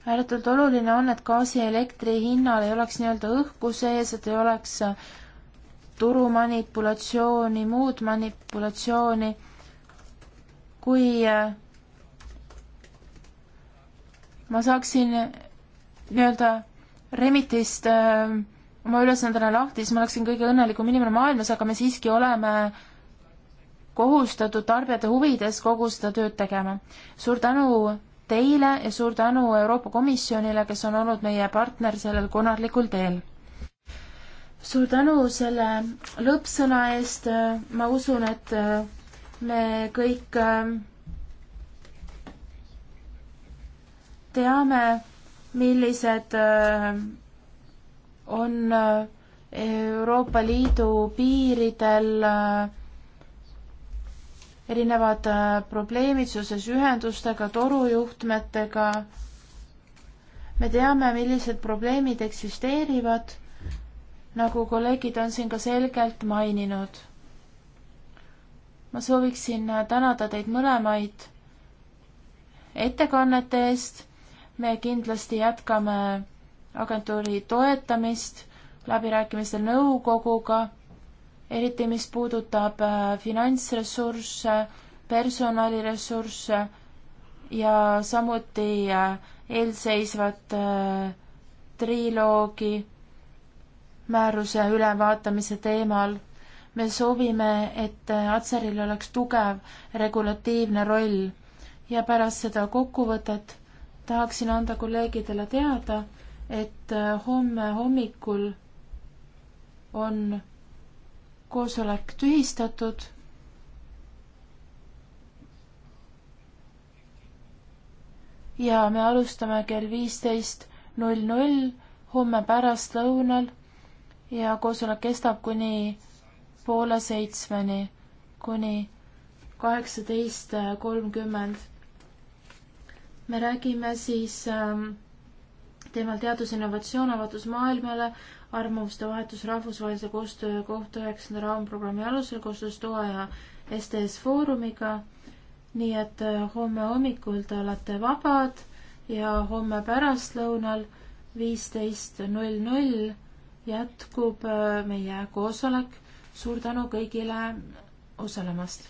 [SPEAKER 3] ääretult oluline on, et gaasi ja elektri hinnal ei oleks nii-öelda õhku sees, et ei oleks turumanipulatsiooni, muud manipulatsiooni. kui äh, ma saaksin nii-öelda Remitist äh, oma ülesandena lahti, siis ma oleksin kõige õnnelikum inimene maailmas, aga me siiski oleme kohustatud tarbijate huvides kogu seda tööd tegema. suur tänu teile ja suur tänu Euroopa Komisjonile, kes on olnud meie partner sellel konarlikul teel. suur tänu selle lõppsõna eest, ma usun, et me kõik äh, teame, millised äh, on äh, Euroopa Liidu piiridel äh, erinevad probleemid seoses ühendustega, torujuhtmetega. me teame, millised probleemid eksisteerivad, nagu kolleegid on siin ka selgelt maininud. ma sooviksin tänada teid mõlemaid ettekannete eest me kindlasti jätkame agentuuri toetamist läbirääkimistel nõukoguga, eriti mis puudutab äh, finantsressursse, personaliressursse ja samuti äh, eelseisvat äh, triloogi määruse ülevaatamise teemal. me soovime, et Atseril oleks tugev regulatiivne roll ja pärast seda kokkuvõtet tahaksin anda kolleegidele teada, et äh, homme hommikul on koosolek tühistatud. ja me alustame kell viisteist null null homme pärastlõunal ja koosolek kestab kuni poole seitsmeni, kuni kaheksateist kolmkümmend me räägime siis ähm, teemal teadus, innovatsioon, avatus maailmale, arvamuste vahetus rahvusvahelise koostöö kohta üheksanda raamprogrammi alusel koostöös TOA ja STS Foorumiga. nii et äh, homme hommikul te olete vabad ja homme pärastlõunal viisteist null null jätkub äh, meie koosolek. suur tänu kõigile osalemast.